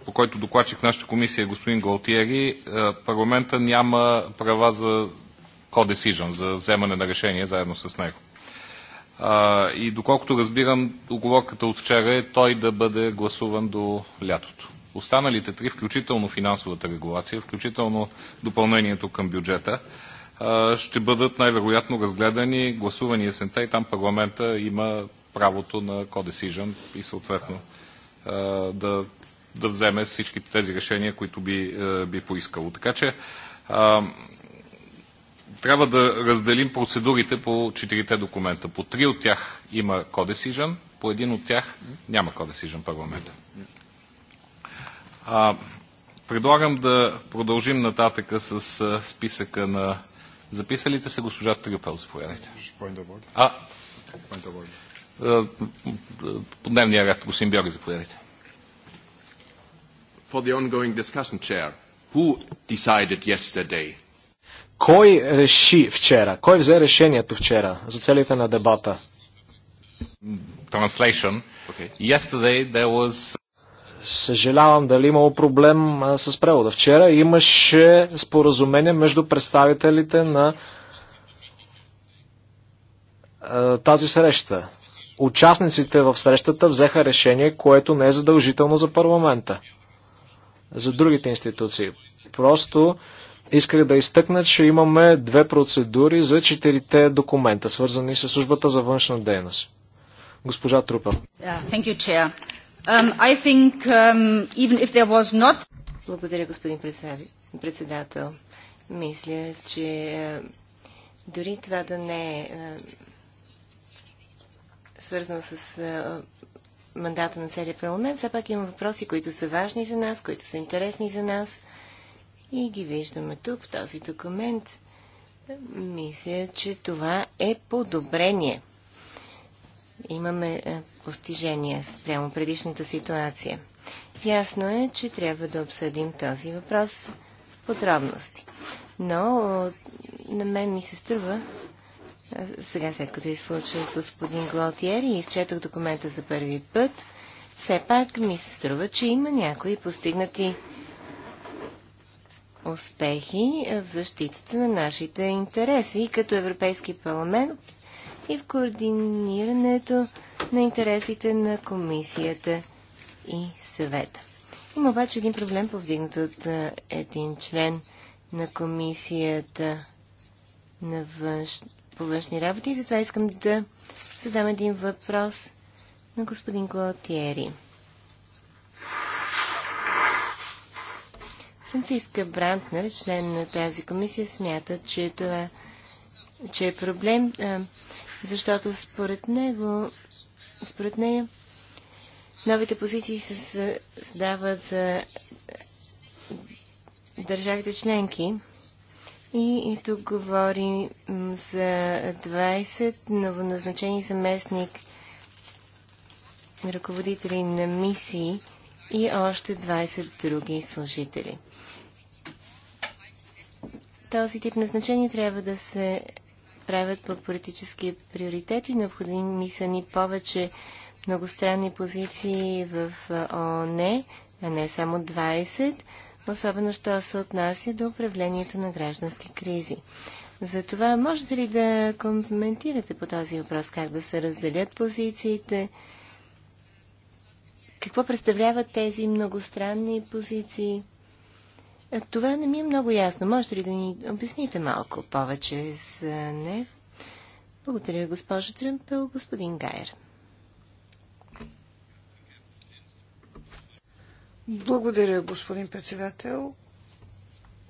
по който докладчик нашата комисия е господин Галтиери, парламента няма права за co за вземане на решение заедно с него. А, и доколкото разбирам, оговорката от вчера е той да бъде гласуван до лятото. Останалите три, включително финансовата регулация, включително допълнението към бюджета, а, ще бъдат най-вероятно разгледани, гласувани есента и там парламента има правото на codecision и съответно а, да, да вземе всички тези решения, които би, е, би поискало. Така че трябва да разделим процедурите по четирите документа. По три от тях има кодесижън, по един от тях няма кодесижън парламента. А, предлагам да продължим нататъка с а, списъка на записалите се госпожа Трюпел. Заповядайте. А, по дневния ряд, господин Бьори, заповядайте. For the ongoing discussion, Chair, who decided yesterday кой реши вчера? Кой взе решението вчера за целите на дебата? Translation. Okay. Yesterday there was съжалявам дали имало проблем а, с превода. Вчера имаше споразумение между представителите на а, тази среща. Участниците в срещата взеха решение, което не е задължително за парламента, за другите институции. Просто исках да изтъкна, че имаме две процедури за четирите документа, свързани с службата за външна дейност. Госпожа Трупа. Um, um, Благодаря, господин председател. Мисля, че е, дори това да не е, е свързано с е, мандата на целият парламент, все пак има въпроси, които са важни за нас, които са интересни за нас – и ги виждаме тук в този документ. Мисля, че това е подобрение. Имаме е, постижения спрямо предишната ситуация. Ясно е, че трябва да обсъдим този въпрос в подробности. Но е, на мен ми се струва, е, сега след като изслушах господин Глотиер и изчетох документа за първи път, все пак ми се струва, че има някои постигнати успехи в защитата на нашите интереси като Европейски парламент и в координирането на интересите на комисията и съвета. Има обаче един проблем, повдигнат от един член на комисията на външ... по външни работи и затова искам да задам един въпрос на господин Глотиери. Франциска Брантнер, член на тази комисия, смята, че това че е проблем, защото според него, според нея, новите позиции се създават за държавите членки. И, и тук говори за 20 новоназначени заместник ръководители на мисии и още 20 други служители този тип назначения трябва да се правят по политически приоритети. Необходими са ни повече многостранни позиции в ООН, а не само 20, особено що се отнася до управлението на граждански кризи. За това можете ли да коментирате по този въпрос, как да се разделят позициите? Какво представляват тези многостранни позиции? Е, това не ми е много ясно. Можете ли да ни обясните малко повече за не? Благодаря, госпожо Тръмпел, господин Гайер. Благодаря, господин председател.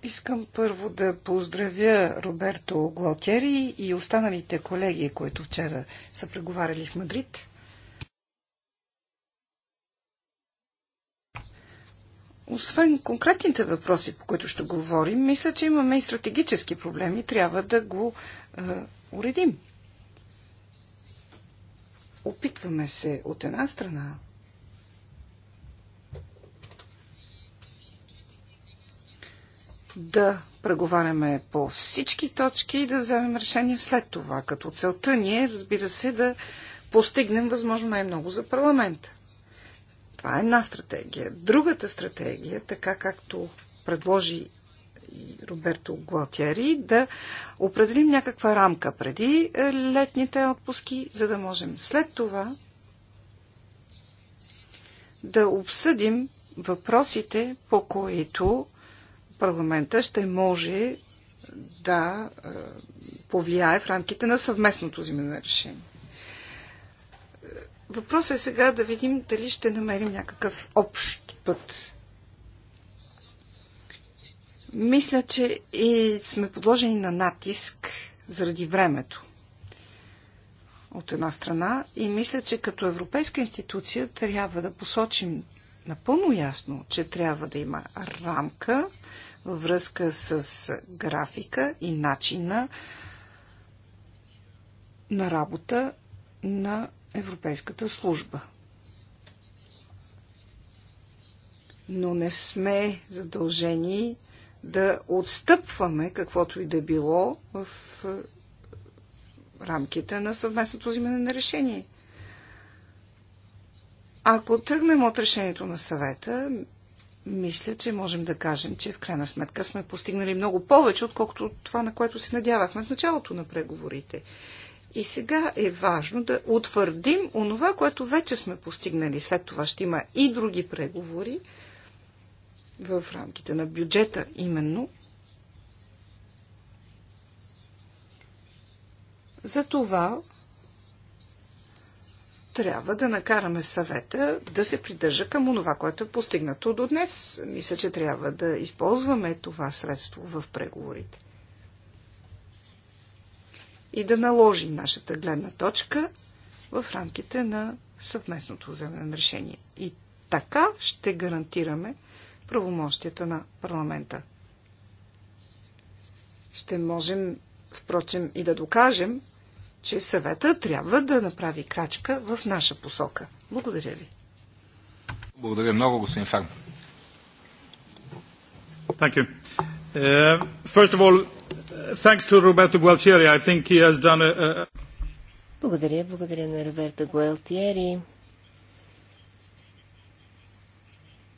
Искам първо да поздравя Роберто Гуалтери и останалите колеги, които вчера са преговаряли в Мадрид. Освен конкретните въпроси, по които ще говорим, мисля, че имаме и стратегически проблеми. Трябва да го е, уредим. Опитваме се от една страна да преговаряме по всички точки и да вземем решение след това, като целта ни е, разбира се, да постигнем възможно най-много за парламента. Това е една стратегия. Другата стратегия, така както предложи Роберто Гуалтиери, да определим някаква рамка преди е, летните отпуски, за да можем след това да обсъдим въпросите, по които парламента ще може да е, повлияе в рамките на съвместното взимане решение. Въпросът е сега да видим дали ще намерим някакъв общ път. Мисля, че и сме подложени на натиск заради времето от една страна и мисля, че като европейска институция трябва да посочим напълно ясно, че трябва да има рамка във връзка с графика и начина на работа на Европейската служба. Но не сме задължени да отстъпваме каквото и да било в е, рамките на съвместното взимане на решение. Ако тръгнем от решението на съвета, мисля, че можем да кажем, че в крайна сметка сме постигнали много повече, отколкото това, на което се надявахме в началото на преговорите. И сега е важно да утвърдим онова, което вече сме постигнали. След това ще има и други преговори в рамките на бюджета именно. За това трябва да накараме съвета да се придържа към онова, което е постигнато до днес. Мисля, че трябва да използваме това средство в преговорите и да наложим нашата гледна точка в рамките на съвместното вземане на решение. И така ще гарантираме правомощията на парламента. Ще можем, впрочем, и да докажем, че съвета трябва да направи крачка в наша посока. Благодаря ви. Благодаря много, господин Фарм. Thank you. Uh, first of all, Thanks to Roberto Gualtieri. I think he has done a... Благодаря, благодаря на Роберто Гуелтиери.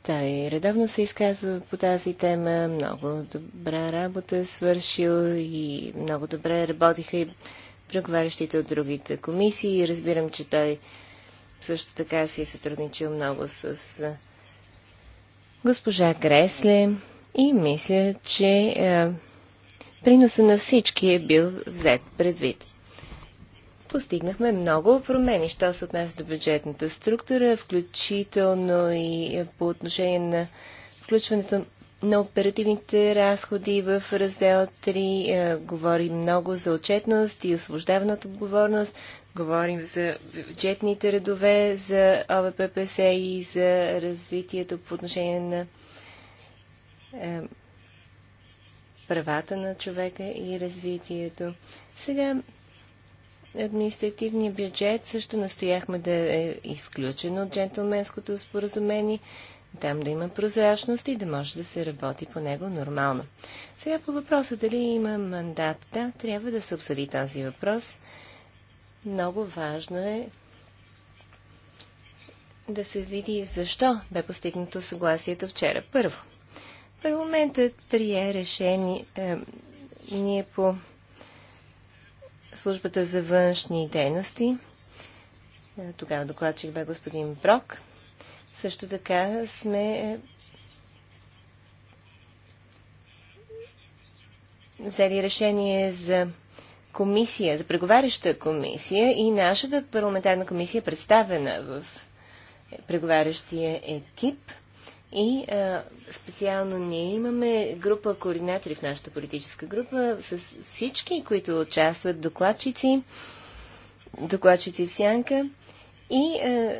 Той редовно се изказва по тази тема. Много добра работа е свършил и много добре работиха и преговарящите от другите комисии. Разбирам, че той също така си е сътрудничил много с госпожа Гресле и мисля, че приноса на всички е бил взет предвид. Постигнахме много промени, що се отнася до бюджетната структура, включително и по отношение на включването на оперативните разходи в раздел 3. Е, говорим много за отчетност и освобождаване от отговорност. Говорим за бюджетните редове, за ОВППС и за развитието по отношение на е, правата на човека и развитието. Сега административният бюджет също настояхме да е изключен от джентлменското споразумение, там да има прозрачност и да може да се работи по него нормално. Сега по въпроса дали има мандат. Да, трябва да се обсъди този въпрос. Много важно е да се види защо бе постигнато съгласието вчера. Първо, Парламентът прие решение е, ние по службата за външни дейности. Е, тогава докладчик бе господин Брок. Също така сме е, взели решение за комисия, за преговаряща комисия и нашата парламентарна комисия е представена в е, преговарящия екип – и а, специално ние имаме група координатори в нашата политическа група с всички, които участват, докладчици, докладчици в сянка. И а,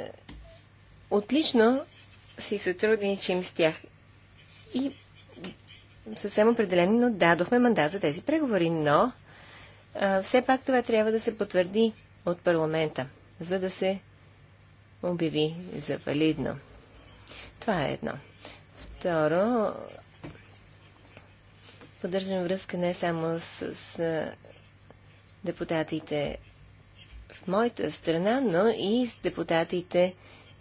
отлично си сътрудничим с тях. И съвсем определено дадохме мандат за тези преговори, но а, все пак това трябва да се потвърди от парламента, за да се обяви за валидно. Това е едно. Второ, поддържам връзка не само с, с депутатите в моята страна, но и с депутатите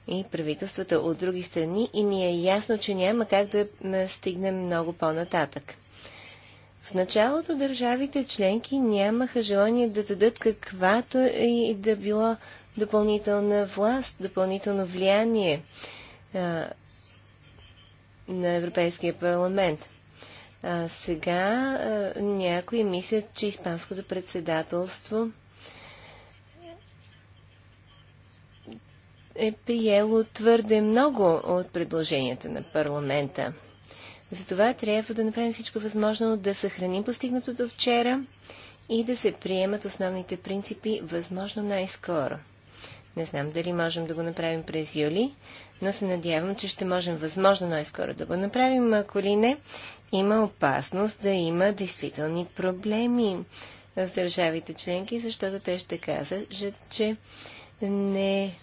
и правителствата от други страни и ми е ясно, че няма как да стигнем много по-нататък. В началото държавите членки нямаха желание да дадат каквато и да било допълнителна власт, допълнително влияние на Европейския парламент. А, сега а, някои мислят, че Испанското председателство е приело твърде много от предложенията на парламента. Затова трябва да направим всичко възможно да съхраним постигнатото вчера и да се приемат основните принципи възможно най-скоро. Не знам дали можем да го направим през юли, но се надявам, че ще можем възможно най-скоро да го направим. Ако ли не, има опасност да има действителни проблеми с държавите членки, защото те ще кажат, че не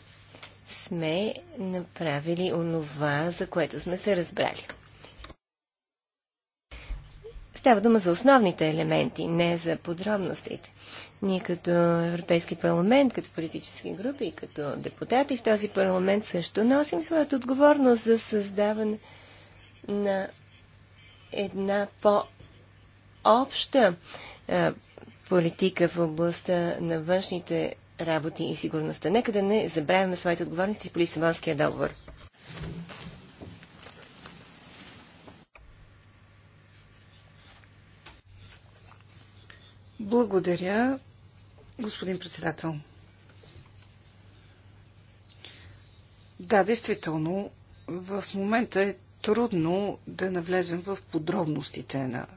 сме направили онова, за което сме се разбрали. Става дума за основните елементи, не за подробностите. Ние като Европейски парламент, като политически групи, като депутати в този парламент също носим своята отговорност за създаване на една по-обща е, политика в областта на външните работи и сигурността. Нека да не забравяме своите отговорности по Лисабонския договор. Благодаря, господин председател. Да, действително, в момента е трудно да навлезем в подробностите на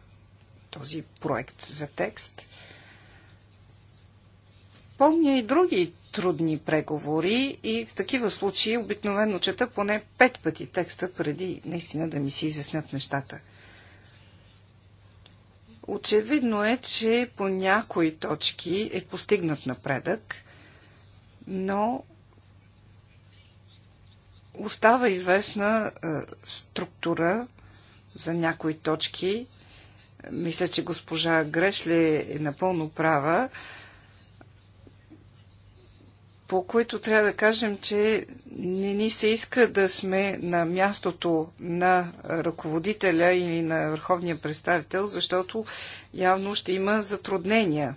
този проект за текст. Помня и други трудни преговори и в такива случаи обикновено чета поне пет пъти текста преди наистина да ми се изяснят нещата – Очевидно е, че по някои точки е постигнат напредък, но остава известна е, структура за някои точки. Мисля, че госпожа Грешли е напълно права по които трябва да кажем, че не ни се иска да сме на мястото на ръководителя или на върховния представител, защото явно ще има затруднения.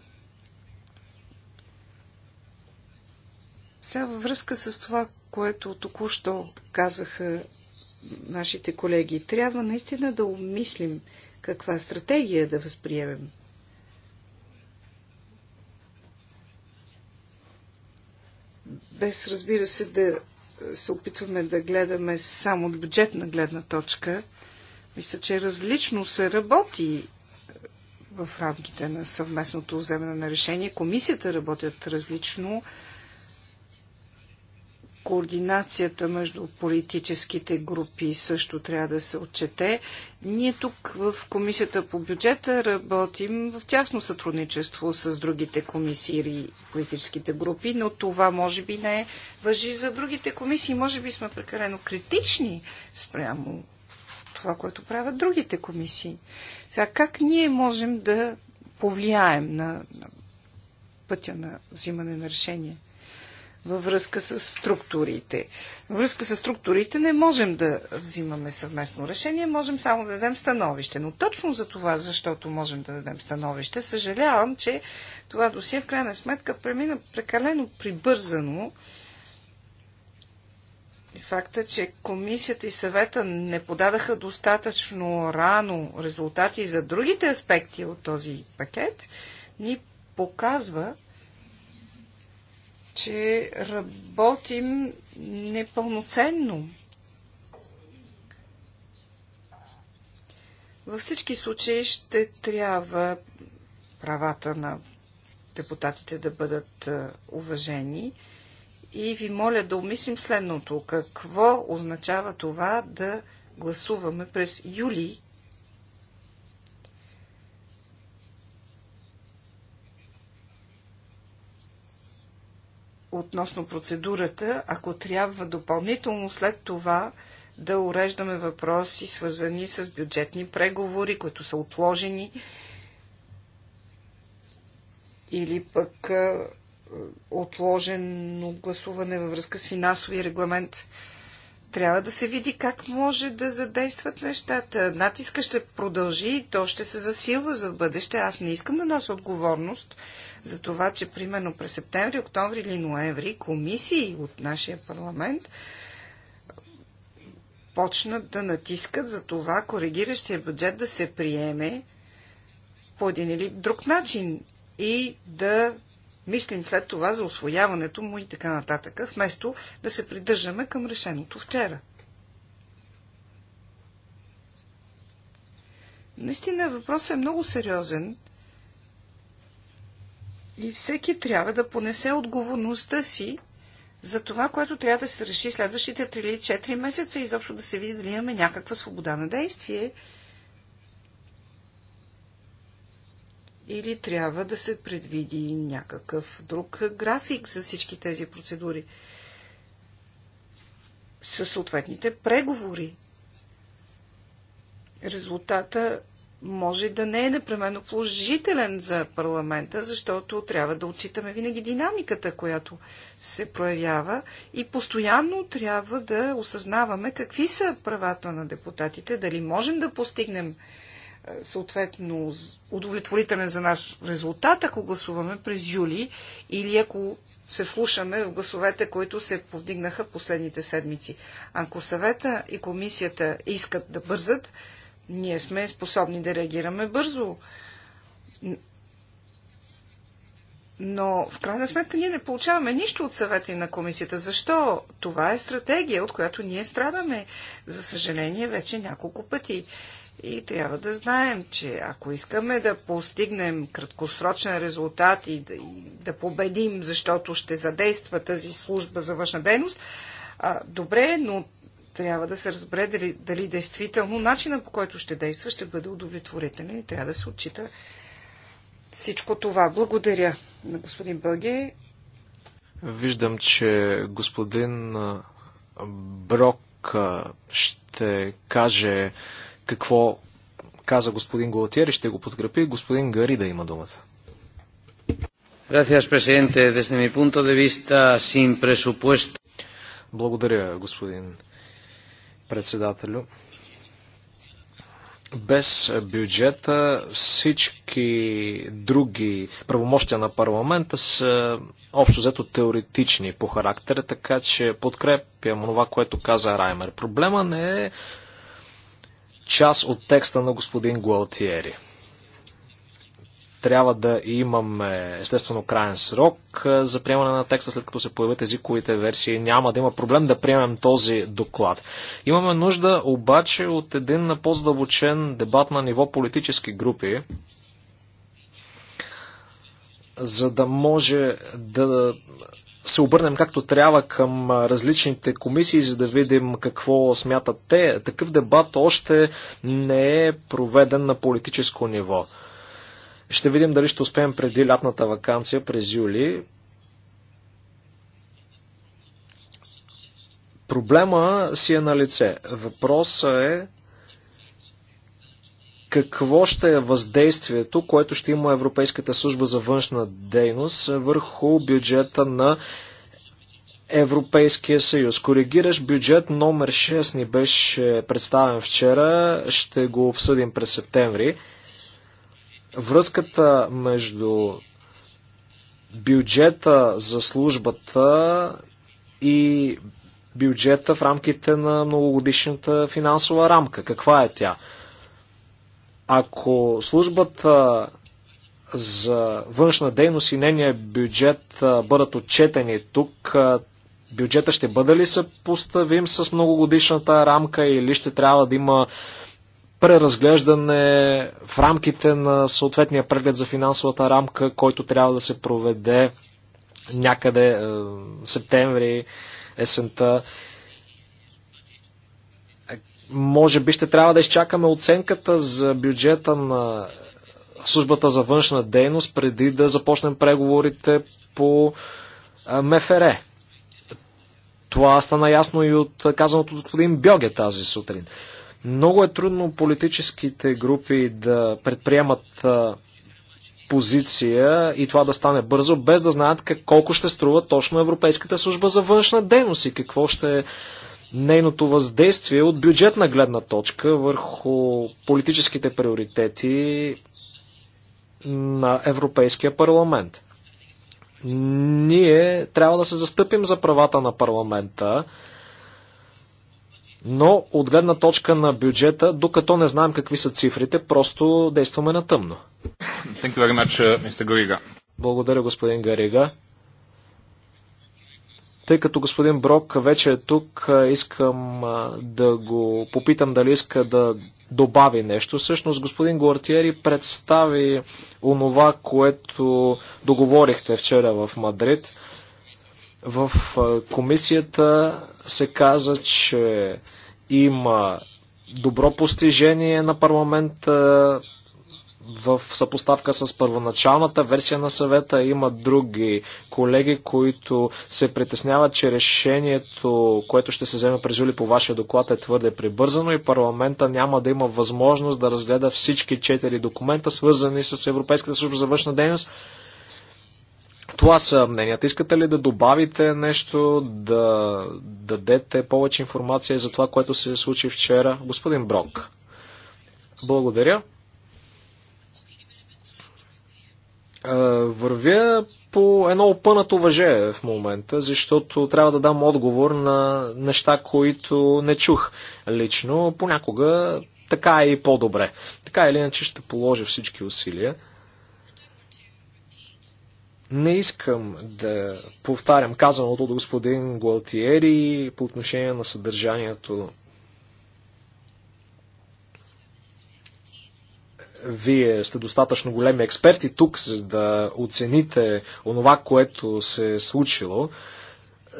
Сега във връзка с това, което току-що казаха нашите колеги, трябва наистина да обмислим каква стратегия да възприемем. без разбира се да се опитваме да гледаме само от бюджетна гледна точка, мисля, че различно се работи е, в рамките на съвместното вземане на решение. Комисията работят различно, координацията между политическите групи също трябва да се отчете. Ние тук в Комисията по бюджета работим в тясно сътрудничество с другите комисии или политическите групи, но това може би не е въжи за другите комисии. Може би сме прекалено критични спрямо това, което правят другите комисии. Сега, как ние можем да повлияем на, на пътя на взимане на решение? във връзка с структурите. Във връзка с структурите не можем да взимаме съвместно решение, можем само да дадем становище. Но точно за това, защото можем да дадем становище, съжалявам, че това досие в крайна сметка премина прекалено прибързано. И факта, че комисията и съвета не подадаха достатъчно рано резултати за другите аспекти от този пакет, ни показва, че работим непълноценно. Във всички случаи ще трябва правата на депутатите да бъдат е, уважени и ви моля да умислим следното. Какво означава това да гласуваме през юли относно процедурата, ако трябва допълнително след това да уреждаме въпроси, свързани с бюджетни преговори, които са отложени, или пък отложено гласуване във връзка с финансови регламент трябва да се види как може да задействат нещата. Натиска ще продължи и то ще се засилва за бъдеще. Аз не искам да нося отговорност за това, че примерно през септември, октомври или ноември комисии от нашия парламент почнат да натискат за това коригиращия бюджет да се приеме по един или друг начин и да мислим след това за освояването му и така нататък, вместо да се придържаме към решеното вчера. Наистина въпросът е много сериозен и всеки трябва да понесе отговорността си за това, което трябва да се реши следващите 3 или 4 месеца, и изобщо да се види дали имаме някаква свобода на действие или трябва да се предвиди някакъв друг график за всички тези процедури със съответните преговори. Резултата може да не е непременно положителен за парламента, защото трябва да отчитаме винаги динамиката, която се проявява и постоянно трябва да осъзнаваме какви са правата на депутатите, дали можем да постигнем съответно удовлетворителен за наш резултат, ако гласуваме през юли или ако се слушаме в гласовете, които се повдигнаха последните седмици. Ако съвета и комисията искат да бързат, ние сме способни да реагираме бързо. Но в крайна сметка ние не получаваме нищо от съвета и на комисията. Защо? Това е стратегия, от която ние страдаме, за съжаление, вече няколко пъти. И трябва да знаем, че ако искаме да постигнем краткосрочен резултат и да, и да победим, защото ще задейства тази служба за външна дейност, а, добре, но трябва да се разбере дали, дали действително начина по който ще действа ще бъде удовлетворителен и трябва да се отчита всичко това. Благодаря на господин Бълги. Виждам, че господин Брок ще каже какво каза господин Голтиер и ще го подкрепи. Господин Гари да има думата. Gracias, presidente. Desde mi punto de vista, sin presupuesto. Благодаря, господин председателю. Без бюджета всички други правомощия на парламента са общо взето теоретични по характер, така че подкрепям това, което каза Раймер. Проблема не е част от текста на господин Гуалтиери. Трябва да имаме, естествено, крайен срок за приемане на текста, след като се появят езиковите версии. Няма да има проблем да приемем този доклад. Имаме нужда обаче от един по-задълбочен дебат на ниво политически групи, за да може да се обърнем както трябва към различните комисии, за да видим какво смятат те. Такъв дебат още не е проведен на политическо ниво. Ще видим дали ще успеем преди лятната вакансия през юли. Проблема си е на лице. Въпросът е какво ще е въздействието, което ще има Европейската служба за външна дейност върху бюджета на Европейския съюз. Коригираш бюджет номер 6 ни беше представен вчера, ще го обсъдим през септември. Връзката между бюджета за службата и бюджета в рамките на многогодишната финансова рамка. Каква е тя? Ако службата за външна дейност и нения бюджет бъдат отчетени тук, бюджета ще бъде ли съпоставим с многогодишната рамка или ще трябва да има преразглеждане в рамките на съответния преглед за финансовата рамка, който трябва да се проведе някъде е, септември, есента. Може би ще трябва да изчакаме оценката за бюджета на службата за външна дейност преди да започнем преговорите по МФР. Това стана ясно и от казаното от господин Бьоге тази сутрин. Много е трудно политическите групи да предприемат позиция и това да стане бързо, без да знаят колко ще струва точно Европейската служба за външна дейност и какво ще е нейното въздействие от бюджетна гледна точка върху политическите приоритети на Европейския парламент. Ние трябва да се застъпим за правата на парламента, но от гледна точка на бюджета, докато не знаем какви са цифрите, просто действаме на тъмно. Uh, Благодаря, господин Гарига. Тъй като господин Брок вече е тук, искам да го попитам дали иска да добави нещо. Всъщност господин Гуартиери представи онова, което договорихте вчера в Мадрид. В комисията се каза, че има добро постижение на парламента в съпоставка с първоначалната версия на съвета. Има други колеги, които се притесняват, че решението, което ще се вземе през юли по вашия доклад е твърде прибързано и парламента няма да има възможност да разгледа всички четири документа, свързани с Европейската служба за външна дейност. Това са мненията. Искате ли да добавите нещо, да дадете повече информация за това, което се случи вчера? Господин Брок. Благодаря. вървя по едно опънато въже в момента, защото трябва да дам отговор на неща, които не чух лично. Понякога така е и по-добре. Така или иначе ще положа всички усилия. Не искам да повтарям казаното от господин Гуалтиери по отношение на съдържанието вие сте достатъчно големи експерти тук, за да оцените онова, което се е случило.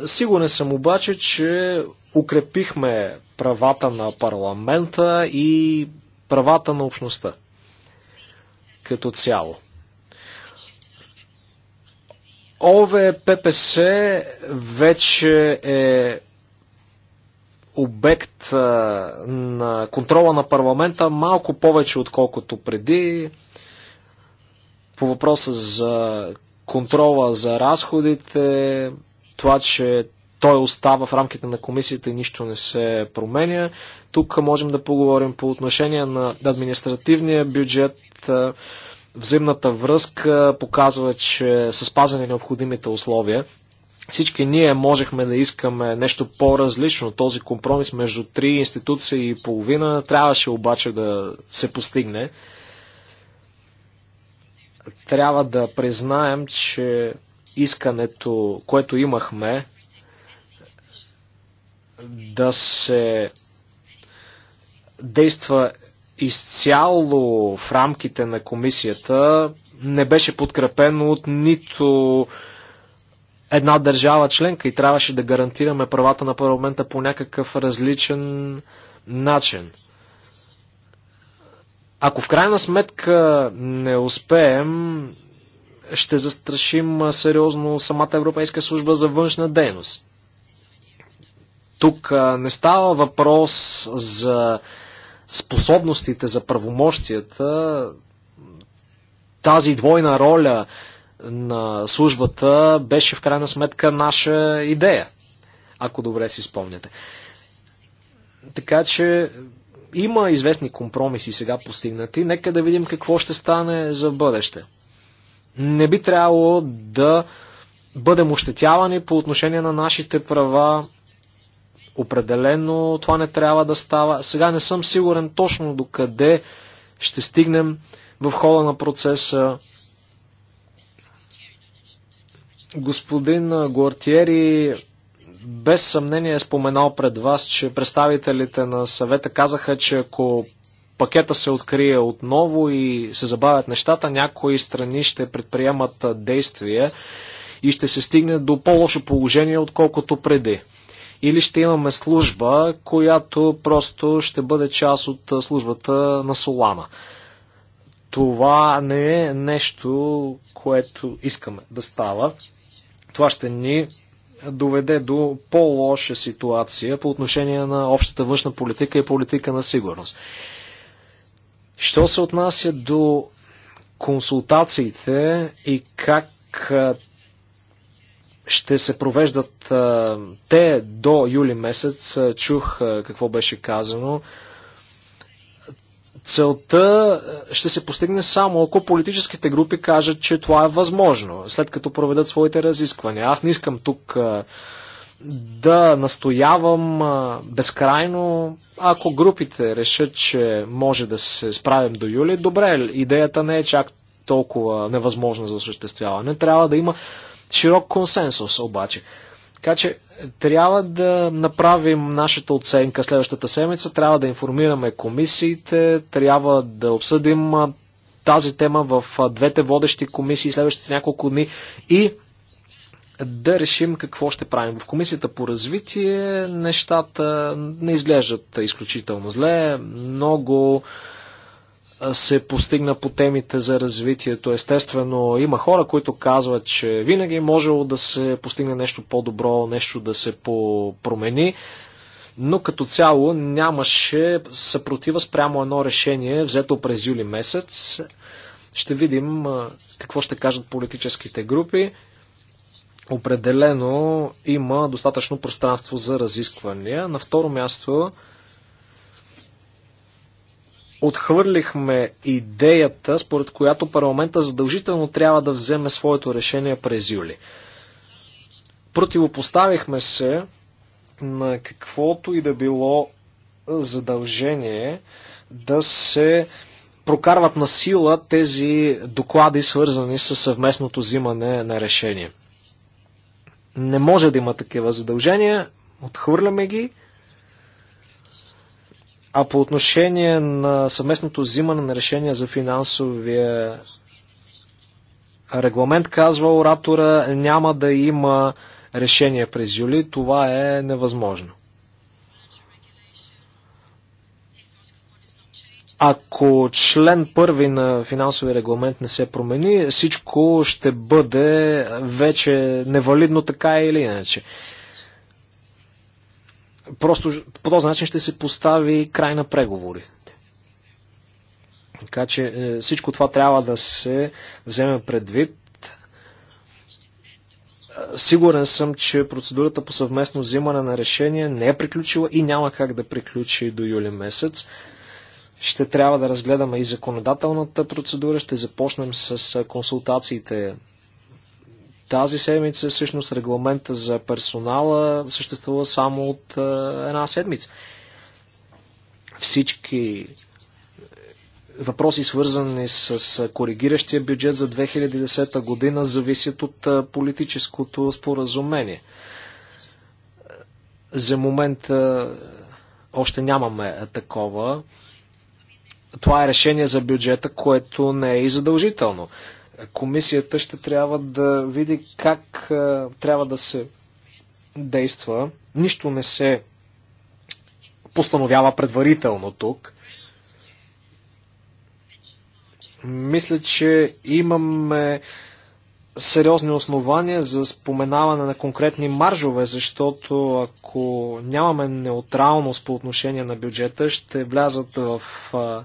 Сигурен съм обаче, че укрепихме правата на парламента и правата на общността като цяло. ОВППС вече е обект на контрола на парламента малко повече отколкото преди. По въпроса за контрола за разходите, това, че той остава в рамките на комисията и нищо не се променя. Тук можем да поговорим по отношение на административния бюджет. Взаимната връзка показва, че са спазени необходимите условия. Всички ние можехме да искаме нещо по-различно. Този компромис между три институции и половина трябваше обаче да се постигне. Трябва да признаем, че искането, което имахме, да се действа изцяло в рамките на комисията, не беше подкрепено от нито една държава членка и трябваше да гарантираме правата на парламента по някакъв различен начин. Ако в крайна сметка не успеем, ще застрашим сериозно самата Европейска служба за външна дейност. Тук не става въпрос за способностите, за правомощията, тази двойна роля на службата беше в крайна сметка наша идея, ако добре си спомняте. Така че има известни компромиси сега постигнати. Нека да видим какво ще стане за бъдеще. Не би трябвало да бъдем ощетявани по отношение на нашите права. Определено това не трябва да става. Сега не съм сигурен точно до къде ще стигнем в хода на процеса. Господин Гортиери без съмнение е споменал пред вас, че представителите на съвета казаха, че ако пакета се открие отново и се забавят нещата, някои страни ще предприемат действия и ще се стигне до по-лошо положение, отколкото преди. Или ще имаме служба, която просто ще бъде част от службата на Солана. Това не е нещо, което искаме да става. Това ще ни доведе до по-лоша ситуация по отношение на общата външна политика и политика на сигурност. Що се отнася до консултациите и как ще се провеждат те до юли месец, чух какво беше казано. Целта е, ще се постигне само ако политическите групи кажат, че това е възможно, след като проведат своите разисквания. Аз не искам тук е, да настоявам е, безкрайно. Ако групите решат, че може да се справим до юли, добре, идеята не е чак толкова невъзможна за осъществяване. Трябва да има широк консенсус обаче. Така че е, трябва да направим нашата оценка следващата седмица, трябва да информираме комисиите, трябва да обсъдим тази тема в двете водещи комисии следващите няколко дни и да решим какво ще правим. В комисията по развитие нещата не изглеждат изключително зле. Много се постигна по темите за развитието. Естествено, има хора, които казват, че винаги е можело да се постигне нещо по-добро, нещо да се промени, но като цяло нямаше съпротива спрямо едно решение, взето през юли месец. Ще видим какво ще кажат политическите групи. Определено има достатъчно пространство за разисквания. На второ място, отхвърлихме идеята, според която парламента задължително трябва да вземе своето решение през юли. Противопоставихме се на каквото и да било задължение да се прокарват на сила тези доклади, свързани с съвместното взимане на решение. Не може да има такива задължения, отхвърляме ги а по отношение на съвместното взимане на решения за финансовия регламент, казва оратора, няма да има решение през юли. Това е невъзможно. Ако член първи на финансовия регламент не се промени, всичко ще бъде вече невалидно така или иначе. Просто по този начин ще се постави край на преговорите. Така че е, всичко това трябва да се вземе предвид. Е, сигурен съм, че процедурата по съвместно взимане на решение не е приключила и няма как да приключи до юли месец. Ще трябва да разгледаме и законодателната процедура, ще започнем с е, консултациите тази седмица всъщност регламента за персонала съществува само от е, една седмица. Всички въпроси, свързани с е, коригиращия бюджет за 2010 година, зависят от е, политическото споразумение. За момента още нямаме такова. Това е решение за бюджета, което не е и задължително комисията ще трябва да види как трябва да се действа. Нищо не се постановява предварително тук. Мисля, че имаме сериозни основания за споменаване на конкретни маржове, защото ако нямаме неутралност по отношение на бюджета, ще влязат в а,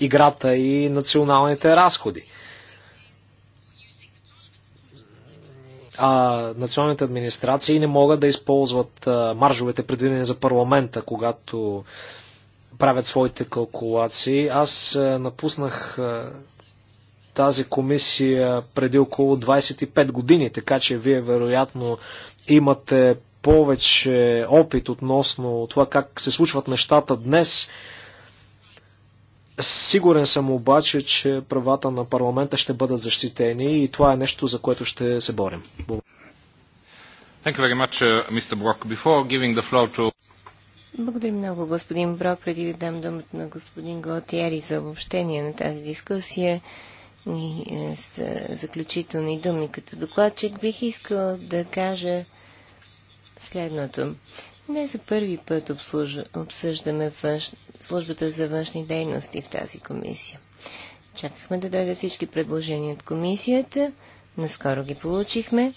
играта и националните разходи. а националните администрации не могат да използват маржовете предвидени за парламента, когато правят своите калкулации. Аз напуснах тази комисия преди около 25 години, така че вие вероятно имате повече опит относно това как се случват нещата днес Сигурен съм обаче, че правата на парламента ще бъдат защитени и това е нещо, за което ще се борим. Uh, Благодаря. много, господин Брок. Преди да дам думата на господин Готиери за обобщение на тази дискусия и е, с заключителни думи като докладчик, бих искал да кажа следното. Не за първи път обслужа, обсъждаме външ, службата за външни дейности в тази комисия. Чакахме да дойдат всички предложения от комисията, наскоро ги получихме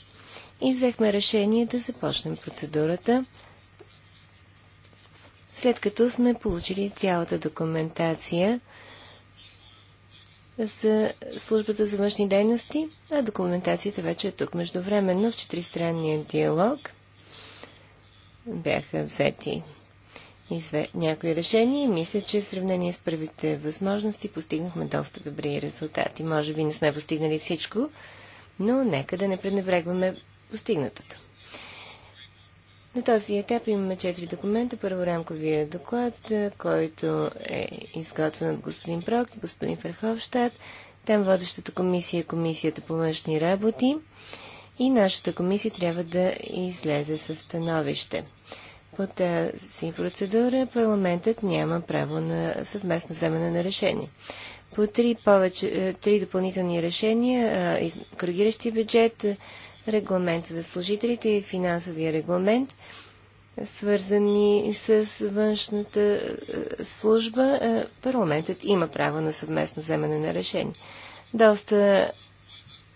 и взехме решение да започнем процедурата, след като сме получили цялата документация за службата за външни дейности, а документацията вече е тук. Междувременно в четиристранния диалог бяха взети изве... някои решения и мисля, че в сравнение с първите възможности постигнахме доста добри резултати. Може би не сме постигнали всичко, но нека да не пренебрегваме постигнатото. На този етап имаме четири документа. Първо рамковия доклад, който е изготвен от господин Прок, господин Ферховщад. Там водещата комисия е комисията по външни работи и нашата комисия трябва да излезе със становище. По тази процедура парламентът няма право на съвместно вземане на решение. По три, повече, е, три допълнителни решения, е, коригиращи бюджет, е, регламент за служителите и финансовия регламент, свързани с външната служба, парламентът има право на съвместно вземане на решение. Доста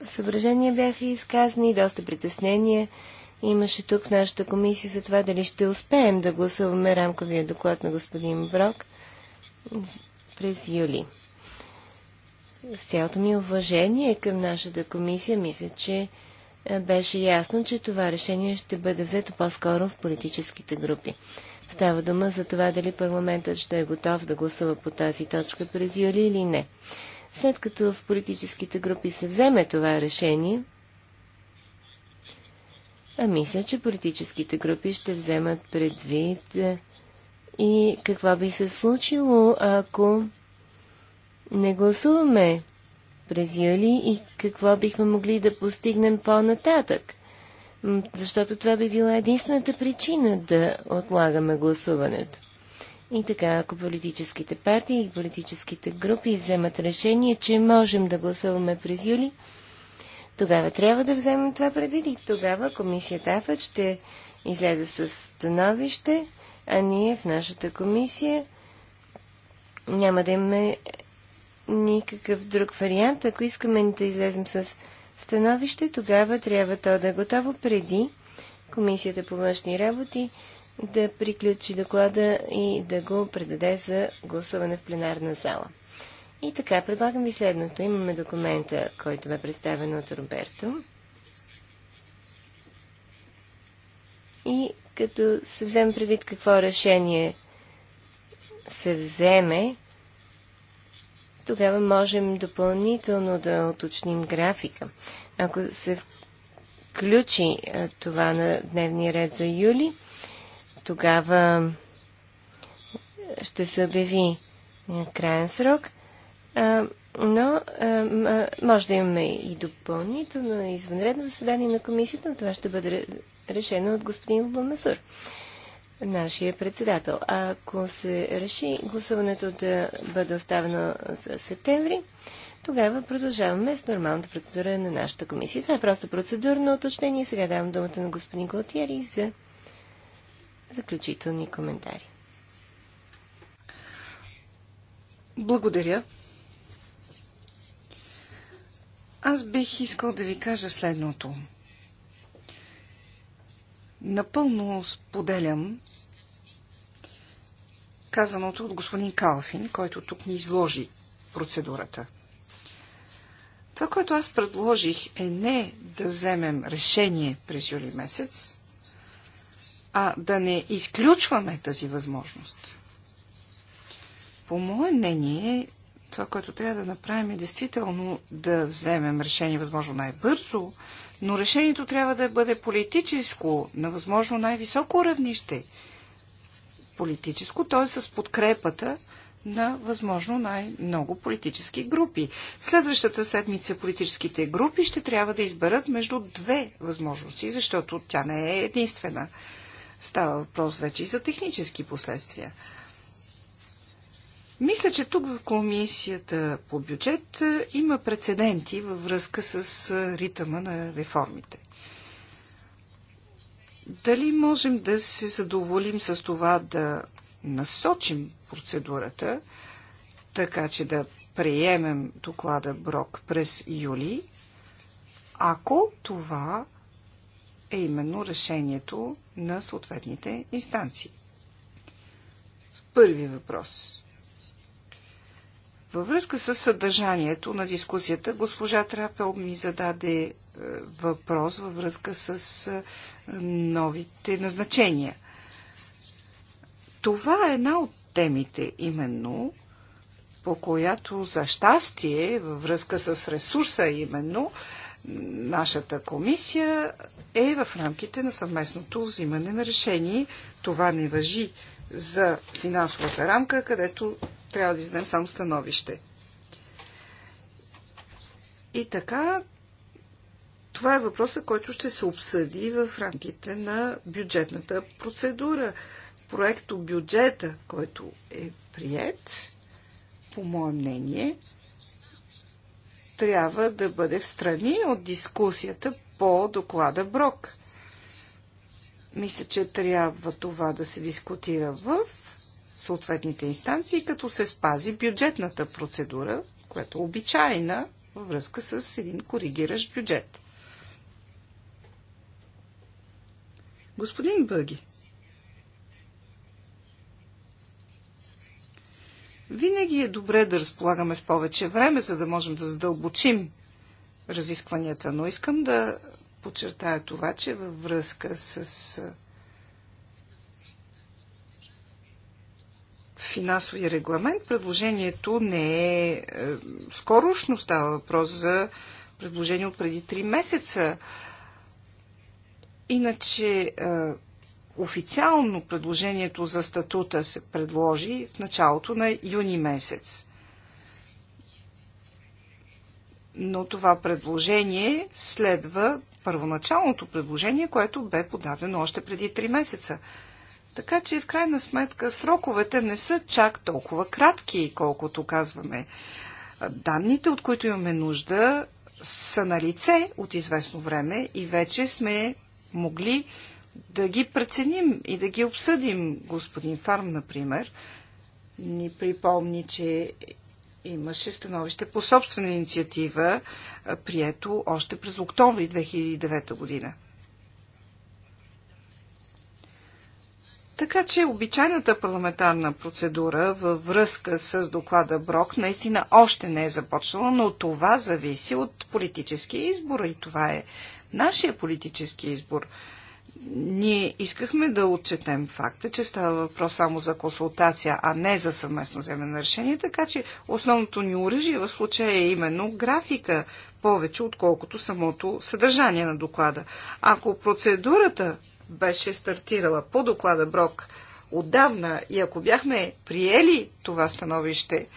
съображения бяха изказани, доста притеснения имаше тук в нашата комисия за това дали ще успеем да гласуваме рамковия доклад на господин Брок през юли. С цялото ми уважение към нашата комисия, мисля, че е, беше ясно, че това решение ще бъде взето по-скоро в политическите групи. Става дума за това дали парламентът ще е готов да гласува по тази точка през юли или не. След като в политическите групи се вземе това решение, а мисля, че политическите групи ще вземат предвид е, и какво би се случило, ако не гласуваме през юли и какво бихме могли да постигнем по-нататък. Защото това би била единствената причина да отлагаме гласуването. И така, ако политическите партии и политическите групи вземат решение, че можем да гласуваме през юли, тогава трябва да вземем това предвид и тогава комисията АФА ще излезе с становище, а ние в нашата комисия няма да имаме никакъв друг вариант. Ако искаме да излезем с становище, тогава трябва то да е готово преди Комисията по външни работи да приключи доклада и да го предаде за гласуване в пленарна зала. И така, предлагам ви следното. Имаме документа, който бе представен от Роберто. И като се вземе предвид какво решение се вземе, тогава можем допълнително да уточним графика. Ако се включи това на дневния ред за юли, тогава ще се обяви краен срок – но може да имаме и допълнително извънредно заседание на комисията, но това ще бъде решено от господин Ламасур, нашия председател. Ако се реши гласуването да бъде оставено за септември, тогава продължаваме с нормалната процедура на нашата комисия. Това е просто процедурно уточнение. Сега давам думата на господин Голтиери за заключителни коментари. Благодаря. Аз бих искал да ви кажа следното. Напълно споделям казаното от господин Калфин, който тук ни изложи процедурата. Това, което аз предложих е не да вземем решение през юли месец, а да не изключваме тази възможност. По мое мнение, това, което трябва да направим е действително да вземем решение възможно най-бързо, но решението трябва да бъде политическо, на възможно най-високо равнище. Политическо, т.е. с подкрепата на възможно най-много политически групи. Следващата седмица политическите групи ще трябва да изберат между две възможности, защото тя не е единствена. Става въпрос вече и за технически последствия. Мисля, че тук в комисията по бюджет има прецеденти във връзка с ритъма на реформите. Дали можем да се задоволим с това да насочим процедурата, така че да приемем доклада Брок през юли, ако това е именно решението на съответните инстанции. Първи въпрос. Във връзка с съдържанието на дискусията, госпожа Трапел ми зададе е, въпрос във връзка с е, новите назначения. Това е една от темите именно, по която за щастие, във връзка с ресурса именно, нашата комисия е в рамките на съвместното взимане на решение. Това не въжи за финансовата рамка, където трябва да издадем само становище. И така, това е въпросът, който ще се обсъди в рамките на бюджетната процедура. Проекто бюджета, който е прият, по мое мнение, трябва да бъде в страни от дискусията по доклада Брок. Мисля, че трябва това да се дискутира в съответните инстанции, като се спази бюджетната процедура, която е обичайна във връзка с един коригиращ бюджет. Господин Бъги, винаги е добре да разполагаме с повече време, за да можем да задълбочим разискванията, но искам да подчертая това, че във връзка с финансовия регламент. Предложението не е, е, скорошно, става въпрос за предложение от преди 3 месеца. Иначе е, официално предложението за статута се предложи в началото на юни месец. Но това предложение следва първоначалното предложение, което бе подадено още преди 3 месеца. Така че в крайна сметка сроковете не са чак толкова кратки, колкото казваме. Данните, от които имаме нужда, са на лице от известно време и вече сме могли да ги преценим и да ги обсъдим. Господин Фарм, например, ни припомни, че имаше становище по собствена инициатива, прието още през октомври 2009 година. Така че обичайната парламентарна процедура във връзка с доклада Брок наистина още не е започнала, но това зависи от политическия избор и това е нашия политически избор. Ние искахме да отчетем факта, че става въпрос само за консултация, а не за съвместно вземане на решение, така че основното ни оръжие в случая е именно графика, повече отколкото самото съдържание на доклада. Ако процедурата беше стартирала по доклада Брок отдавна и ако бяхме приели това становище,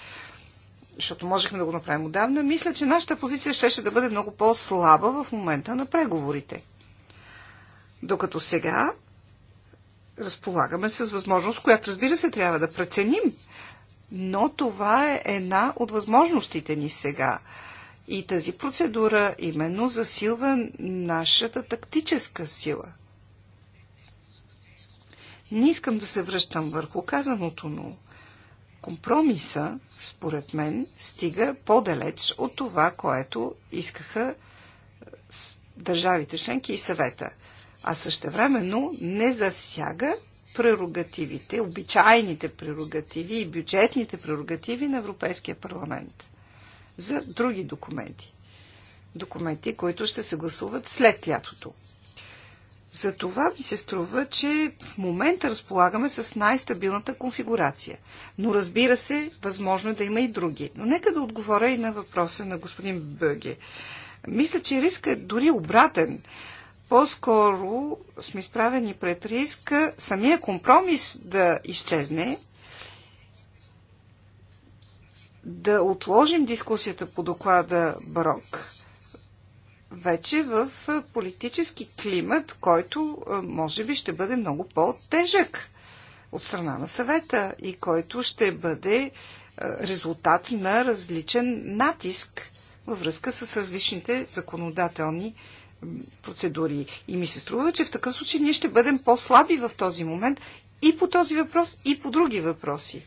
защото можехме да го направим отдавна, мисля, че нашата позиция щеше да бъде много по-слаба в момента на преговорите. Докато сега разполагаме с възможност, която разбира се трябва да преценим, но това е една от възможностите ни сега. И тази процедура именно засилва нашата тактическа сила – не искам да се връщам върху казаното, но компромиса, според мен, стига по-далеч от това, което искаха е, държавите членки и съвета. А същевременно не засяга прерогативите, обичайните прерогативи и бюджетните прерогативи на Европейския парламент за други документи. Документи, които ще се гласуват след лятото. За това ми се струва, че в момента разполагаме с най-стабилната конфигурация. Но разбира се, възможно е да има и други. Но нека да отговоря и на въпроса на господин Бъге. Мисля, че риска е дори обратен. По-скоро сме изправени пред риска самия компромис да изчезне, да отложим дискусията по доклада Барок – вече в политически климат, който може би ще бъде много по-тежък от страна на съвета и който ще бъде резултат на различен натиск във връзка с различните законодателни процедури. И ми се струва, че в такъв случай ние ще бъдем по-слаби в този момент и по този въпрос, и по други въпроси.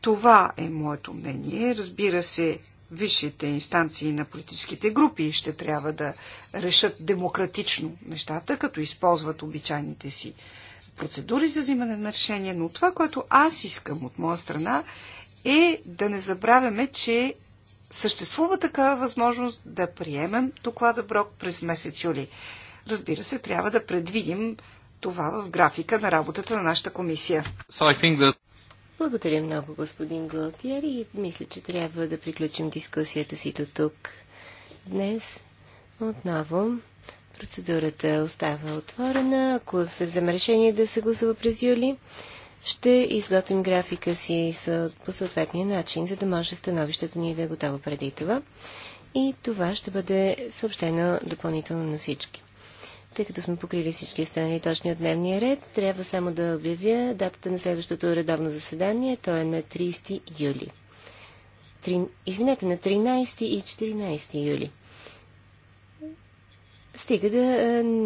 Това е моето мнение. Разбира се, висшите инстанции на политическите групи ще трябва да решат демократично нещата, като използват обичайните си процедури за взимане на решение. Но това, което аз искам от моя страна, е да не забравяме, че съществува такава възможност да приемем доклада Брок през месец юли. Разбира се, трябва да предвидим това в графика на работата на нашата комисия. So that... Благодаря много, господин Галтиер, и мисля, че трябва да приключим дискусията си до тук. Днес отново процедурата остава отворена. Ако се вземе решение да се гласува през юли, ще изготвим графика си по съответния начин, за да може становището ни да е готово преди това. И това ще бъде съобщено допълнително на всички. Тъй като сме покрили всички останали точни от дневния ред, трябва само да обявя датата на следващото редовно заседание. То е на 30 юли. Три... Извинете, на 13 и 14 юли. Стига да